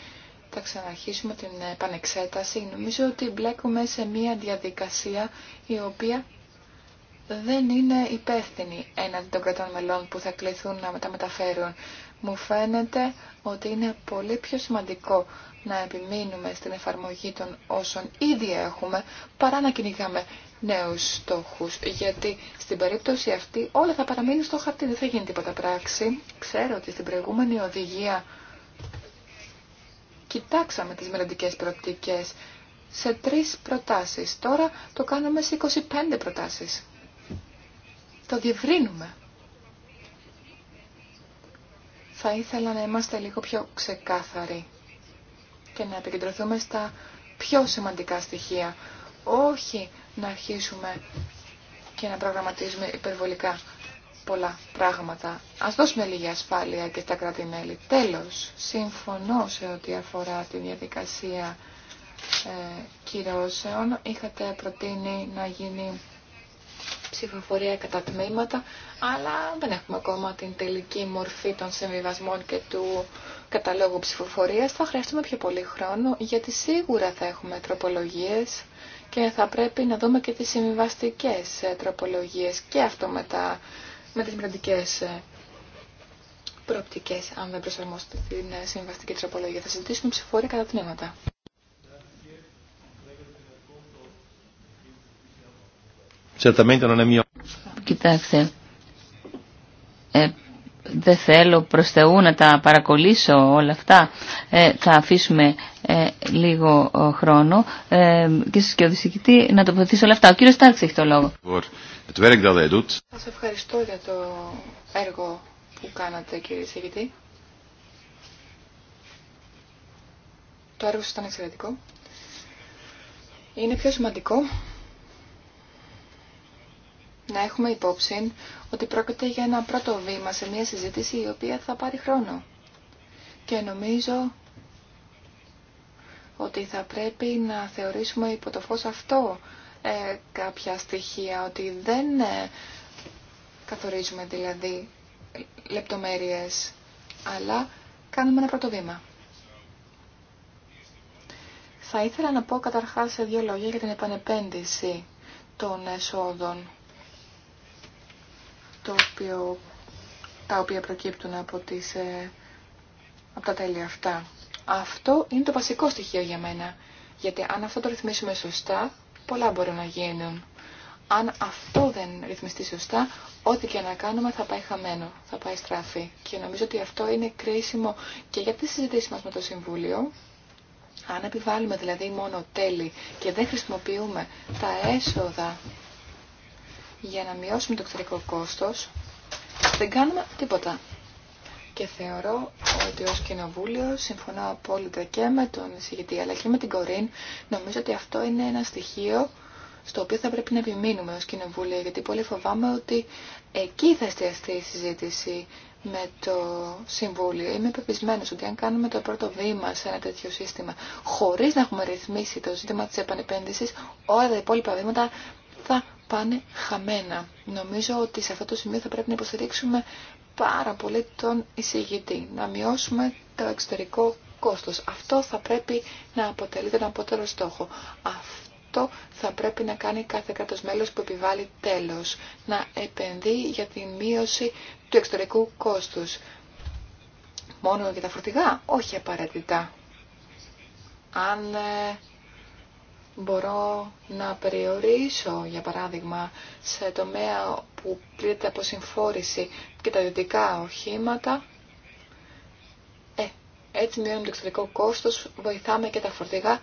θα ξαναρχίσουμε την επανεξέταση. Νομίζω ότι μπλέκουμε σε μια διαδικασία η οποία δεν είναι υπεύθυνη έναντι των κρατών μελών που θα κληθούν να τα μεταφέρουν. Μου φαίνεται ότι είναι πολύ πιο σημαντικό να επιμείνουμε στην εφαρμογή των όσων ήδη έχουμε, παρά να κυνηγάμε νέους στόχους. Γιατί στην περίπτωση αυτή όλα θα παραμείνουν στο χαρτί, δεν θα γίνει τίποτα πράξη. Ξέρω ότι στην προηγούμενη οδηγία κοιτάξαμε τις μελλοντικές προοπτικές σε τρεις προτάσεις. Τώρα το κάνουμε σε 25 προτάσεις. Το διευρύνουμε. Θα ήθελα να είμαστε λίγο πιο ξεκάθαροι και να επικεντρωθούμε στα πιο σημαντικά στοιχεία. Όχι να αρχίσουμε και να προγραμματίζουμε υπερβολικά πολλά πράγματα. Ας δώσουμε λίγη ασφάλεια και στα κράτη-μέλη. Τέλος, συμφωνώ σε ό,τι αφορά τη διαδικασία ε, κυρώσεων. Είχατε προτείνει να γίνει ψηφοφορία κατά τμήματα, αλλά δεν έχουμε ακόμα την τελική μορφή των συμβιβασμών και του καταλόγου ψηφοφορίας. Θα χρειαστούμε πιο πολύ χρόνο, γιατί σίγουρα θα έχουμε τροπολογίες και θα πρέπει να δούμε και τις συμβιβαστικέ ε, τροπολογίες και αυτό με, τα, με τις ε, προοπτικές, αν δεν προσαρμόσετε την ε, συμβιβαστική τροπολογία. Θα συζητήσουμε ψηφοφορία κατά τμήματα. certamente non è mio. Κοιτάξτε, ε, δεν θέλω προς Θεού να τα παρακολύσω όλα αυτά. Ε, θα αφήσουμε ε, λίγο χρόνο ε, και σας και οδησικητή να τοποθετήσω όλα αυτά. Ο κύριος Τάρξ έχει το λόγο. Σας ευχαριστώ για το έργο που κάνατε κύριε Σιγητή. Το έργο σας ήταν εξαιρετικό. Είναι πιο σημαντικό να έχουμε υπόψη ότι πρόκειται για ένα πρώτο βήμα σε μια συζήτηση η οποία θα πάρει χρόνο. Και νομίζω ότι θα πρέπει να θεωρήσουμε υπό το φως αυτό ε, κάποια στοιχεία, ότι δεν ε, καθορίζουμε δηλαδή λεπτομέρειες, αλλά κάνουμε ένα πρώτο βήμα. Θα ήθελα να πω καταρχάς σε δύο λόγια για την επανεπένδυση των εσόδων το τα οποία προκύπτουν από, τις, ε, από τα τέλη αυτά. Αυτό είναι το βασικό στοιχείο για μένα. Γιατί αν αυτό το ρυθμίσουμε σωστά, πολλά μπορούν να γίνουν. Αν αυτό δεν ρυθμιστεί σωστά, ό,τι και να κάνουμε θα πάει χαμένο, θα πάει στράφη. Και νομίζω ότι αυτό είναι κρίσιμο και για τις συζητήσεις μας με το Συμβούλιο. Αν επιβάλλουμε δηλαδή μόνο τέλη και δεν χρησιμοποιούμε τα έσοδα για να μειώσουμε το εξωτερικό κόστος, δεν κάνουμε τίποτα. Και θεωρώ ότι ως κοινοβούλιο συμφωνώ απόλυτα και με τον εισηγητή αλλά και με την Κορίν. Νομίζω ότι αυτό είναι ένα στοιχείο στο οποίο θα πρέπει να επιμείνουμε ως κοινοβούλιο γιατί πολύ φοβάμαι ότι εκεί θα εστιαστεί η συζήτηση με το Συμβούλιο. Είμαι πεπισμένος ότι αν κάνουμε το πρώτο βήμα σε ένα τέτοιο σύστημα χωρίς να έχουμε ρυθμίσει το ζήτημα της επανεπένδυσης όλα τα υπόλοιπα βήματα θα πάνε χαμένα. Νομίζω ότι σε αυτό το σημείο θα πρέπει να υποστηρίξουμε πάρα πολύ τον εισηγητή, να μειώσουμε το εξωτερικό κόστος. Αυτό θα πρέπει να αποτελεί τον απότερο στόχο. Αυτό θα πρέπει να κάνει κάθε κράτος μέλος που επιβάλλει τέλος. Να επενδύει για τη μείωση του εξωτερικού κόστους. Μόνο για τα φορτηγά, όχι απαραίτητα. Αν ε, μπορώ να περιορίσω, για παράδειγμα, σε τομέα που πλήρεται από συμφόρηση και τα ιδιωτικά οχήματα. Ε, έτσι μειώνουμε το εξωτερικό κόστος, βοηθάμε και τα φορτηγά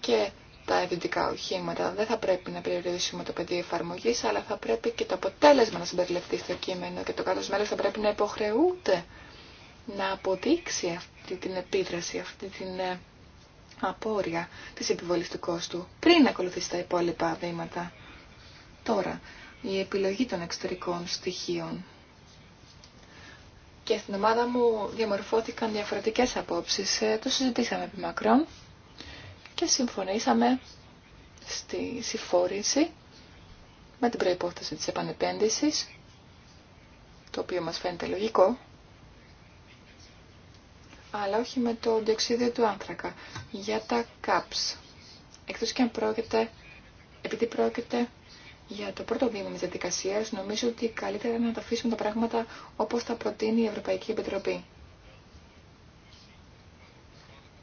και τα ιδιωτικά οχήματα. Δεν θα πρέπει να περιορίσουμε το πεδίο εφαρμογή, αλλά θα πρέπει και το αποτέλεσμα να συμπεριληφθεί στο κείμενο και το κάτω μέλο θα πρέπει να υποχρεούται να αποδείξει αυτή την επίδραση, αυτή την ε, απόρρια της επιβολή του κόστου πριν ακολουθήσει τα υπόλοιπα βήματα. Τώρα, η επιλογή των εξωτερικών στοιχείων. Και στην ομάδα μου διαμορφώθηκαν διαφορετικές απόψεις. Ε, το συζητήσαμε επί μακρόν και συμφωνήσαμε στη συμφόρηση με την προϋπόθεση της επανεπένδυσης, το οποίο μας φαίνεται λογικό, αλλά όχι με το διοξίδιο του άνθρακα. Για τα ΚΑΠΣ. εκτός και αν πρόκειται, επειδή πρόκειται για το πρώτο βήμα της διαδικασίας, νομίζω ότι καλύτερα να τα αφήσουμε τα πράγματα όπως τα προτείνει η Ευρωπαϊκή Επιτροπή.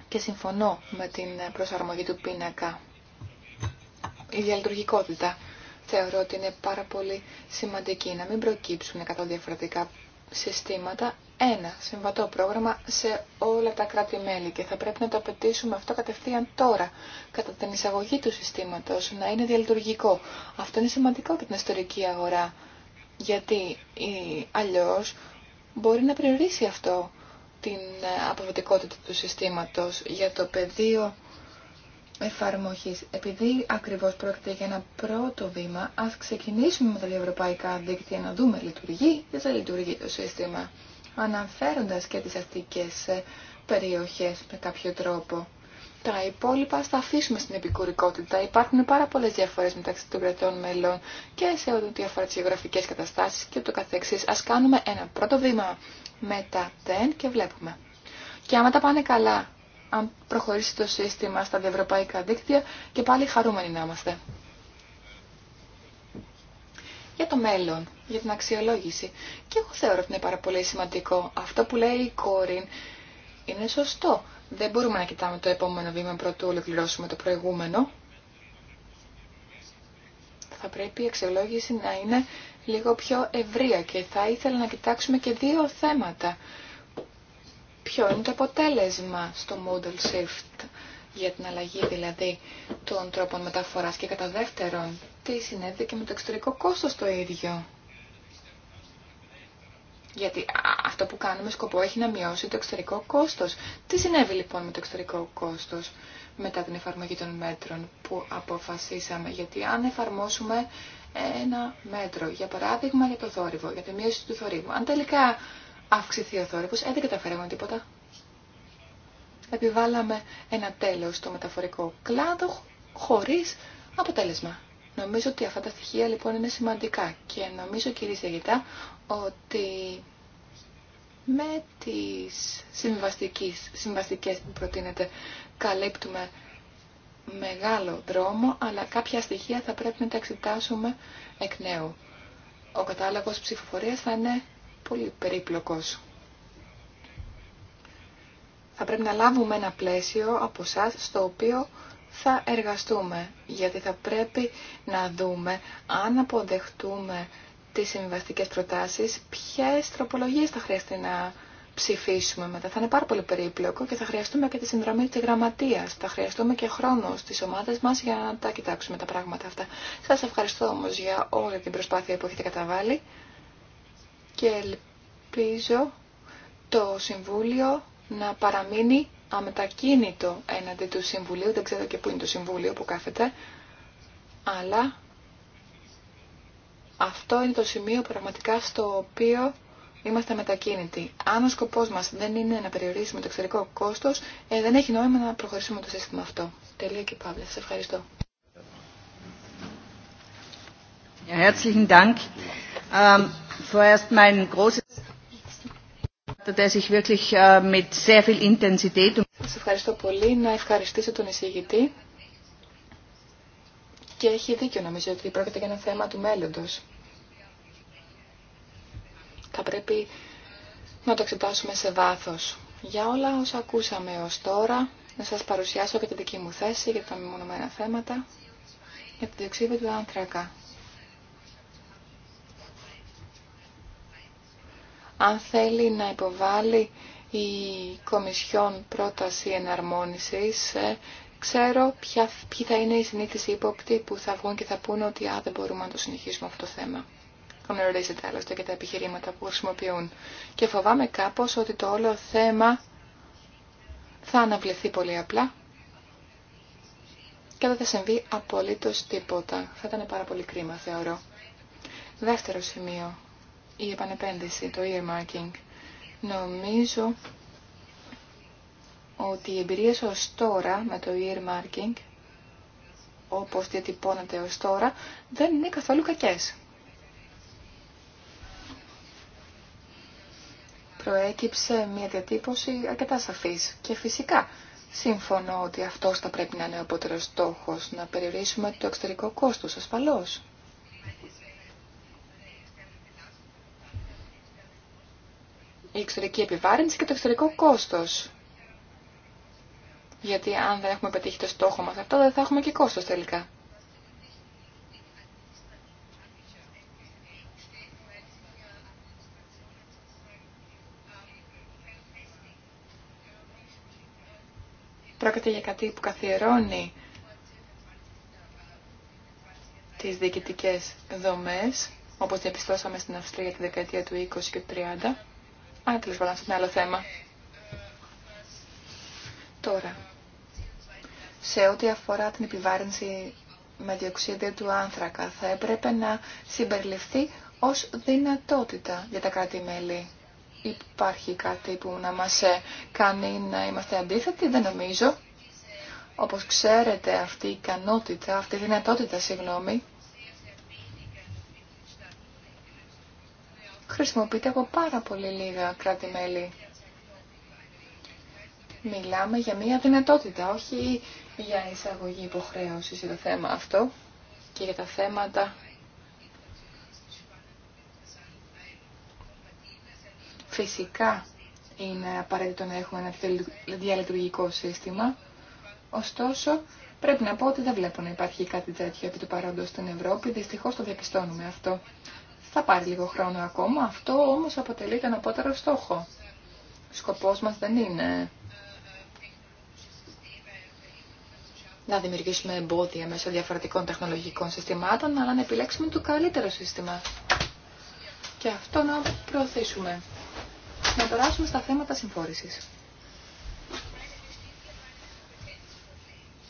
Και συμφωνώ με την προσαρμογή του πίνακα. Η διαλειτουργικότητα θεωρώ ότι είναι πάρα πολύ σημαντική. Να μην προκύψουν 100 διαφορετικά συστήματα, ένα συμβατό πρόγραμμα σε όλα τα κράτη-μέλη και θα πρέπει να το απαιτήσουμε αυτό κατευθείαν τώρα, κατά την εισαγωγή του συστήματος, να είναι διαλειτουργικό. Αυτό είναι σημαντικό για την ιστορική αγορά, γιατί αλλιώς μπορεί να περιορίσει αυτό την ε, αποδοτικότητα του συστήματος για το πεδίο εφαρμογής. Επειδή ακριβώς πρόκειται για ένα πρώτο βήμα, ας ξεκινήσουμε με τα ευρωπαϊκά δίκτυα να δούμε λειτουργεί ή δεν λειτουργεί το σύστημα αναφέροντας και τις αστικές ε, περιοχές με κάποιο τρόπο. Τα υπόλοιπα θα αφήσουμε στην επικουρικότητα. Υπάρχουν πάρα πολλέ διαφορέ μεταξύ των κρατών μελών και σε ό,τι αφορά τι γεωγραφικέ καταστάσει και το καθεξή. Α κάνουμε ένα πρώτο βήμα με τα τεν και βλέπουμε. Και άμα τα πάνε καλά, αν προχωρήσει το σύστημα στα διευρωπαϊκά δίκτυα και πάλι χαρούμενοι να είμαστε για το μέλλον, για την αξιολόγηση. Και εγώ θεωρώ ότι είναι πάρα πολύ σημαντικό. Αυτό που λέει η Κόριν είναι σωστό. Δεν μπορούμε να κοιτάμε το επόμενο βήμα πρωτού ολοκληρώσουμε το προηγούμενο. Θα πρέπει η αξιολόγηση να είναι λίγο πιο ευρεία και θα ήθελα να κοιτάξουμε και δύο θέματα. Ποιο είναι το αποτέλεσμα στο model shift για την αλλαγή δηλαδή των τρόπων μεταφοράς και κατά δεύτερον τι συνέβη και με το εξωτερικό κόστος το ίδιο. Γιατί αυτό που κάνουμε σκοπό έχει να μειώσει το εξωτερικό κόστος. Τι συνέβη λοιπόν με το εξωτερικό κόστος μετά την εφαρμογή των μέτρων που αποφασίσαμε. Γιατί αν εφαρμόσουμε ένα μέτρο, για παράδειγμα για το θόρυβο, για τη μείωση του θορύβου, αν τελικά αυξηθεί ο θόρυβος, ε, δεν καταφέραμε τίποτα επιβάλαμε ένα τέλος στο μεταφορικό κλάδο χωρίς αποτέλεσμα. Νομίζω ότι αυτά τα στοιχεία λοιπόν είναι σημαντικά και νομίζω κύριε Σεγητά ότι με τις συμβαστικές που προτείνεται καλύπτουμε μεγάλο δρόμο, αλλά κάποια στοιχεία θα πρέπει να τα εξετάσουμε εκ νέου. Ο κατάλογος ψηφοφορίας θα είναι πολύ περίπλοκος θα πρέπει να λάβουμε ένα πλαίσιο από εσά στο οποίο θα εργαστούμε, γιατί θα πρέπει να δούμε αν αποδεχτούμε τις συμβαστικές προτάσεις, ποιες τροπολογίες θα χρειαστεί να ψηφίσουμε μετά. Θα είναι πάρα πολύ περίπλοκο και θα χρειαστούμε και τη συνδρομή της γραμματείας. Θα χρειαστούμε και χρόνο στις ομάδες μας για να τα κοιτάξουμε τα πράγματα αυτά. Σας ευχαριστώ όμως για όλη την προσπάθεια που έχετε καταβάλει και ελπίζω το Συμβούλιο να παραμείνει αμετακίνητο έναντι του Συμβουλίου, δεν ξέρω και πού είναι το Συμβούλιο που κάθεται, αλλά αυτό είναι το σημείο πραγματικά στο οποίο είμαστε μετακίνητοι. Αν ο σκοπός μας δεν είναι να περιορίσουμε το εξωτερικό κόστος, ε, δεν έχει νόημα να προχωρήσουμε το σύστημα αυτό. Τελεία και Παύλα. Σας ευχαριστώ. Ähm, Äh, σας ευχαριστώ πολύ. Να ευχαριστήσω τον εισηγητή. Και έχει δίκιο νομίζω ότι πρόκειται για ένα θέμα του μέλλοντος. Θα πρέπει να το εξετάσουμε σε βάθος. Για όλα όσα ακούσαμε ως τώρα, να σας παρουσιάσω και τη δική μου θέση για τα μεμονωμένα θέματα, για τη διοξίδα του άνθρακα. αν θέλει να υποβάλει η Κομισιόν πρόταση εναρμόνισης, ε, ξέρω ποια, ποιοι θα είναι οι συνήθεις ύποπτοι που θα βγουν και θα πούνε ότι α, δεν μπορούμε να το συνεχίσουμε αυτό το θέμα. Γνωρίζετε άλλωστε και τα επιχειρήματα που χρησιμοποιούν. Και φοβάμαι κάπως ότι το όλο θέμα θα αναβληθεί πολύ απλά και δεν θα συμβεί απολύτως τίποτα. Θα ήταν πάρα πολύ κρίμα, θεωρώ. Δεύτερο σημείο η επανεπένδυση, το earmarking. Νομίζω ότι οι εμπειρίες ως τώρα με το earmarking, όπως διατυπώνεται ως τώρα, δεν είναι καθόλου κακές. Προέκυψε μια διατύπωση αρκετά σαφής και φυσικά συμφωνώ ότι αυτός θα πρέπει να είναι ο απότερος στόχος, να περιορίσουμε το εξωτερικό κόστος ασφαλώς. η εξωτερική επιβάρυνση και το εξωτερικό κόστος. Γιατί αν δεν έχουμε πετύχει το στόχο μας αυτό δεν θα έχουμε και κόστος τελικά. Πρόκειται για κάτι που καθιερώνει τις διοικητικές δομές, όπως διαπιστώσαμε στην Αυστρία τη δεκαετία του 20 και του 30. Α, τέλος πάντων, σε ένα άλλο θέμα. Τώρα, σε ό,τι αφορά την επιβάρυνση με διοξίδιο του άνθρακα, θα έπρεπε να συμπεριληφθεί ως δυνατότητα για τα κράτη-μέλη. Υπάρχει κάτι που να μας ε, κάνει να είμαστε αντίθετοι, δεν νομίζω. Όπως ξέρετε, αυτή η ικανότητα, αυτή η δυνατότητα, συγγνώμη, χρησιμοποιείται από πάρα πολύ λίγα κράτη-μέλη. Μιλάμε για μια δυνατότητα, όχι για εισαγωγή υποχρέωση για το θέμα αυτό και για τα θέματα φυσικά είναι απαραίτητο να έχουμε ένα διαλειτουργικό σύστημα. Ωστόσο, πρέπει να πω ότι δεν βλέπω να υπάρχει κάτι τέτοιο επί του παρόντος στην Ευρώπη. Δυστυχώς το διαπιστώνουμε αυτό. Θα πάρει λίγο χρόνο ακόμα, αυτό όμως αποτελεί τον απότερο στόχο. σκοπός μας δεν είναι να δημιουργήσουμε εμπόδια μέσω διαφορετικών τεχνολογικών συστημάτων, αλλά να επιλέξουμε το καλύτερο σύστημα. Και αυτό να προωθήσουμε. Να περάσουμε στα θέματα συμφόρησης.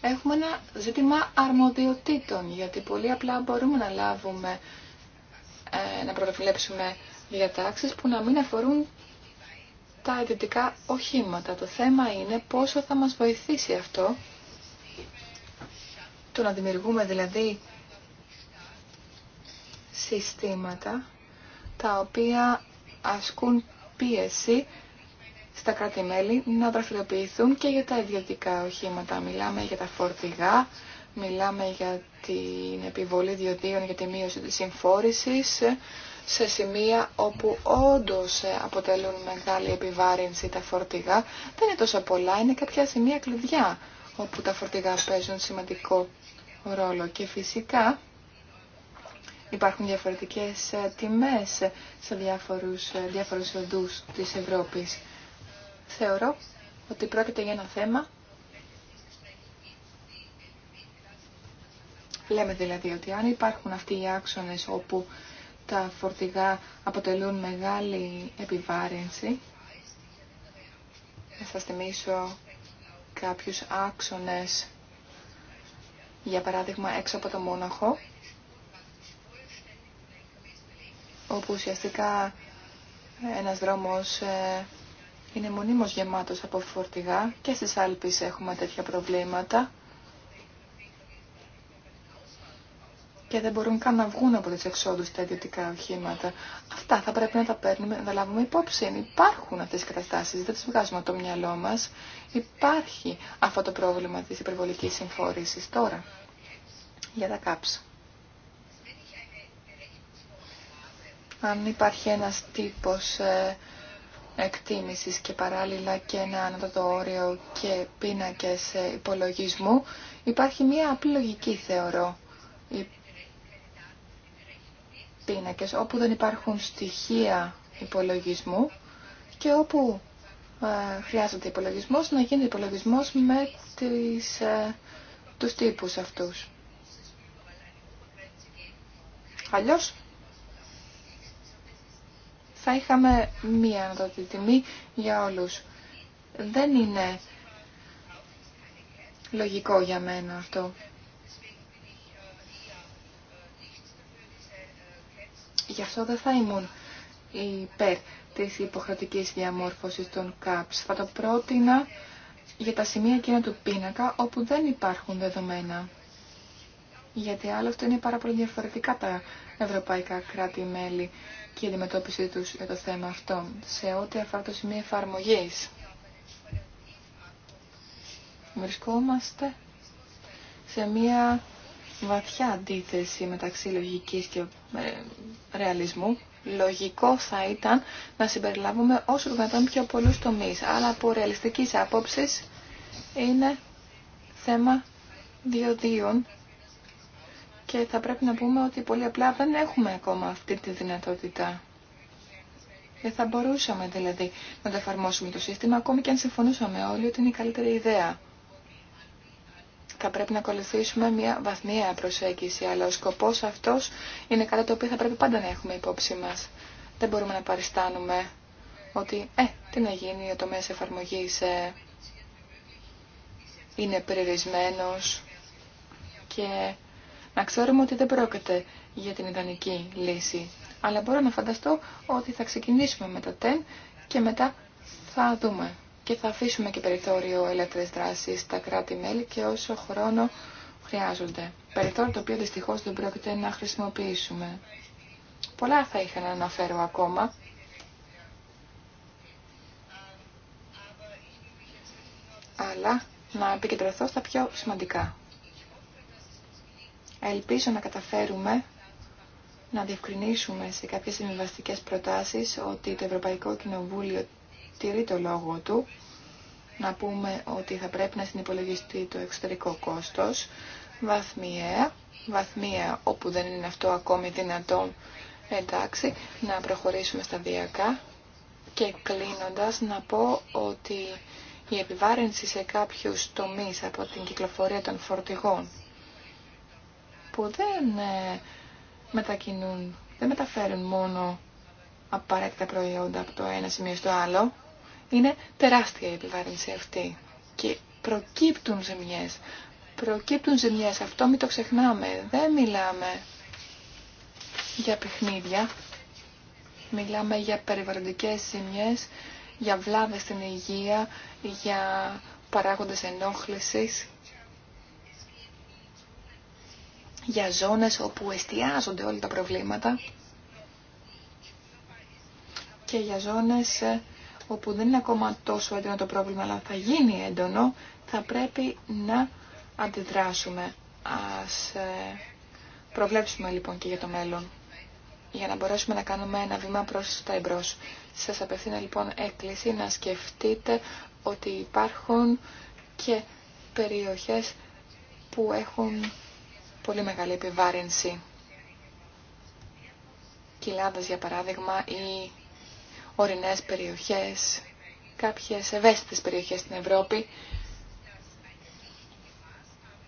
Έχουμε ένα ζήτημα αρμοδιοτήτων, γιατί πολύ απλά μπορούμε να λάβουμε ε, να προβλέψουμε διατάξεις που να μην αφορούν τα ιδιωτικά οχήματα. Το θέμα είναι πόσο θα μας βοηθήσει αυτό το να δημιουργούμε δηλαδή συστήματα τα οποία ασκούν πίεση στα κράτη-μέλη να δραστηριοποιηθούν και για τα ιδιωτικά οχήματα. Μιλάμε για τα φορτηγά, Μιλάμε για την επιβολή διοδίων για τη μείωση της συμφόρησης σε σημεία όπου όντως αποτελούν μεγάλη επιβάρυνση τα φορτηγά. Δεν είναι τόσο πολλά, είναι κάποια σημεία κλειδιά όπου τα φορτηγά παίζουν σημαντικό ρόλο. Και φυσικά υπάρχουν διαφορετικές τιμές σε διάφορους, διάφορους οδούς της Ευρώπης. Θεωρώ ότι πρόκειται για ένα θέμα Λέμε δηλαδή ότι αν υπάρχουν αυτοί οι άξονες όπου τα φορτηγά αποτελούν μεγάλη επιβάρυνση, θα σας θυμίσω κάποιους άξονες, για παράδειγμα έξω από το Μόναχο, όπου ουσιαστικά ένας δρόμος ε, είναι μονίμως γεμάτος από φορτηγά και στις Άλπεις έχουμε τέτοια προβλήματα. και δεν μπορούν καν να βγουν από τις εξόδους τα ιδιωτικά οχήματα. Αυτά θα πρέπει να τα παίρνουμε, να λάβουμε υπόψη. Υπάρχουν αυτές οι καταστάσεις, δεν τις βγάζουμε από το μυαλό μας. Υπάρχει αυτό το πρόβλημα της υπερβολικής συμφόρησης τώρα για τα κάψα. αν υπάρχει ένας τύπος ε, εκτίμησης και παράλληλα και ένα ανώτατο όριο και πίνακες ε, υπολογισμού, υπάρχει μία απλή λογική θεωρώ πίνακες όπου δεν υπάρχουν στοιχεία υπολογισμού και όπου ε, χρειάζεται υπολογισμός να γίνει υπολογισμός με τις, ε, τους τύπους αυτούς. Αλλιώς θα είχαμε μία τη τιμή για όλους. Δεν είναι λογικό για μένα αυτό. Γι' αυτό δεν θα ήμουν υπέρ της υποχρεωτικής διαμόρφωσης των ΚΑΠΣ. Θα το πρότεινα για τα σημεία εκείνα του πίνακα όπου δεν υπάρχουν δεδομένα. Γιατί άλλωστε είναι πάρα πολύ διαφορετικά τα ευρωπαϊκά κράτη-μέλη και η αντιμετώπιση τους για το θέμα αυτό σε ό,τι αφορά το σημείο εφαρμογή. Βρισκόμαστε σε μία βαθιά αντίθεση μεταξύ λογικής και ε, ρεαλισμού. Λογικό θα ήταν να συμπεριλάβουμε όσο δυνατόν πιο πολλούς τομείς, αλλά από ρεαλιστικής άποψης είναι θέμα διοδίων και θα πρέπει να πούμε ότι πολύ απλά δεν έχουμε ακόμα αυτή τη δυνατότητα. Δεν θα μπορούσαμε δηλαδή να το εφαρμόσουμε το σύστημα, ακόμη και αν συμφωνούσαμε όλοι ότι είναι η καλύτερη ιδέα θα πρέπει να ακολουθήσουμε μια βαθμία προσέγγιση, αλλά ο σκοπός αυτός είναι κάτι το οποίο θα πρέπει πάντα να έχουμε υπόψη μας. Δεν μπορούμε να παριστάνουμε ότι, ε, τι να γίνει, ο τομέας εφαρμογής ε, είναι περιορισμένο και να ξέρουμε ότι δεν πρόκειται για την ιδανική λύση. Αλλά μπορώ να φανταστώ ότι θα ξεκινήσουμε με το ΤΕΝ και μετά θα δούμε και θα αφήσουμε και περιθώριο ελεύθερε δράσεις στα κράτη-μέλη και όσο χρόνο χρειάζονται. Περιθώριο το οποίο δυστυχώς δεν πρόκειται να χρησιμοποιήσουμε. Πολλά θα είχα να αναφέρω ακόμα. Αλλά να επικεντρωθώ στα πιο σημαντικά. Ελπίζω να καταφέρουμε να διευκρινίσουμε σε κάποιες συμβιβαστικές προτάσεις ότι το Ευρωπαϊκό Κοινοβούλιο τηρεί το λόγο του να πούμε ότι θα πρέπει να συνυπολογιστεί το εξωτερικό κόστος βαθμιαία, βαθμία, όπου δεν είναι αυτό ακόμη δυνατόν εντάξει, να προχωρήσουμε σταδιακά και κλείνοντας να πω ότι η επιβάρυνση σε κάποιους τομείς από την κυκλοφορία των φορτηγών που δεν ε, μετακινούν, δεν μεταφέρουν μόνο απαραίτητα προϊόντα από το ένα σημείο στο άλλο, είναι τεράστια η επιβάρυνση αυτή και προκύπτουν ζημιές. Προκύπτουν ζημιές, αυτό μην το ξεχνάμε. Δεν μιλάμε για παιχνίδια. Μιλάμε για περιβαλλοντικές ζημιές, για βλάβες στην υγεία, για παράγοντες ενόχλησης, για ζώνες όπου εστιάζονται όλα τα προβλήματα και για ζώνες ε, όπου δεν είναι ακόμα τόσο έντονο το πρόβλημα, αλλά θα γίνει έντονο, θα πρέπει να αντιδράσουμε. Ας ε, προβλέψουμε λοιπόν και για το μέλλον, για να μπορέσουμε να κάνουμε ένα βήμα προς τα εμπρός. Σας απευθύνω λοιπόν έκκληση να σκεφτείτε ότι υπάρχουν και περιοχές που έχουν πολύ μεγάλη επιβάρυνση. Κοιλάδες για παράδειγμα ή ορεινές περιοχές, κάποιες ευαίσθητες περιοχές στην Ευρώπη.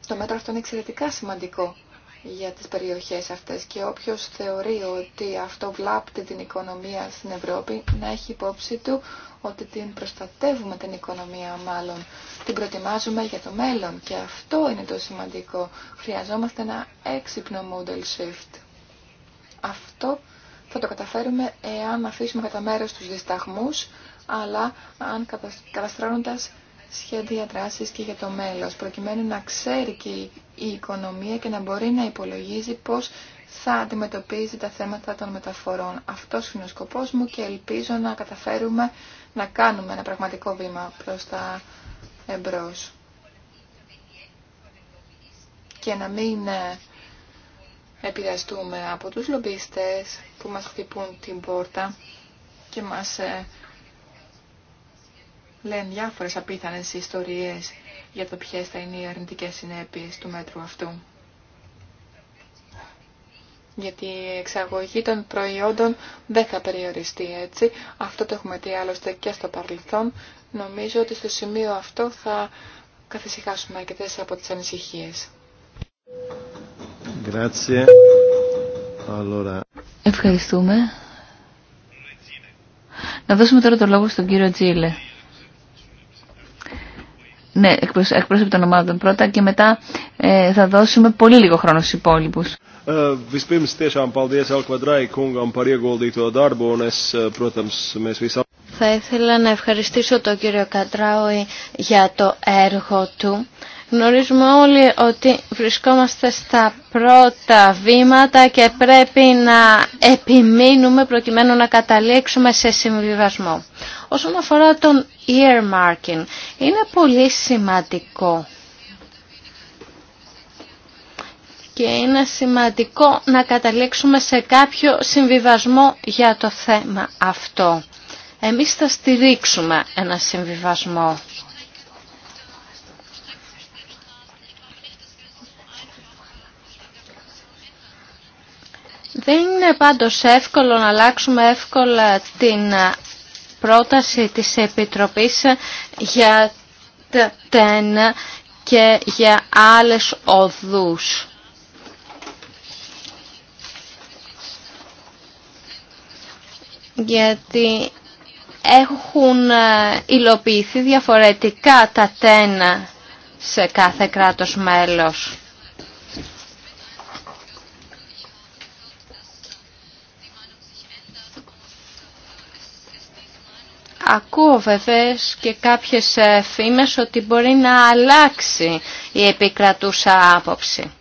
Το μέτρο αυτό είναι εξαιρετικά σημαντικό για τις περιοχές αυτές και όποιος θεωρεί ότι αυτό βλάπτει την οικονομία στην Ευρώπη να έχει υπόψη του ότι την προστατεύουμε την οικονομία μάλλον, την προετοιμάζουμε για το μέλλον και αυτό είναι το σημαντικό. Χρειαζόμαστε ένα έξυπνο model shift. Αυτό θα το καταφέρουμε εάν αφήσουμε κατά μέρο τους δισταγμούς, αλλά αν καταστρώνοντας σχέδια δράσης και για το μέλλον. προκειμένου να ξέρει και η οικονομία και να μπορεί να υπολογίζει πώς θα αντιμετωπίζει τα θέματα των μεταφορών. Αυτός είναι ο σκοπός μου και ελπίζω να καταφέρουμε να κάνουμε ένα πραγματικό βήμα προς τα εμπρός. Και να μην ε, επηρεαστούμε από τους λομπίστες που μας χτυπούν την πόρτα και μας ε, λένε διάφορες απίθανες ιστορίες για το ποιες θα είναι οι αρνητικές συνέπειες του μέτρου αυτού. Γιατί η εξαγωγή των προϊόντων δεν θα περιοριστεί έτσι. Αυτό το έχουμε δει άλλωστε και στο παρελθόν. Νομίζω ότι στο σημείο αυτό θα καθησυχάσουμε αρκετές από τις ανησυχίες. Ευχαριστούμε. Να δώσουμε τώρα το λόγο στον κύριο Τζίλε. Ναι, εκπρόσωπη των ομάδων πρώτα και μετά ε, θα δώσουμε πολύ λίγο χρόνο στους υπόλοιπους. Ε, ε, θα ήθελα να ευχαριστήσω τον κύριο Κατράου για το έργο του. Γνωρίζουμε όλοι ότι βρισκόμαστε στα πρώτα βήματα και πρέπει να επιμείνουμε προκειμένου να καταλήξουμε σε συμβιβασμό. Όσον αφορά τον earmarking, είναι πολύ σημαντικό. Και είναι σημαντικό να καταλήξουμε σε κάποιο συμβιβασμό για το θέμα αυτό. Εμείς θα στηρίξουμε ένα συμβιβασμό. Δεν είναι πάντως εύκολο να αλλάξουμε εύκολα την ε, πρόταση της Επιτροπής ε, για τεν και για άλλες οδούς. Γιατί έχουν ε, υλοποιηθεί διαφορετικά τα τένα σε κάθε κράτος μέλος. Ακούω βεβαίω και κάποιες ε, φήμες ότι μπορεί να αλλάξει η επικρατούσα άποψη.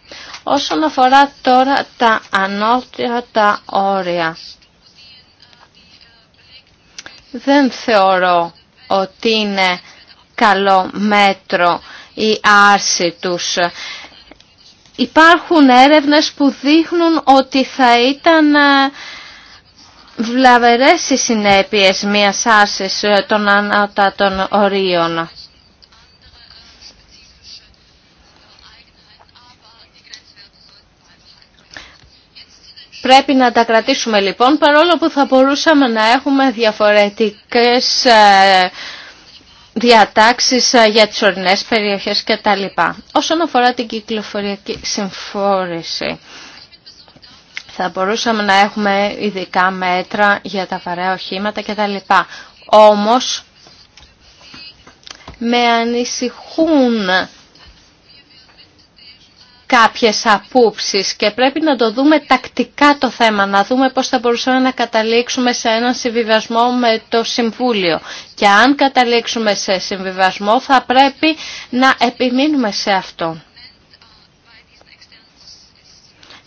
Όσον αφορά τώρα τα ανώτερα τα όρια, δεν θεωρώ ότι είναι καλό μέτρο η άρση τους. Υπάρχουν έρευνες που δείχνουν ότι θα ήταν ε, βλαβερές οι συνέπειες μιας άρσης ε, των ανώτατων ορίων. Πρέπει να τα κρατήσουμε λοιπόν, παρόλο που θα μπορούσαμε να έχουμε διαφορετικές ε, διατάξεις ε, για τις ορεινές περιοχές κτλ. Όσον αφορά την κυκλοφοριακή συμφόρηση, θα μπορούσαμε να έχουμε ειδικά μέτρα για τα βαρέα οχήματα κτλ. Όμως, με ανησυχούν κάποιες απόψεις και πρέπει να το δούμε τακτικά το θέμα, να δούμε πώς θα μπορούσαμε να καταλήξουμε σε έναν συμβιβασμό με το Συμβούλιο. Και αν καταλήξουμε σε συμβιβασμό θα πρέπει να επιμείνουμε σε αυτό.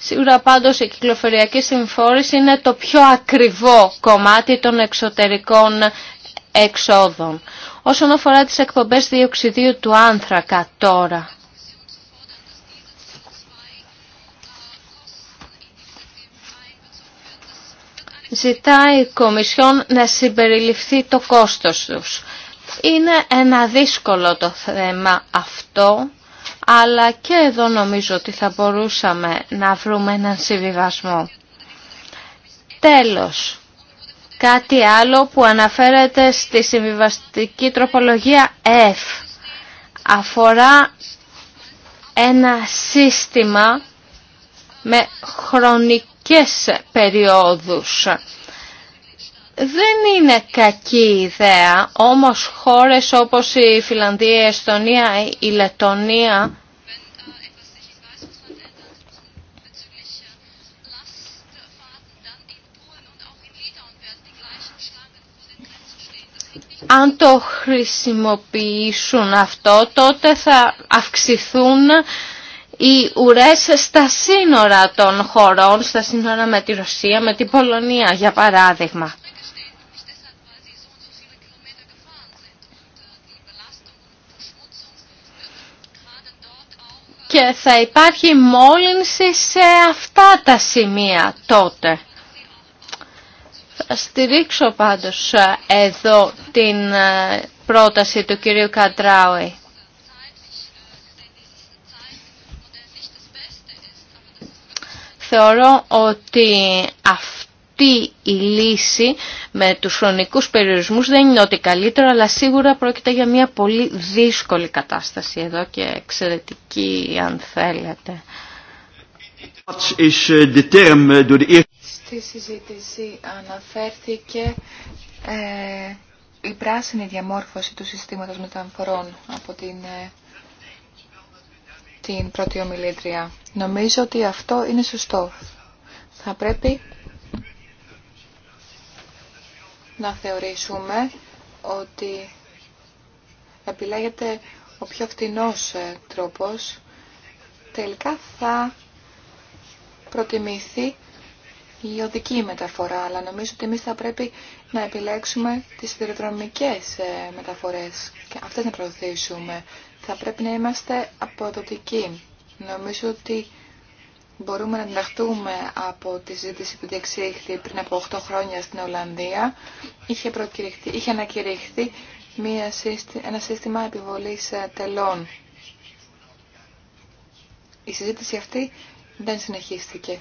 Σίγουρα πάντως η κυκλοφοριακή συμφόρηση είναι το πιο ακριβό κομμάτι των εξωτερικών εξόδων. Όσον αφορά τις εκπομπές διοξιδίου του άνθρακα τώρα. Ζητάει η Κομισιόν να συμπεριληφθεί το κόστος τους. Είναι ένα δύσκολο το θέμα αυτό αλλά και εδώ νομίζω ότι θα μπορούσαμε να βρούμε έναν συμβιβασμό. Τέλος, κάτι άλλο που αναφέρεται στη συμβιβαστική τροπολογία F αφορά ένα σύστημα με χρονικές περιόδους δεν είναι κακή ιδέα, όμως χώρες όπως η Φιλανδία, η Εστονία, η Λετωνία αν το χρησιμοποιήσουν αυτό, τότε θα αυξηθούν οι ουρές στα σύνορα των χωρών, στα σύνορα με τη Ρωσία, με την Πολωνία, για παράδειγμα. και θα υπάρχει μόλυνση σε αυτά τα σημεία τότε. Θα στηρίξω πάντως ε, εδώ την ε, πρόταση του κυρίου Κατράουη. Θεωρώ ότι αυτό αυτή η λύση με τους χρονικούς περιορισμούς δεν είναι ότι καλύτερο, αλλά σίγουρα πρόκειται για μια πολύ δύσκολη κατάσταση εδώ και εξαιρετική αν θέλετε. Ε, ε, Στη συζήτηση αναφέρθηκε ε, η πράσινη διαμόρφωση του συστήματος μεταφορών από την, την πρώτη ομιλήτρια. Νομίζω ότι αυτό είναι σωστό. Θα πρέπει να θεωρήσουμε ότι επιλέγεται ο πιο φτηνός ε, τρόπος, τελικά θα προτιμηθεί η οδική μεταφορά, αλλά νομίζω ότι εμείς θα πρέπει να επιλέξουμε τις σιδηροδρομικές ε, μεταφορές και αυτές να προωθήσουμε. Θα πρέπει να είμαστε αποδοτικοί. Νομίζω ότι μπορούμε να ενταχθούμε από τη συζήτηση που διεξήχθη πριν από 8 χρόνια στην Ολλανδία. Είχε, είχε ανακηρυχθεί μία, ένα σύστημα επιβολής ε, τελών. Η συζήτηση αυτή δεν συνεχίστηκε.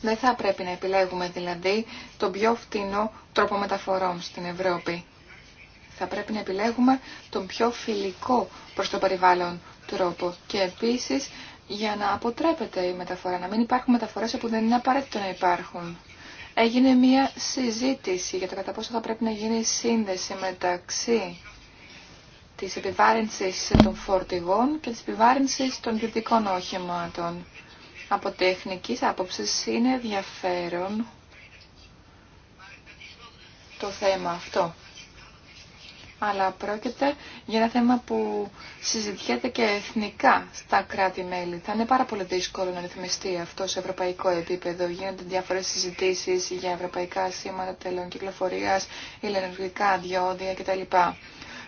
Δεν θα πρέπει να επιλέγουμε δηλαδή τον πιο φτηνό τρόπο μεταφορών στην Ευρώπη. Θα πρέπει να επιλέγουμε τον πιο φιλικό προς το περιβάλλον τρόπο και επίσης για να αποτρέπεται η μεταφορά, να μην υπάρχουν μεταφορές όπου δεν είναι απαραίτητο να υπάρχουν. Έγινε μία συζήτηση για το κατά πόσο θα πρέπει να γίνει σύνδεση μεταξύ της επιβάρυνσης των φορτηγών και της επιβάρυνσης των δυτικών όχημάτων. Από τεχνικής άποψης είναι ενδιαφέρον το θέμα αυτό αλλά πρόκειται για ένα θέμα που συζητιέται και εθνικά στα κράτη-μέλη. Θα είναι πάρα πολύ δύσκολο να ρυθμιστεί αυτό σε ευρωπαϊκό επίπεδο. Γίνονται διάφορε συζητήσει για ευρωπαϊκά σήματα τελών κυκλοφορία, ηλεκτρονικά διόδια κτλ.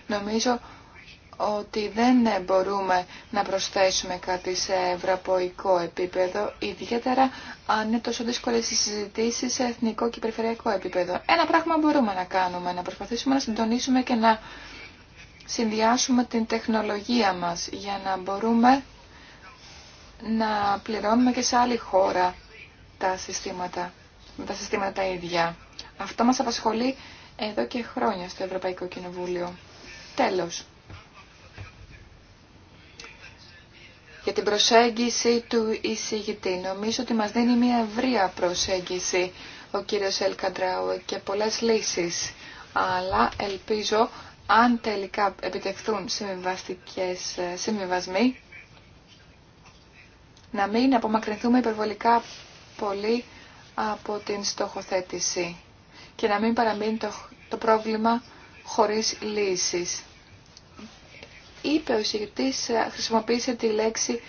Νομίζω ότι δεν μπορούμε να προσθέσουμε κάτι σε ευρωπαϊκό επίπεδο, ιδιαίτερα αν είναι τόσο δύσκολε οι συζητήσει σε εθνικό και περιφερειακό επίπεδο. Ένα πράγμα μπορούμε να κάνουμε, να προσπαθήσουμε να συντονίσουμε και να συνδυάσουμε την τεχνολογία μας για να μπορούμε να πληρώνουμε και σε άλλη χώρα τα συστήματα, τα συστήματα τα ίδια. Αυτό μας απασχολεί εδώ και χρόνια στο Ευρωπαϊκό Κοινοβούλιο. Τέλος. για την προσέγγιση του εισηγητή. Νομίζω ότι μας δίνει μια ευρία προσέγγιση ο κύριος Ελκαντράου και πολλές λύσεις. Αλλά ελπίζω αν τελικά επιτευχθούν ε, συμβιβασμοί να μην απομακρυνθούμε υπερβολικά πολύ από την στοχοθέτηση και να μην παραμείνει το, το πρόβλημα χωρίς λύσεις είπε ο εισηγητής, ε, χρησιμοποίησε τη λέξη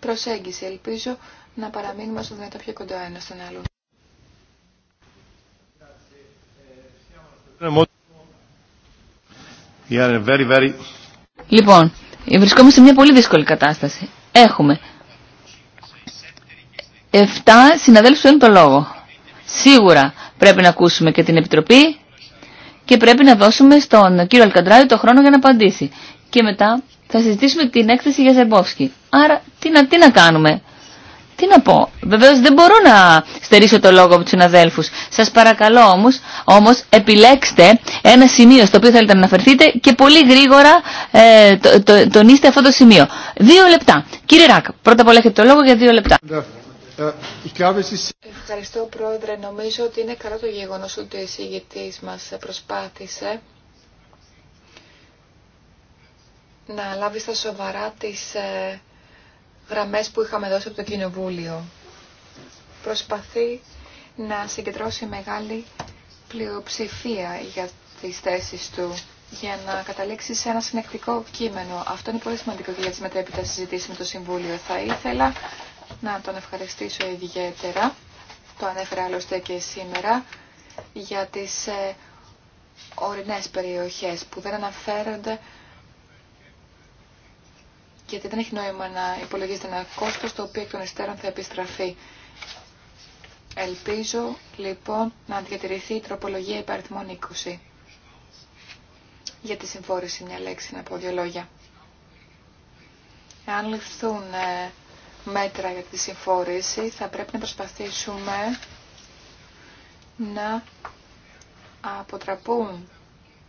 προσέγγιση. Ελπίζω να παραμείνουμε στο δυνατό πιο κοντά ένα στον άλλο. Λοιπόν, βρισκόμαστε σε μια πολύ δύσκολη κατάσταση. Έχουμε 7 συναδέλφους που έχουν το λόγο. Σίγουρα πρέπει να ακούσουμε και την Επιτροπή και πρέπει να δώσουμε στον κύριο Αλκαντράδη το χρόνο για να απαντήσει και μετά θα συζητήσουμε την έκθεση για Ζεμπόφσκι. Άρα τι να, τι να κάνουμε. Τι να πω. Βεβαίως δεν μπορώ να στερήσω το λόγο από τους συναδέλφους. Σας παρακαλώ όμως, όμως επιλέξτε ένα σημείο στο οποίο θέλετε να αναφερθείτε και πολύ γρήγορα ε, τονίστε αυτό το σημείο. Δύο λεπτά. Κύριε Ράκ, πρώτα απ' όλα έχετε το λόγο για δύο λεπτά. Ευχαριστώ πρόεδρε. Νομίζω ότι είναι καλό το γεγονός ότι ο εισηγητής μας προσπάθησε να λάβει στα σοβαρά τις ε, γραμμές που είχαμε δώσει από το Κοινοβούλιο. Προσπαθεί να συγκεντρώσει μεγάλη πλειοψηφία για τις θέσεις του για να καταλήξει σε ένα συνεκτικό κείμενο. Αυτό είναι πολύ σημαντικό για τις μετέπειτα συζητήσεις με το Συμβούλιο. Θα ήθελα να τον ευχαριστήσω ιδιαίτερα, το ανέφερα άλλωστε και σήμερα, για τις ε, ορεινές περιοχές που δεν αναφέρονται γιατί δεν έχει νόημα να υπολογίζεται ένα κόστος το οποίο εκ των υστέρων θα επιστραφεί. Ελπίζω λοιπόν να διατηρηθεί η τροπολογία υπαριθμών 20. Για τη συμφόρηση μια λέξη να πω δύο λόγια. Αν ληφθούν ε, μέτρα για τη συμφόρηση θα πρέπει να προσπαθήσουμε να αποτραπούν,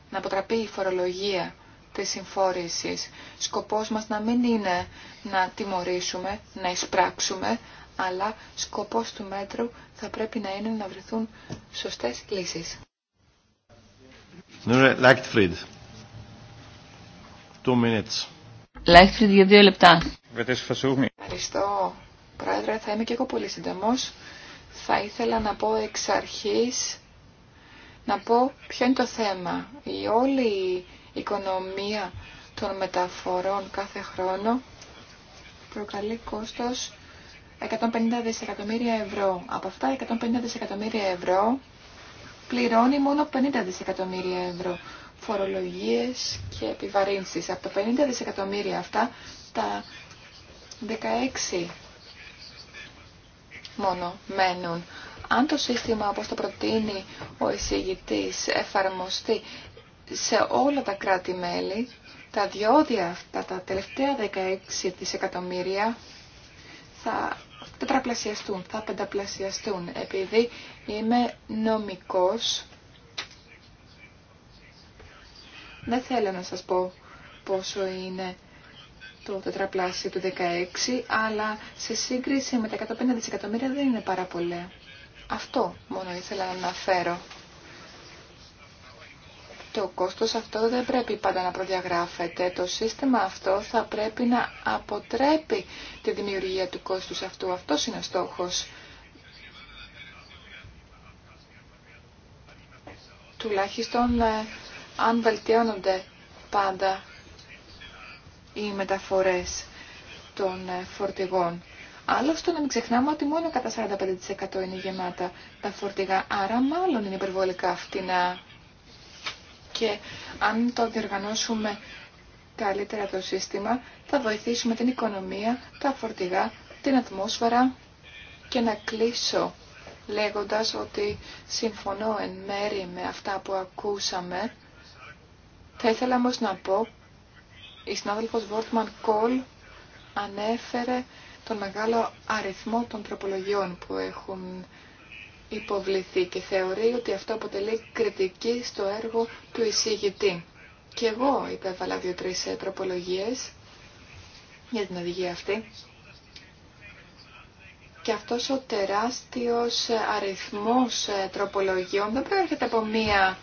να αποτραπεί η φορολογία της συμφόρησης. Σκοπός μας να μην είναι να τιμωρήσουμε, να εισπράξουμε, αλλά σκοπός του μέτρου θα πρέπει να είναι να βρεθούν σωστές λύσεις. Λάκτφριντ. για δύο λεπτά. Ευχαριστώ, Πρόεδρε. Θα είμαι και εγώ πολύ σύντομος. Θα ήθελα να πω εξ αρχής, να πω ποιο είναι το θέμα. Η όλη οικονομία των μεταφορών κάθε χρόνο προκαλεί κόστος 150 δισεκατομμύρια ευρώ. Από αυτά 150 δισεκατομμύρια ευρώ πληρώνει μόνο 50 δισεκατομμύρια ευρώ φορολογίες και επιβαρύνσεις. Από τα 50 δισεκατομμύρια αυτά τα 16 μόνο μένουν. Αν το σύστημα όπως το προτείνει ο εισηγητής εφαρμοστεί σε όλα τα κράτη-μέλη τα διόδια αυτά, τα τελευταία 16 δισεκατομμύρια θα τετραπλασιαστούν, θα πενταπλασιαστούν επειδή είμαι νομικός. Δεν θέλω να σας πω πόσο είναι το τετραπλάσιο του 16, αλλά σε σύγκριση με τα 150 δισεκατομμύρια δεν είναι πάρα πολλά. Αυτό μόνο ήθελα να αναφέρω το κόστος αυτό δεν πρέπει πάντα να προδιαγράφεται. Το σύστημα αυτό θα πρέπει να αποτρέπει τη δημιουργία του κόστους αυτού. Αυτός είναι ο στόχος. Τουλάχιστον ε, αν βελτιώνονται πάντα οι μεταφορές των ε, φορτηγών. Άλλωστε να μην ξεχνάμε ότι μόνο κατά 45% είναι γεμάτα τα φορτηγά, άρα μάλλον είναι υπερβολικά φτηνά και αν το διοργανώσουμε καλύτερα το σύστημα, θα βοηθήσουμε την οικονομία, τα φορτηγά, την ατμόσφαιρα και να κλείσω λέγοντας ότι συμφωνώ εν μέρη με αυτά που ακούσαμε. Θα ήθελα όμως να πω, η συνάδελφος Βόρτμαν Κόλ ανέφερε τον μεγάλο αριθμό των τροπολογιών που έχουν υποβληθεί και θεωρεί ότι αυτό αποτελεί κριτική στο έργο του εισηγητή. Και εγώ υπέβαλα δύο-τρεις ε, τροπολογίες για την οδηγία αυτή. Και αυτός ο τεράστιος ε, αριθμός ε, τροπολογιών δεν προέρχεται από μία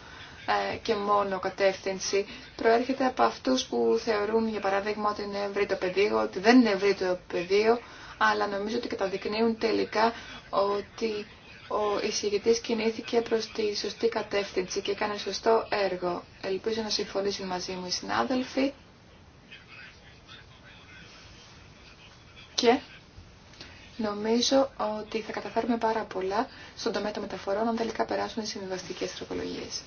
και μόνο κατεύθυνση. Προέρχεται από αυτούς που θεωρούν, για παράδειγμα, ότι είναι ευρύ το πεδίο, ότι δεν είναι ευρύ το πεδίο, αλλά νομίζω ότι καταδεικνύουν τελικά ότι ο εισηγητής κινήθηκε προς τη σωστή κατεύθυνση και έκανε σωστό έργο. Ελπίζω να συμφωνήσουν μαζί μου οι συνάδελφοι. Και νομίζω ότι θα καταφέρουμε πάρα πολλά στον τομέα των μεταφορών αν τελικά περάσουν οι συμβιβαστικές τροπολογίες.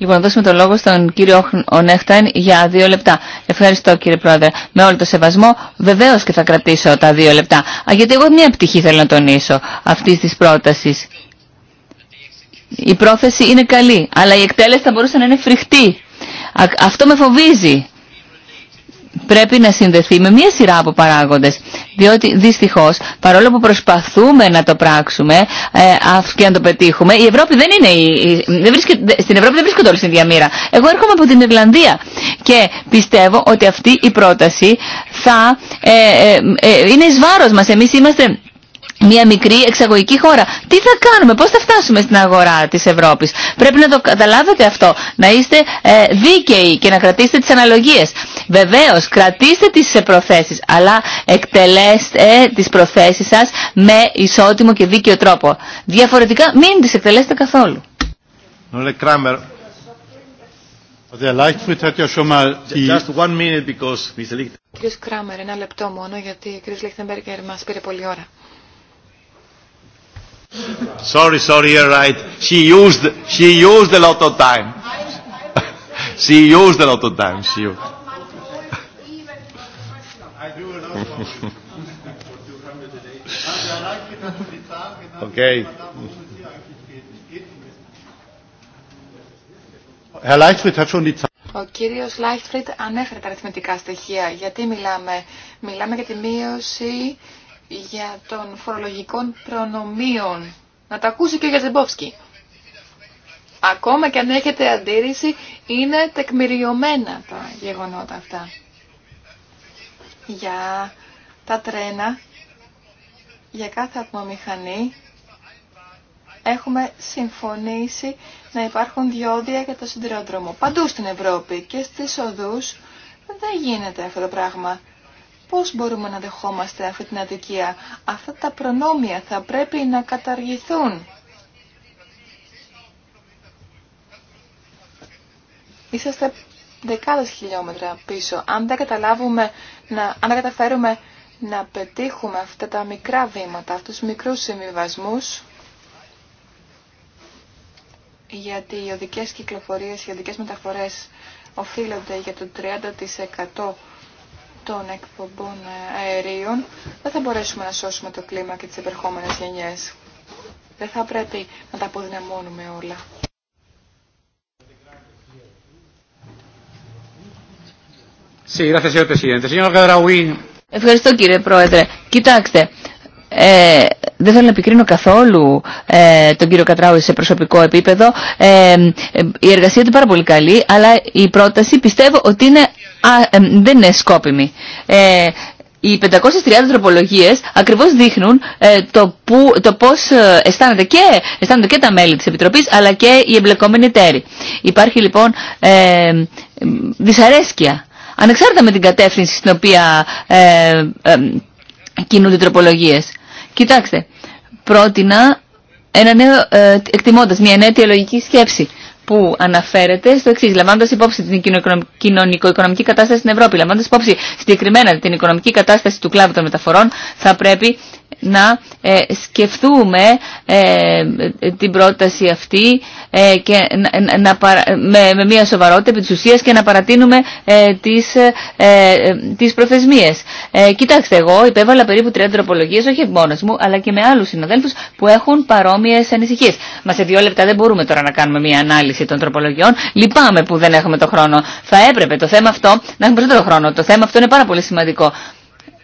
Λοιπόν, να δώσουμε το λόγο στον κύριο Ονέχταν για δύο λεπτά. Ευχαριστώ κύριε Πρόεδρε. Με όλο το σεβασμό, βεβαίω και θα κρατήσω τα δύο λεπτά. Α, γιατί εγώ μια πτυχή θέλω να τονίσω αυτή τη πρόταση. Η πρόθεση είναι καλή, αλλά η εκτέλεση θα μπορούσε να είναι φρικτή. Αυτό με φοβίζει πρέπει να συνδεθεί με μία σειρά από παράγοντες. Διότι δυστυχώς, παρόλο που προσπαθούμε να το πράξουμε ε, και να το πετύχουμε, η Ευρώπη δεν είναι η, δεν βρίσκεται, στην Ευρώπη δεν βρίσκονται όλοι στην διαμήρα. Εγώ έρχομαι από την Ιρλανδία και πιστεύω ότι αυτή η πρόταση θα ε, ε, ε, είναι εις βάρος μας. Εμείς είμαστε μια μικρή εξαγωγική χώρα. Τι θα κάνουμε, πώς θα φτάσουμε στην αγορά της Ευρώπης. Πρέπει να το καταλάβετε αυτό, να είστε ε, δίκαιοι και να κρατήσετε τις αναλογίες. Βεβαίως, κρατήστε τις προθέσεις, αλλά εκτελέστε τις προθέσεις σας με ισότιμο και δίκαιο τρόπο. Διαφορετικά, μην τις εκτελέσετε καθόλου. Κύριος Κράμερ, ένα λεπτό μόνο, γιατί κύριος Λίχτεμπεργκερ μας πήρε πολλή ώρα. Sorry, sorry, you're right. She used, she used a lot of time. she used a lot of time. She used. okay. Ο κύριος Λάιχτφριντ ανέφερε τα αριθμητικά στοιχεία. Γιατί μιλάμε. Μιλάμε για τη μείωση για των φορολογικών προνομίων. Να τα ακούσει και ο Γιατζεμπόφσκι. Ακόμα και αν έχετε αντίρρηση, είναι τεκμηριωμένα τα γεγονότα αυτά. Για τα τρένα, για κάθε ατμομηχανή, έχουμε συμφωνήσει να υπάρχουν διόδια για το συντηροδρόμο. Παντού στην Ευρώπη και στις οδούς δεν γίνεται αυτό το πράγμα. Πώς μπορούμε να δεχόμαστε αυτή την αδικία. Αυτά τα προνόμια θα πρέπει να καταργηθούν. Είσαστε δεκάδες χιλιόμετρα πίσω. Αν δεν, καταλάβουμε, να, αν καταφέρουμε να πετύχουμε αυτά τα μικρά βήματα, αυτούς τους μικρούς συμβιβασμού, γιατί οι οδικές κυκλοφορίες, οι οδικές μεταφορές οφείλονται για το 30% των εκπομπών αερίων δεν θα μπορέσουμε να σώσουμε το κλίμα και τις επερχόμενες γενιές. Δεν θα πρέπει να τα αποδυναμώνουμε όλα. Ευχαριστώ κύριε Πρόεδρε. Κοιτάξτε, ε, δεν θέλω να επικρίνω καθόλου ε, τον κύριο Κατράου σε προσωπικό επίπεδο. Ε, ε, η εργασία του είναι πάρα πολύ καλή, αλλά η πρόταση πιστεύω ότι είναι α, δεν είναι σκόπιμη. Ε, οι 530 τροπολογίες ακριβώς δείχνουν ε, το, που, το πώς ε, αισθάνονται και, αισθάνονται και τα μέλη της Επιτροπής αλλά και οι εμπλεκόμενοι εταίροι. Υπάρχει λοιπόν ε, δυσαρέσκεια ανεξάρτητα με την κατεύθυνση στην οποία ε, ε κινούνται οι τροπολογίες. Κοιτάξτε, πρότεινα ένα νέο, εκτιμώντας μια νέα αιτιολογική σκέψη που αναφέρεται στο εξή. Λαμβάνοντα υπόψη την κοινωνικο-οικονομική κατάσταση στην Ευρώπη, λαμβάνοντα υπόψη συγκεκριμένα την οικονομική κατάσταση του κλάδου των μεταφορών, θα πρέπει να ε, σκεφτούμε ε, την πρόταση αυτή ε, και να, με, μια σοβαρότητα επί της ουσίας και να παρατείνουμε τις, τις προθεσμίες. κοιτάξτε, εγώ υπέβαλα περίπου 30 τροπολογίες, όχι μόνο, μου, αλλά και με άλλους συναδέλφους που έχουν παρόμοιες ανησυχίες. Μα σε δύο λεπτά δεν μπορούμε τώρα να κάνουμε μια ανάλυση των τροπολογιών. Λυπάμαι που δεν έχουμε το χρόνο. Θα έπρεπε το θέμα αυτό να έχουμε περισσότερο χρόνο. Το θέμα αυτό είναι πάρα πολύ σημαντικό.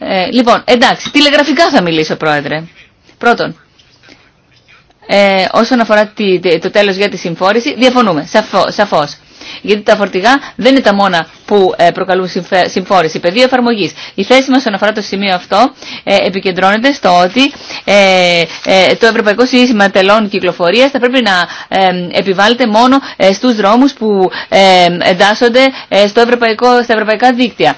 Ε, λοιπόν, εντάξει, τηλεγραφικά θα μιλήσω, Πρόεδρε. Πρώτον, ε, όσον αφορά το τέλος για τη συμφόρηση, διαφωνούμε, σαφώ, σαφώς γιατί τα φορτηγά δεν είναι τα μόνα που ε, προκαλούν συμφόρηση. Πεδίο εφαρμογή. Η θέση μα όσον αφορά το σημείο αυτό ε, επικεντρώνεται στο ότι ε, το Ευρωπαϊκό Σύστημα Τελών Κυκλοφορία θα πρέπει να επιβάλλεται μόνο στου δρόμου που εντάσσονται στο ευρωπαϊκό, στα ευρωπαϊκά δίκτυα.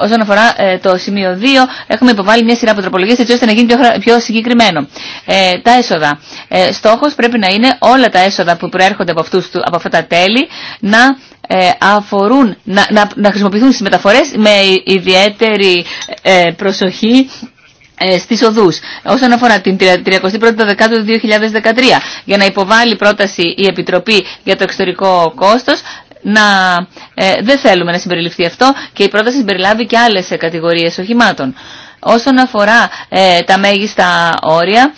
Όσον αφορά το σημείο 2, έχουμε υποβάλει μια σειρά από έτσι ώστε να γίνει πιο συγκεκριμένο. Τα έσοδα. Στόχο πρέπει να είναι όλα τα έσοδα που προέρχονται από, αυτούς, από αυτά τα τέλη να ε, αφορούν, να, να, χρησιμοποιηθούν στις μεταφορές με ιδιαίτερη ε, προσοχή ε, στις οδούς. Όσον αφορά την 31η Δεκάτου 2013, για να υποβάλει πρόταση η Επιτροπή για το εξωτερικό κόστος, να, δεν θέλουμε να συμπεριληφθεί αυτό και η πρόταση συμπεριλάβει και άλλες κατηγορίες οχημάτων. Όσον αφορά τα μέγιστα όρια,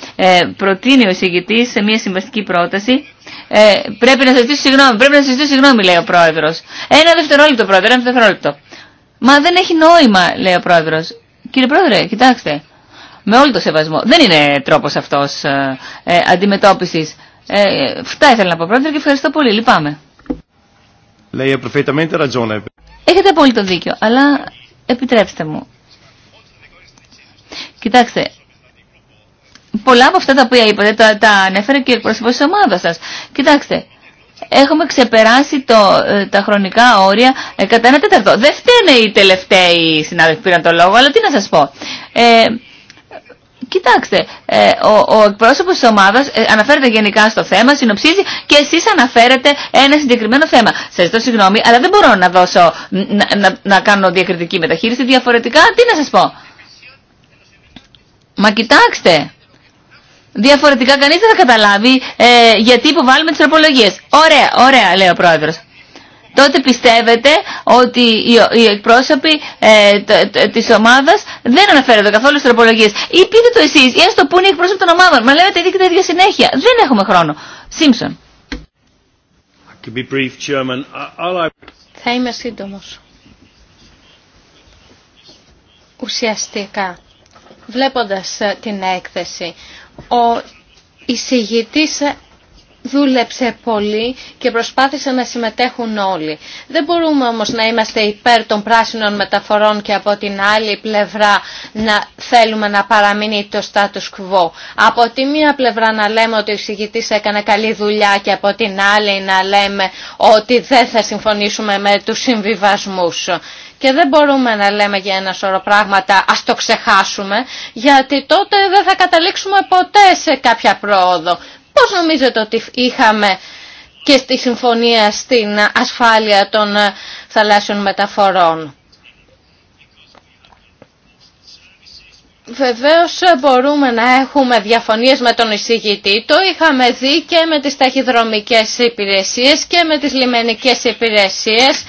προτείνει ο εισηγητής σε μια συμβαστική πρόταση ε, πρέπει να ζητήσω συγγνώμη, πρέπει να ζητήσω συγγνώμη, λέει ο πρόεδρο. Ένα δευτερόλεπτο, πρόεδρε, ένα δευτερόλεπτο. Μα δεν έχει νόημα, λέει ο πρόεδρο. Κύριε πρόεδρε, κοιτάξτε. Με όλο το σεβασμό. Δεν είναι τρόπο αυτό ε, ε αντιμετώπιση. Ε, αυτά ήθελα να πω, πρόεδρε, και ευχαριστώ πολύ. Λυπάμαι. Λέει Έχετε απόλυτο δίκιο, αλλά επιτρέψτε μου. Κοιτάξτε, πολλά από αυτά τα οποία είπατε τα, τα ανέφερε και ο εκπρόσωπος της ομάδας σας. Κοιτάξτε, έχουμε ξεπεράσει το, ε, τα χρονικά όρια ε, κατά ένα τέταρτο. Δεν φταίνε οι τελευταίοι συνάδελφοι που πήραν το λόγο, αλλά τι να σας πω. Ε, Κοιτάξτε, ε, ο, ο εκπρόσωπο τη ομάδα ε, αναφέρεται γενικά στο θέμα, συνοψίζει και εσείς αναφέρετε ένα συγκεκριμένο θέμα. Σας ζητώ συγγνώμη, αλλά δεν μπορώ να δώσω να, να κάνω διακριτική μεταχείριση. Διαφορετικά, τι να σα πω. Μα κοιτάξτε, Διαφορετικά κανείς δεν θα καταλάβει ε, γιατί υποβάλλουμε τις τροπολογίες. Ωραία, ωραία, λέει ο πρόεδρος. Τότε πιστεύετε ότι οι εκπρόσωποι ε, τη ομάδα δεν αναφέρονται καθόλου στις τροπολογίε. Ή πείτε το εσείς, ή α το είναι οι εκπρόσωποι των ομάδων. Μα λέτε ίδια και τα ίδια συνέχεια. Δεν έχουμε χρόνο. Σίμψον. Θα είμαι σύντομο. Ουσιαστικά, βλέποντας ε, την έκθεση, ο εισηγητής δούλεψε πολύ και προσπάθησε να συμμετέχουν όλοι. Δεν μπορούμε όμως να είμαστε υπέρ των πράσινων μεταφορών και από την άλλη πλευρά να θέλουμε να παραμείνει το status quo. Από τη μία πλευρά να λέμε ότι ο εισηγητής έκανε καλή δουλειά και από την άλλη να λέμε ότι δεν θα συμφωνήσουμε με τους συμβιβασμούς. Και δεν μπορούμε να λέμε για ένα σωρό πράγματα ας το ξεχάσουμε, γιατί τότε δεν θα καταλήξουμε ποτέ σε κάποια πρόοδο. Πώς νομίζετε ότι είχαμε και στη συμφωνία στην ασφάλεια των ε, θαλάσσιων μεταφορών. Βεβαίως ε, μπορούμε να έχουμε διαφωνίες με τον εισηγητή. Το είχαμε δει και με τις ταχυδρομικές υπηρεσίες και με τις λιμενικές υπηρεσίες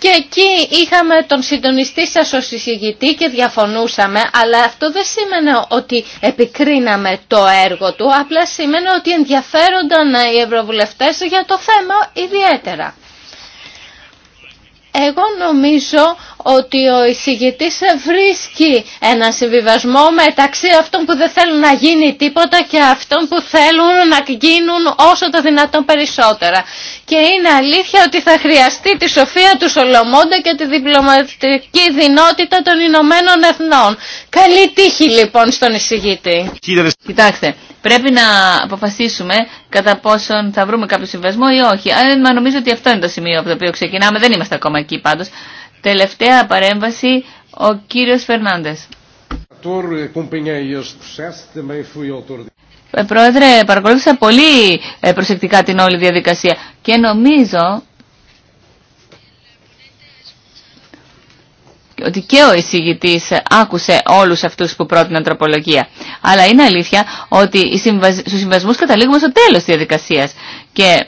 και εκεί είχαμε τον συντονιστή σας ως συζητητή και διαφωνούσαμε, αλλά αυτό δεν σήμαινε ότι επικρίναμε το έργο του, απλά σήμαινε ότι ενδιαφέρονταν οι ευρωβουλευτές για το θέμα ιδιαίτερα. Εγώ νομίζω ότι ο εισηγητής βρίσκει ένα συμβιβασμό μεταξύ αυτών που δεν θέλουν να γίνει τίποτα και αυτών που θέλουν να γίνουν όσο το δυνατόν περισσότερα. Και είναι αλήθεια ότι θα χρειαστεί τη σοφία του Σολομώντα και τη διπλωματική δυνότητα των Ηνωμένων Εθνών. Καλή τύχη λοιπόν στον εισηγητή. Κοιτάξτε, πρέπει να αποφασίσουμε κατά πόσον θα βρούμε κάποιο συμβασμό ή όχι. Ε, Αλλά νομίζω ότι αυτό είναι το σημείο από το οποίο ξεκινάμε. Δεν είμαστε ακόμα εκεί πάντω. Τελευταία παρέμβαση ο κύριο Φερνάντε. Eh, ε, πρόεδρε, παρακολούθησα πολύ ε, προσεκτικά την όλη διαδικασία και νομίζω ότι και ο εισηγητής άκουσε όλους αυτούς που πρότειναν τροπολογία. Αλλά είναι αλήθεια ότι στους συμβασμούς καταλήγουμε στο τέλος της διαδικασίας. Και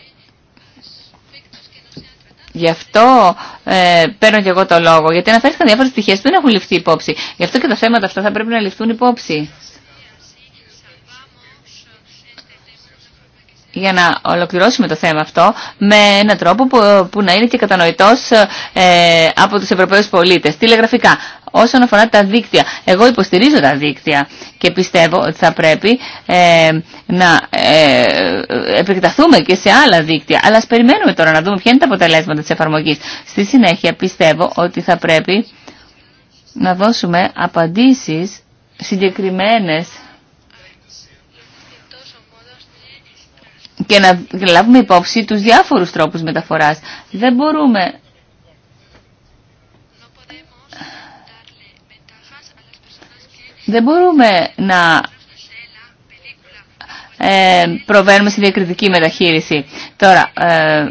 Γι' αυτό ε, παίρνω και εγώ το λόγο, γιατί αναφέρθηκαν διάφορε στοιχείες που δεν έχουν ληφθεί υπόψη. Γι' αυτό και τα θέματα αυτά θα πρέπει να ληφθούν υπόψη. για να ολοκληρώσουμε το θέμα αυτό με έναν τρόπο που, που να είναι και κατανοητός ε, από τους Ευρωπαίους πολίτες. Τηλεγραφικά, όσον αφορά τα δίκτυα. Εγώ υποστηρίζω τα δίκτυα και πιστεύω ότι θα πρέπει ε, να ε, επεκταθούμε και σε άλλα δίκτυα. Αλλά ας περιμένουμε τώρα να δούμε ποια είναι τα αποτελέσματα της εφαρμογής. Στη συνέχεια πιστεύω ότι θα πρέπει να δώσουμε απαντήσεις συγκεκριμένες και να λάβουμε υπόψη τους διάφορους τρόπους μεταφοράς. Δεν μπορούμε δεν μπορούμε να ε, προβαίνουμε στη διακριτική μεταχείριση. Τώρα, ε,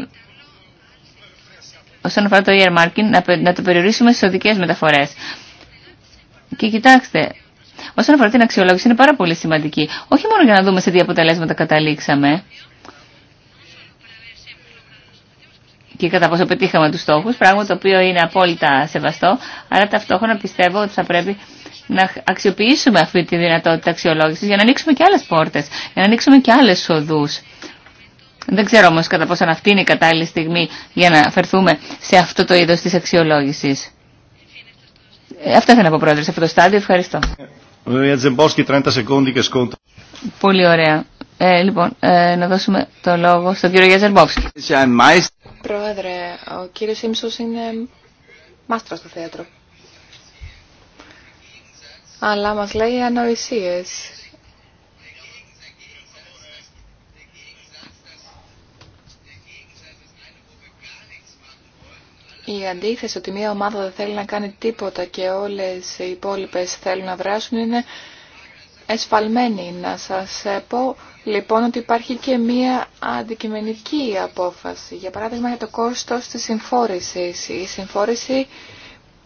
όσον αφορά το earmarking, να, να το περιορίσουμε στις οδικές μεταφορές. Και κοιτάξτε, όσον αφορά την αξιολόγηση είναι πάρα πολύ σημαντική. Όχι μόνο για να δούμε σε τι αποτελέσματα καταλήξαμε, και κατά πόσο πετύχαμε τους στόχους, πράγμα το οποίο είναι απόλυτα σεβαστό, αλλά ταυτόχρονα πιστεύω ότι θα πρέπει να αξιοποιήσουμε αυτή τη δυνατότητα αξιολόγησης για να ανοίξουμε και άλλες πόρτες, για να ανοίξουμε και άλλες οδούς. Δεν ξέρω όμως κατά πόσο αυτή είναι η κατάλληλη στιγμή για να φερθούμε σε αυτό το είδος της αξιολόγησης. Ε, αυτό ήθελα να πω πρόεδρε σε αυτό το στάδιο. Ευχαριστώ. Πολύ ωραία. Ε, λοιπόν, ε, να δώσουμε το λόγο στον κύριο Γιατζερμπόφσκι. Πρόεδρε, ο κύριο Σίμψο είναι μάστρος στο θέατρο. Αλλά μα λέει ανοησίε. Η αντίθεση ότι μια ομάδα δεν θέλει να κάνει τίποτα και όλες οι υπόλοιπες θέλουν να δράσουν είναι εσφαλμένη. Να σας πω λοιπόν ότι υπάρχει και μία αντικειμενική απόφαση. Για παράδειγμα για το κόστος της συμφόρησης. Η συμφόρηση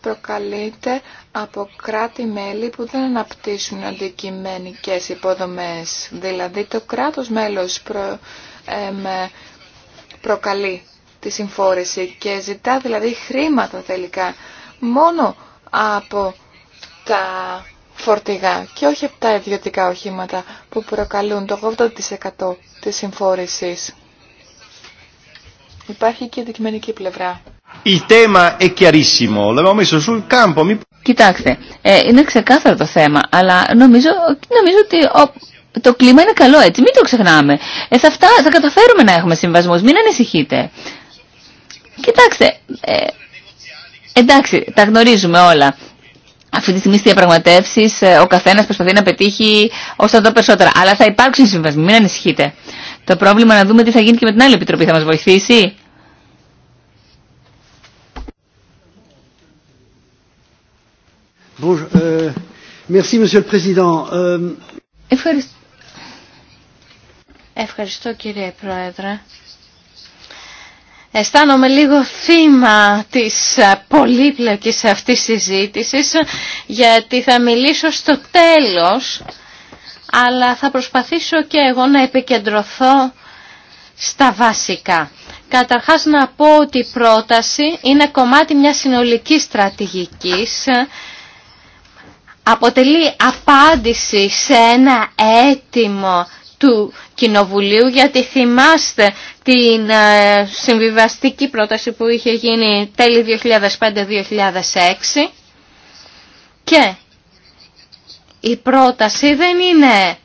προκαλείται από κράτη-μέλη που δεν αναπτύσσουν αντικειμενικές υποδομές. Δηλαδή το κράτος μέλος προ, προκαλεί τη συμφόρηση και ζητά δηλαδή χρήματα τελικά μόνο από τα φορτηγά και όχι από τα ιδιωτικά οχήματα που προκαλούν το 80% της συμφόρησης. Υπάρχει και η δικημενική πλευρά. Κοιτάξτε, ε, είναι ξεκάθαρο το θέμα, αλλά νομίζω, ότι το κλίμα είναι καλό έτσι, μην το ξεχνάμε. Ε, θα, θα καταφέρουμε να έχουμε συμβασμούς, μην ανησυχείτε. Κοιτάξτε, ε, εντάξει, τα γνωρίζουμε όλα αυτή τη στιγμή στι διαπραγματεύσει ε, ο καθένα προσπαθεί να πετύχει όσο το περισσότερα. Αλλά θα υπάρξουν συμβασμοί, μην ανησυχείτε. Το πρόβλημα να δούμε τι θα γίνει και με την άλλη επιτροπή. Θα μα βοηθήσει. Euh, euh, Ευχαριστώ. Ευχαριστώ κύριε Πρόεδρε. Αισθάνομαι λίγο θύμα της ε, πολύπλοκης αυτής συζήτησης γιατί θα μιλήσω στο τέλος αλλά θα προσπαθήσω και εγώ να επικεντρωθώ στα βασικά. Καταρχάς να πω ότι η πρόταση είναι κομμάτι μιας συνολικής στρατηγικής αποτελεί απάντηση σε ένα έτοιμο του Κοινοβουλίου γιατί θυμάστε την ε, συμβιβαστική πρόταση που είχε γίνει τέλη 2005-2006 και η πρόταση δεν είναι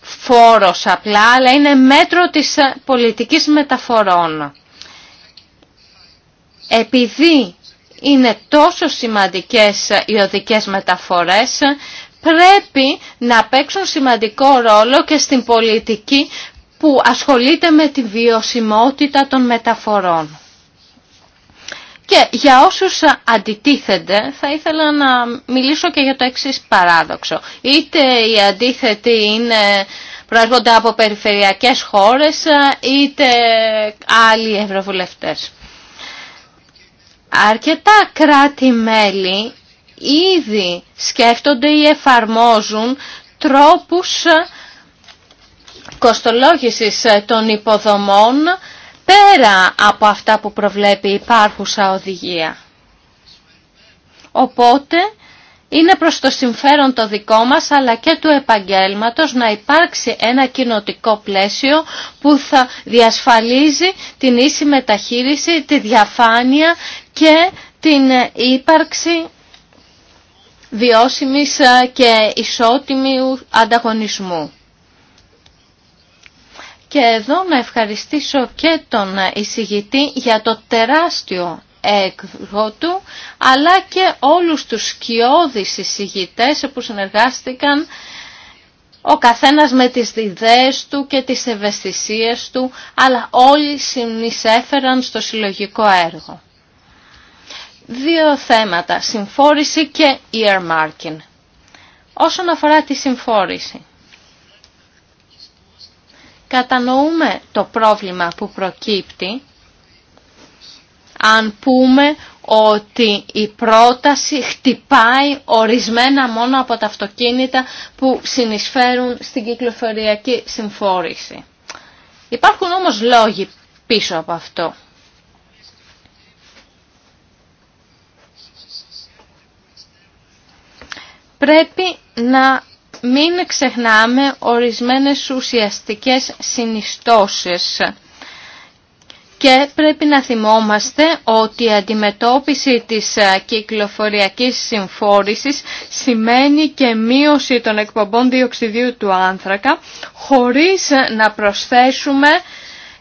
φόρος απλά αλλά είναι μέτρο της ε, πολιτικής μεταφορών. Επειδή είναι τόσο σημαντικές οι οδικές μεταφορές, πρέπει να παίξουν σημαντικό ρόλο και στην πολιτική που ασχολείται με τη βιωσιμότητα των μεταφορών. Και για όσους αντιτίθενται θα ήθελα να μιλήσω και για το εξής παράδοξο. Είτε οι αντίθετοι είναι, προέρχονται από περιφερειακές χώρες είτε άλλοι ευρωβουλευτές. Αρκετά κράτη-μέλη ήδη σκέφτονται ή εφαρμόζουν τρόπους κοστολόγησης των υποδομών πέρα από αυτά που προβλέπει η υπάρχουσα οδηγία. Οπότε είναι προς το συμφέρον το δικό μας αλλά και του επαγγέλματος να υπάρξει ένα κοινοτικό πλαίσιο που θα διασφαλίζει την ίση μεταχείριση, τη διαφάνεια και την ύπαρξη βιώσιμης ε, και ισότιμου ανταγωνισμού. Και εδώ να ευχαριστήσω και τον εισηγητή για το τεράστιο έργο του, αλλά και όλους τους σκιώδεις εισηγητές που συνεργάστηκαν ο καθένας με τις ιδέες του και τις ευαισθησίες του, αλλά όλοι συνεισέφεραν στο συλλογικό έργο δύο θέματα, συμφόρηση και earmarking. Όσον αφορά τη συμφόρηση, κατανοούμε το πρόβλημα που προκύπτει αν πούμε ότι η πρόταση χτυπάει ορισμένα μόνο από τα αυτοκίνητα που συνεισφέρουν στην κυκλοφοριακή συμφόρηση. Υπάρχουν όμως λόγοι πίσω από αυτό. πρέπει να μην ξεχνάμε ορισμένες ουσιαστικές συνιστώσεις. Και πρέπει να θυμόμαστε ότι η αντιμετώπιση της κυκλοφοριακής συμφόρησης σημαίνει και μείωση των εκπομπών διοξιδίου του άνθρακα χωρίς να προσθέσουμε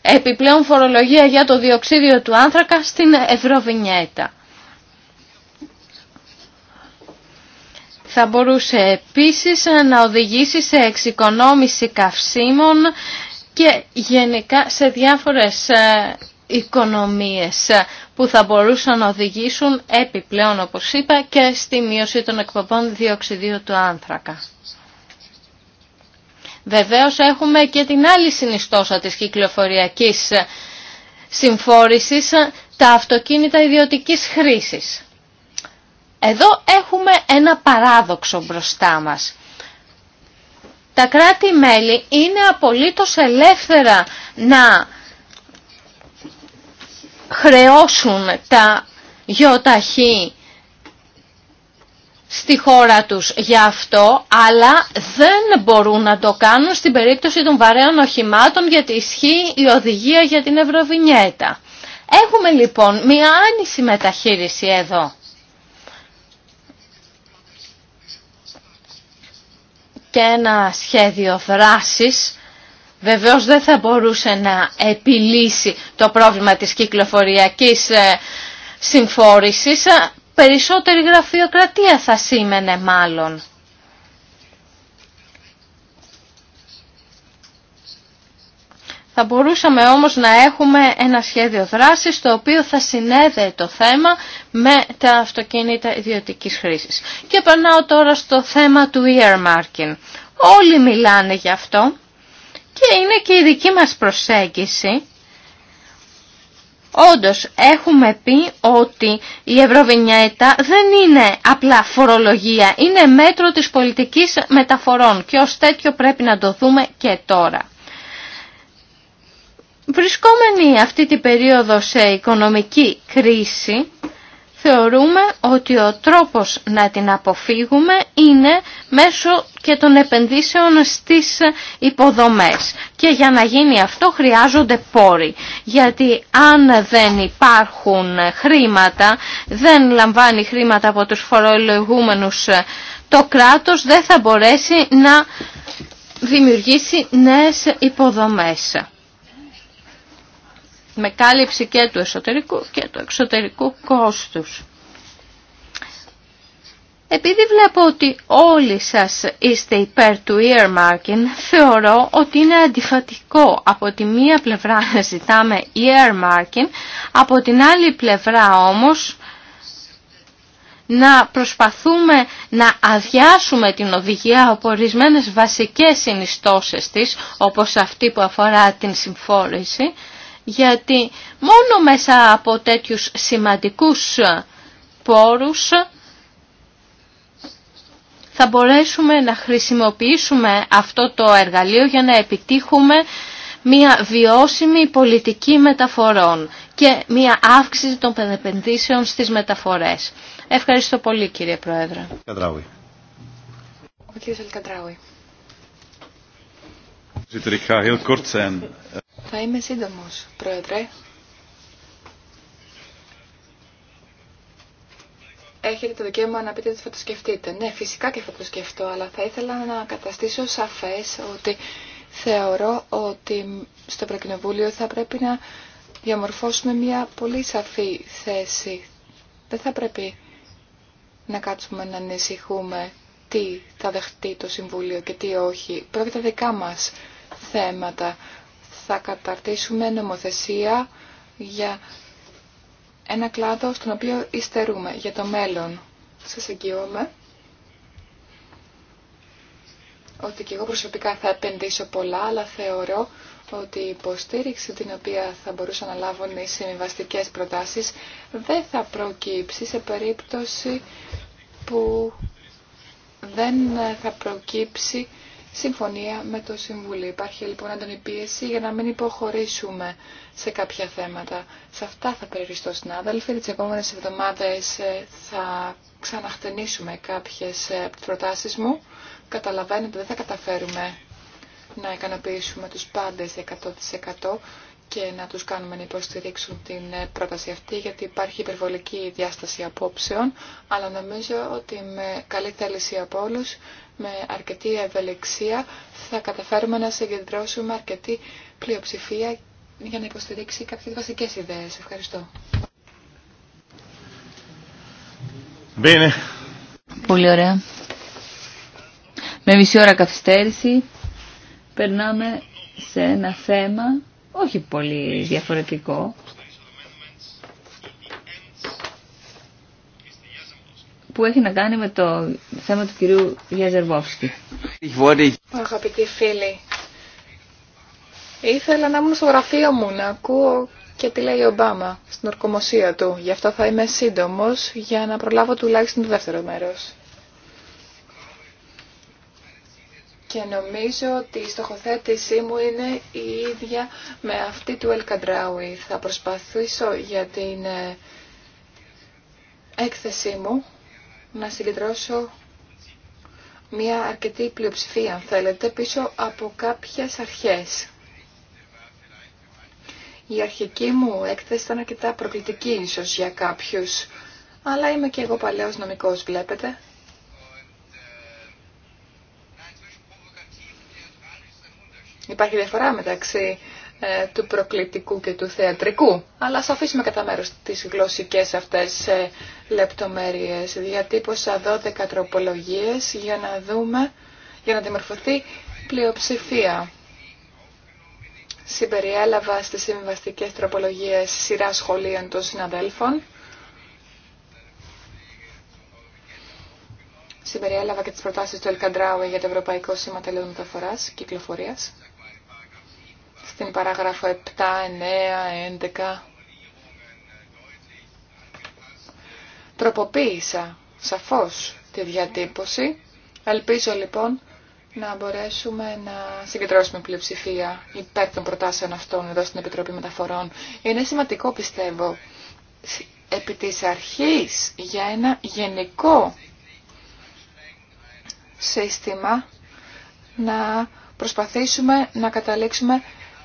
επιπλέον φορολογία για το διοξίδιο του άνθρακα στην Ευρωβινιέτα. θα μπορούσε επίσης να οδηγήσει σε εξοικονόμηση καυσίμων και γενικά σε διάφορες ε, οικονομίες ε, που θα μπορούσαν να οδηγήσουν επιπλέον όπως είπα και στη μείωση των εκπομπών διοξιδίου του άνθρακα. Βεβαίως έχουμε και την άλλη συνιστόσα της κυκλοφοριακής ε, συμφόρησης, τα αυτοκίνητα ιδιωτικής χρήσης. Εδώ έχουμε ένα παράδοξο μπροστά μας. Τα κράτη-μέλη είναι απολύτως ελεύθερα να χρεώσουν τα γιοταχή στη χώρα τους για αυτό, αλλά δεν μπορούν να το κάνουν στην περίπτωση των βαρέων οχημάτων γιατί ισχύει η οδηγία για την Ευρωβινιέτα. Έχουμε λοιπόν μία άνηση μεταχείριση εδώ. και ένα σχέδιο δράσης βεβαίως δεν θα μπορούσε να επιλύσει το πρόβλημα της κυκλοφοριακής ε, συμφόρησης, ε, περισσότερη γραφειοκρατία θα σήμαινε μάλλον. Θα μπορούσαμε όμως να έχουμε ένα σχέδιο δράσης το οποίο θα συνέδεε το θέμα με τα αυτοκίνητα ιδιωτικής χρήσης. Και περνάω τώρα στο θέμα του earmarking. Όλοι μιλάνε γι' αυτό και είναι και η δική μας προσέγγιση. Όντως έχουμε πει ότι η Ευρωβινιέτα δεν είναι απλά φορολογία, είναι μέτρο της πολιτικής μεταφορών και ως τέτοιο πρέπει να το δούμε και τώρα. Βρισκόμενοι αυτή την περίοδο σε οικονομική κρίση, θεωρούμε ότι ο τρόπος να την αποφύγουμε είναι μέσω και των επενδύσεων στις υποδομές. Και για να γίνει αυτό χρειάζονται πόροι. Γιατί αν δεν υπάρχουν χρήματα, δεν λαμβάνει χρήματα από τους φορολογούμενους το κράτος δεν θα μπορέσει να δημιουργήσει νέες υποδομές με κάλυψη και του εσωτερικού και του εξωτερικού κόστους. Επειδή βλέπω ότι όλοι σας είστε υπέρ του earmarking, θεωρώ ότι είναι αντιφατικό. Από τη μία πλευρά να ζητάμε earmarking, από την άλλη πλευρά όμως να προσπαθούμε να αδειάσουμε την οδηγία από ορισμένε βασικές συνιστώσεις της, όπως αυτή που αφορά την συμφόρηση, γιατί μόνο μέσα από τέτοιους σημαντικούς πόρους θα μπορέσουμε να χρησιμοποιήσουμε αυτό το εργαλείο για να επιτύχουμε μια βιώσιμη πολιτική μεταφορών και μια αύξηση των επενδύσεων στις μεταφορές. Ευχαριστώ πολύ κύριε Πρόεδρε. Ο κύριος θα είμαι σύντομος, Πρόεδρε. Έχετε το δικαίωμα να πείτε ότι θα το σκεφτείτε. Ναι, φυσικά και θα το σκεφτώ, αλλά θα ήθελα να καταστήσω σαφές ότι θεωρώ ότι στο Ευρωκοινοβούλιο θα πρέπει να διαμορφώσουμε μια πολύ σαφή θέση. Δεν θα πρέπει να κάτσουμε να ανησυχούμε τι θα δεχτεί το Συμβούλιο και τι όχι. Πρόκειται δικά μας θέματα θα καταρτήσουμε νομοθεσία για ένα κλάδο στον οποίο υστερούμε για το μέλλον. Σας εγγυώμαι ότι και εγώ προσωπικά θα επενδύσω πολλά, αλλά θεωρώ ότι η υποστήριξη την οποία θα μπορούσαν να λάβουν οι συμβιβαστικέ προτάσεις δεν θα προκύψει σε περίπτωση που δεν θα προκύψει συμφωνία με το Συμβούλιο. Υπάρχει λοιπόν έντονη πίεση για να μην υποχωρήσουμε σε κάποια θέματα. Σε αυτά θα περιοριστώ συνάδελφοι. Τις επόμενες εβδομάδες ε, θα ξαναχτενίσουμε κάποιες ε, προτάσεις μου. Καταλαβαίνετε δεν θα καταφέρουμε να ικανοποιήσουμε τους πάντες 100% και να τους κάνουμε να υποστηρίξουν την ε, πρόταση αυτή γιατί υπάρχει υπερβολική διάσταση απόψεων αλλά νομίζω ότι με καλή θέληση από όλου, με αρκετή ευελιξία θα καταφέρουμε να συγκεντρώσουμε αρκετή πλειοψηφία για να υποστηρίξει κάποιες βασικές ιδέες. Ευχαριστώ. Bene. Πολύ ωραία. Με μισή ώρα καθυστέρηση περνάμε σε ένα θέμα όχι πολύ διαφορετικό, που έχει να κάνει με το θέμα του κυρίου Γιαζερβόφσκι. Αγαπητοί φίλοι, ήθελα να ήμουν στο γραφείο μου να ακούω και τι λέει ο Ομπάμα στην ορκομοσία του. Γι' αυτό θα είμαι σύντομος για να προλάβω τουλάχιστον το δεύτερο μέρος. Και νομίζω ότι η στοχοθέτησή μου είναι η ίδια με αυτή του Ελκαντράουι. Θα προσπαθήσω για την ε, έκθεσή μου να συγκεντρώσω μια αρκετή πλειοψηφία, αν θέλετε, πίσω από κάποιες αρχές. Η αρχική μου έκθεση ήταν αρκετά προκλητική ίσως για κάποιους, αλλά είμαι και εγώ παλαιός νομικός, βλέπετε. Υπάρχει διαφορά μεταξύ ε, του προκλητικού και του θεατρικού. Αλλά ας αφήσουμε κατά μέρος τις γλωσσικές αυτές ε, λεπτομέρειες. Διατύπωσα 12 τροπολογίες για να δούμε, για να δημορφωθεί πλειοψηφία. Συμπεριέλαβα στις συμβαστικές τροπολογίες σειρά σχολείων των συναδέλφων. Συμπεριέλαβα και τις προτάσεις του Ελκαντράου για το Ευρωπαϊκό Σήμα Τελειών Μεταφοράς Κυκλοφορίας στην παράγραφο 7, 9, 11. Τροποποίησα σαφώς τη διατύπωση. Ελπίζω λοιπόν να μπορέσουμε να συγκεντρώσουμε πλειοψηφία υπέρ των προτάσεων αυτών εδώ στην Επιτροπή Μεταφορών. Είναι σημαντικό πιστεύω επί της αρχής για ένα γενικό σύστημα να προσπαθήσουμε να καταλήξουμε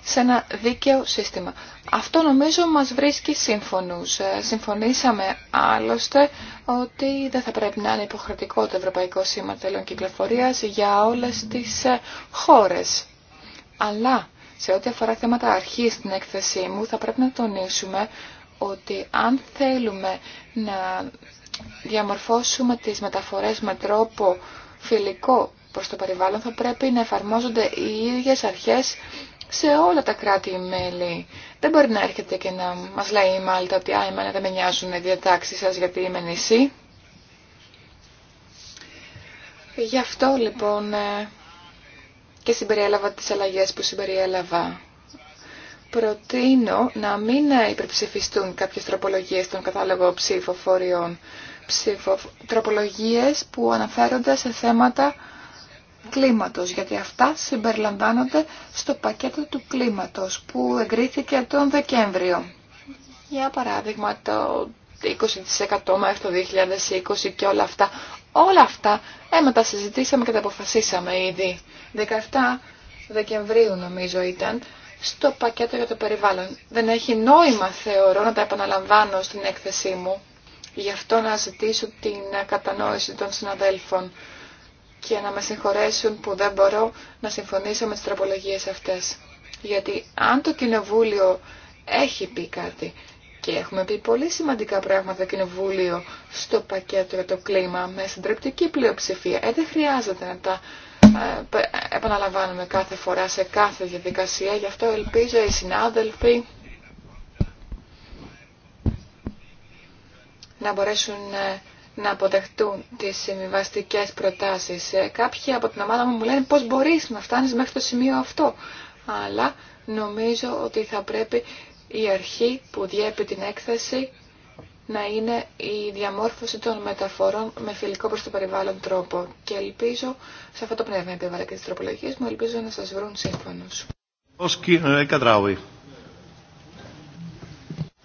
σε ένα δίκαιο σύστημα. Αυτό νομίζω μας βρίσκει σύμφωνους. Ε, συμφωνήσαμε άλλωστε ότι δεν θα πρέπει να είναι υποχρεωτικό το Ευρωπαϊκό Σήμα Τελών Κυκλοφορίας για όλες τις ε, χώρες. Αλλά σε ό,τι αφορά θέματα αρχής στην έκθεσή μου θα πρέπει να τονίσουμε ότι αν θέλουμε να διαμορφώσουμε τις μεταφορές με τρόπο φιλικό προς το περιβάλλον θα πρέπει να εφαρμόζονται οι ίδιες αρχές σε όλα τα κράτη-μέλη. Δεν μπορεί να έρχεται και να μας λέει η Μάλτα ότι «Α, εμένα δεν με νοιάζουν οι διατάξεις σας γιατί είμαι νησί». Γι' αυτό λοιπόν ε, και συμπεριέλαβα τις αλλαγές που συμπεριέλαβα. Προτείνω να μην υπερψηφιστούν κάποιες τροπολογίες στον κατάλογο ψηφοφοριών. Ψηφο... που αναφέρονται σε θέματα κλίματος, γιατί αυτά συμπεριλαμβάνονται στο πακέτο του κλίματος που εγκρίθηκε τον Δεκέμβριο. Για παράδειγμα το 20% μέχρι το 2020 και όλα αυτά. Όλα αυτά έμα ε, τα συζητήσαμε και τα αποφασίσαμε ήδη. 17 Δεκεμβρίου νομίζω ήταν στο πακέτο για το περιβάλλον. Δεν έχει νόημα θεωρώ να τα επαναλαμβάνω στην έκθεσή μου. Γι' αυτό να ζητήσω την κατανόηση των συναδέλφων και να με συγχωρέσουν που δεν μπορώ να συμφωνήσω με τις τροπολογίες αυτές. Γιατί αν το Κοινοβούλιο έχει πει κάτι και έχουμε πει πολύ σημαντικά πράγματα το Κοινοβούλιο στο πακέτο για το κλίμα με συντριπτική πλειοψηφία, ε, δεν χρειάζεται να τα ε, επαναλαμβάνουμε κάθε φορά σε κάθε διαδικασία. Γι' αυτό ελπίζω οι συνάδελφοι να μπορέσουν ε, να αποτεχτούν τι συμβιβαστικέ προτάσει. Ε, κάποιοι από την ομάδα μου μου λένε πώ μπορεί να φτάνει μέχρι το σημείο αυτό. Αλλά νομίζω ότι θα πρέπει η αρχή που διέπει την έκθεση να είναι η διαμόρφωση των μεταφορών με φιλικό προς το περιβάλλον τρόπο. Και ελπίζω, σε αυτό το πνεύμα επιβάλλα και τις τροπολογίε μου, ελπίζω να σας βρουν σύμφωνος. Ο ε,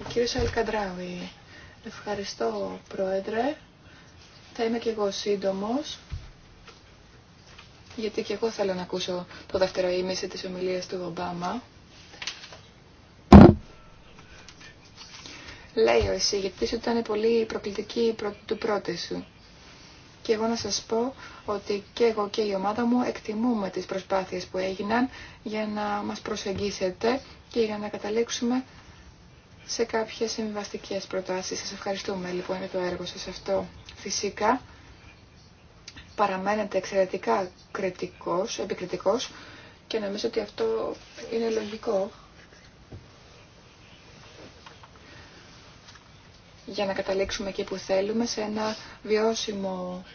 κύριος Ευχαριστώ, Πρόεδρε. Θα είμαι και εγώ σύντομος, γιατί και εγώ θέλω να ακούσω το δεύτερο ήμιση της ομιλίας του Ομπάμα. Λέει ο γιατί ότι ήταν πολύ προκλητική του πρώτη σου. Και εγώ να σας πω ότι και εγώ και η ομάδα μου εκτιμούμε τις προσπάθειες που έγιναν για να μας προσεγγίσετε και για να καταλήξουμε σε κάποιες συμβαστικές προτάσεις. Σας ευχαριστούμε λοιπόν για το έργο σας αυτό φυσικά παραμένετε εξαιρετικά κριτικός, επικριτικός και νομίζω ότι αυτό είναι λογικό. για να καταλήξουμε εκεί που θέλουμε σε ένα βιώσιμο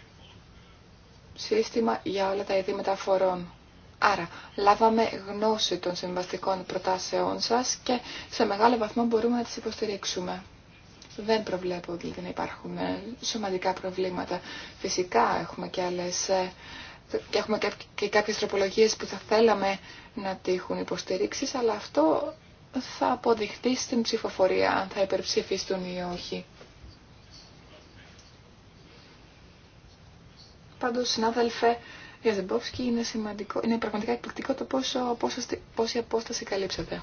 σύστημα για όλα τα είδη μεταφορών. Άρα, λάβαμε γνώση των συμβαστικών προτάσεών σας και σε μεγάλο βαθμό μπορούμε να τις υποστηρίξουμε δεν προβλέπω δηλαδή να υπάρχουν ε, σωματικά προβλήματα. Φυσικά έχουμε και άλλες ε, και έχουμε και κάποιες τροπολογίες που θα θέλαμε να τύχουν υποστηρίξεις, αλλά αυτό θα αποδειχτεί στην ψηφοφορία αν θα υπερψηφιστούν ή όχι. Πάντως, συνάδελφε, για Ζεμπόφσκι είναι, σημαντικό, είναι πραγματικά εκπληκτικό το πόσο, πόση απόσταση καλύψατε.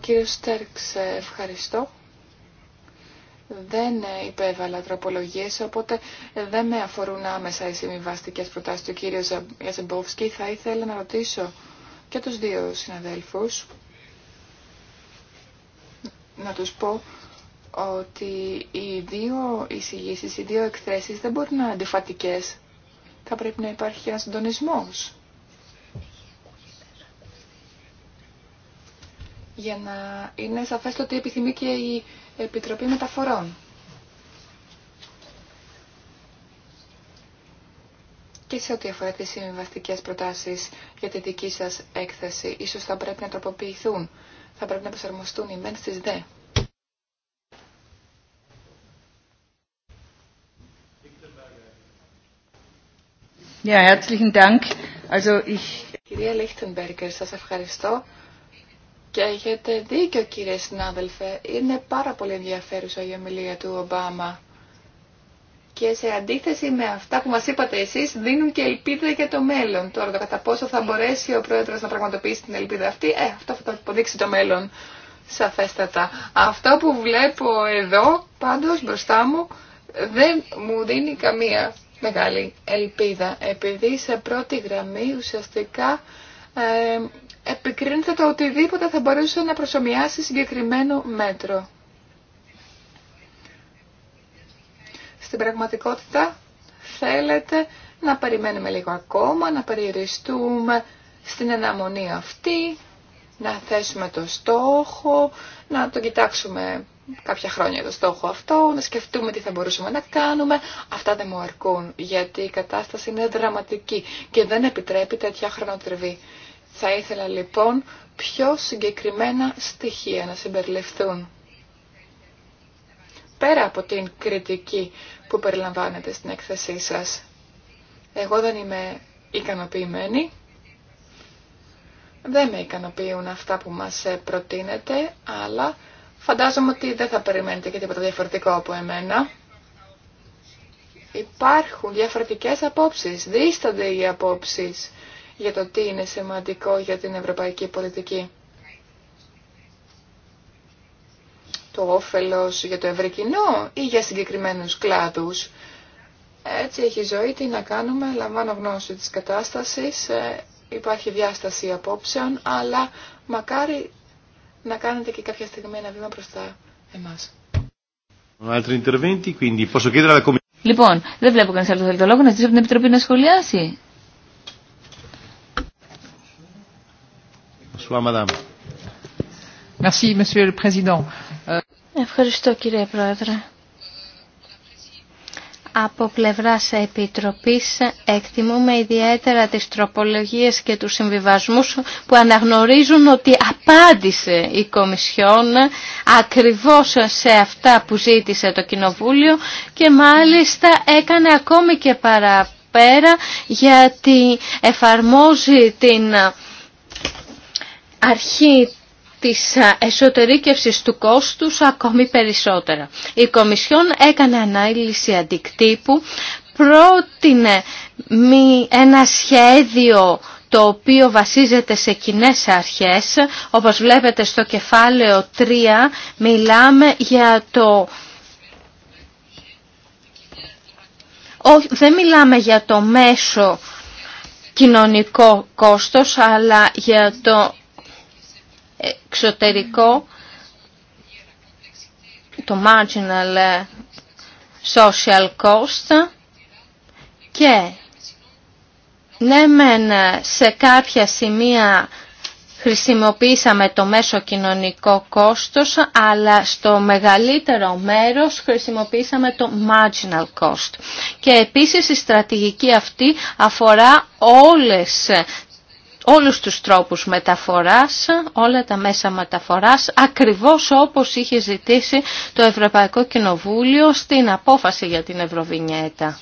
Κύριε Στέρξ, ε, ευχαριστώ. Δεν ε, υπέβαλα τροπολογίε, οπότε ε, δεν με αφορούν άμεσα οι συμβιβαστικέ προτάσει του κύριου Ζεμπόφσκι. Θα ήθελα να ρωτήσω και του δύο συναδέλφου να του πω ότι οι δύο εισηγήσει, οι δύο εκθέσει δεν μπορούν να είναι αντιφατικέ. Θα πρέπει να υπάρχει ένα συντονισμό. για να είναι σαφές το τι επιθυμεί και η Επιτροπή Μεταφορών. Και σε ό,τι αφορά τις συμβαστικέ προτάσεις για τη δική σας έκθεση, ίσως θα πρέπει να τροποποιηθούν, θα πρέπει να προσαρμοστούν οι μεν στις δε. Κυρία Λίχτενμπέργκερ, σας ευχαριστώ. Και έχετε δίκιο κύριε συνάδελφε, είναι πάρα πολύ ενδιαφέρουσα η ομιλία του Ομπάμα. Και σε αντίθεση με αυτά που μας είπατε εσείς, δίνουν και ελπίδα για το μέλλον. Τώρα το κατά πόσο θα μπορέσει ο Πρόεδρος να πραγματοποιήσει την ελπίδα αυτή, ε, αυτό θα το αποδείξει το μέλλον σαφέστατα. Αυτό που βλέπω εδώ, πάντως μπροστά μου, δεν μου δίνει καμία μεγάλη ελπίδα, επειδή σε πρώτη γραμμή ουσιαστικά ε, επικρίνεται το οτιδήποτε θα μπορούσε να προσωμιάσει συγκεκριμένο μέτρο. Στην πραγματικότητα θέλετε να περιμένουμε λίγο ακόμα, να περιοριστούμε στην αναμονή αυτή, να θέσουμε το στόχο, να το κοιτάξουμε κάποια χρόνια το στόχο αυτό, να σκεφτούμε τι θα μπορούσαμε να κάνουμε. Αυτά δεν μου αρκούν, γιατί η κατάσταση είναι δραματική και δεν επιτρέπει τέτοια χρονοτριβή. Θα ήθελα λοιπόν πιο συγκεκριμένα στοιχεία να συμπεριληφθούν. Πέρα από την κριτική που περιλαμβάνεται στην έκθεσή σας. Εγώ δεν είμαι ικανοποιημένη. Δεν με ικανοποιούν αυτά που μας ε, προτείνετε, αλλά φαντάζομαι ότι δεν θα περιμένετε και τίποτα διαφορετικό από εμένα. Υπάρχουν διαφορετικές απόψεις, δίστανται οι απόψεις για το τι είναι σημαντικό για την ευρωπαϊκή πολιτική. Το όφελος για το ευρύ ή για συγκεκριμένους κλάδους. Έτσι έχει ζωή, τι να κάνουμε, λαμβάνω γνώση της κατάστασης, ε, υπάρχει διάσταση απόψεων, αλλά μακάρι να κάνετε και κάποια στιγμή ένα βήμα προς τα εμάς. Λοιπόν, δεν βλέπω κανείς άλλο θέλει το λόγο να ζητήσω από την Επιτροπή να σχολιάσει. Ευχαριστώ κύριε Πρόεδρε. Από πλευράς Επιτροπής εκτιμούμε ιδιαίτερα τις τροπολογίες και τους συμβιβασμούς που αναγνωρίζουν ότι απάντησε η Κομισιόν ακριβώς σε αυτά που ζήτησε το Κοινοβούλιο και μάλιστα έκανε ακόμη και παραπέρα γιατί εφαρμόζει την αρχή της εσωτερήκευσης του κόστους ακόμη περισσότερα. Η Κομισιόν έκανε ανάλυση αντικτύπου, πρότεινε ένα σχέδιο το οποίο βασίζεται σε κοινέ αρχές. Όπως βλέπετε στο κεφάλαιο 3 μιλάμε για το... Όχι, δεν μιλάμε για το μέσο κοινωνικό κόστος, αλλά για το εξωτερικό το marginal ε, social cost και ναι μεν ε, σε κάποια σημεία χρησιμοποίησαμε το μέσο κοινωνικό κόστος, αλλά στο μεγαλύτερο μέρος χρησιμοποίησαμε το marginal cost. Και επίσης η στρατηγική αυτή αφορά όλες όλους τους τρόπους μεταφοράς, όλα τα μέσα μεταφοράς, ακριβώς όπως είχε ζητήσει το Ευρωπαϊκό Κοινοβούλιο στην απόφαση για την Ευρωβινιέτα.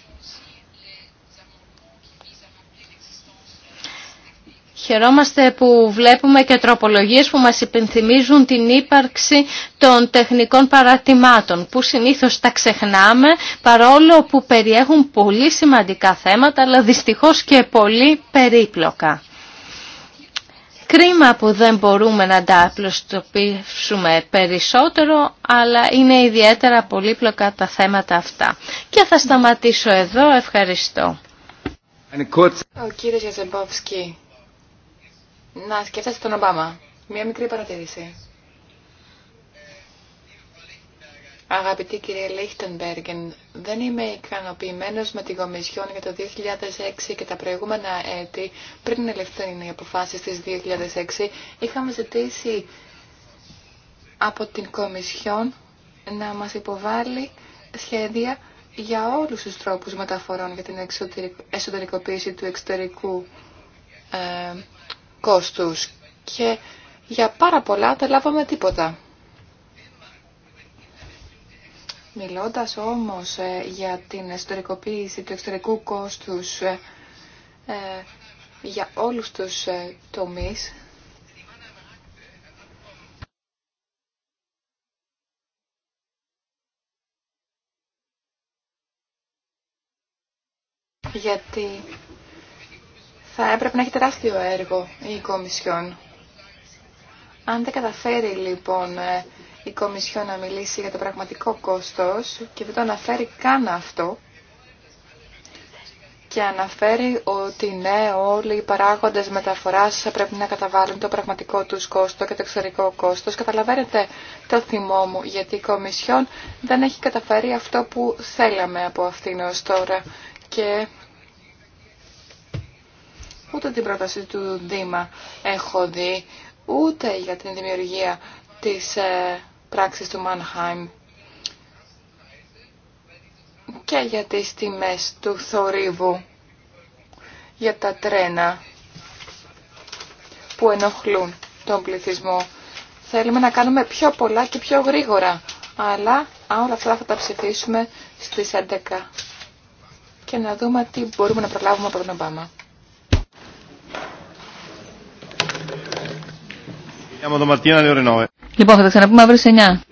Χαιρόμαστε που βλέπουμε και τροπολογίες που μας υπενθυμίζουν την ύπαρξη των τεχνικών παρατημάτων, που συνήθως τα ξεχνάμε, παρόλο που περιέχουν πολύ σημαντικά θέματα, αλλά δυστυχώς και πολύ περίπλοκα. Κρίμα που δεν μπορούμε να τα απλωστοποιήσουμε περισσότερο, αλλά είναι ιδιαίτερα πολύπλοκα τα θέματα αυτά. Και θα σταματήσω εδώ. Ευχαριστώ. Ο κύριος Γιαζεμπόφσκι, να σκέφτεστε τον Ομπάμα. Μία μικρή παρατήρηση. Αγαπητή κυρία Λίχτενμπεργκεν, δεν είμαι ικανοποιημένο με την Κομισιόν για το 2006 και τα προηγούμενα έτη, πριν ελευθερίνει οι αποφάσει τη 2006, είχαμε ζητήσει από την Κομισιόν να μας υποβάλει σχέδια για όλους τους τρόπους μεταφορών για την εσωτερικοποίηση του εξωτερικού ε, κόστους και για πάρα πολλά δεν λάβαμε τίποτα. Μιλώντας όμως ε, για την εσωτερικοποίηση του εξωτερικού κόστους ε, ε, για όλους τους τομείς, γιατί θα έπρεπε να έχει τεράστιο έργο η Κομισιόν. Αν δεν καταφέρει λοιπόν η κομισιόν να μιλήσει για το πραγματικό κόστος και δεν το αναφέρει καν αυτό και αναφέρει ότι ναι, όλοι οι παράγοντες μεταφοράς πρέπει να καταβάλουν το πραγματικό τους κόστο και το εξωτερικό κόστος. Καταλαβαίνετε το θυμό μου, γιατί η Κομισιόν δεν έχει καταφέρει αυτό που θέλαμε από αυτήν ως τώρα και ούτε την πρόταση του Δήμα έχω δει, ούτε για την δημιουργία τις ε, πράξης του Μανχάιμ και για τις τιμές του θορύβου για τα τρένα που ενοχλούν τον πληθυσμό. Θέλουμε να κάνουμε πιο πολλά και πιο γρήγορα, αλλά όλα αυτά θα τα ψηφίσουμε στις 11 και να δούμε τι μπορούμε να προλάβουμε από τον Ομπάμα. Λοιπόν, θα τα ξαναπούμε αύριο σε 9.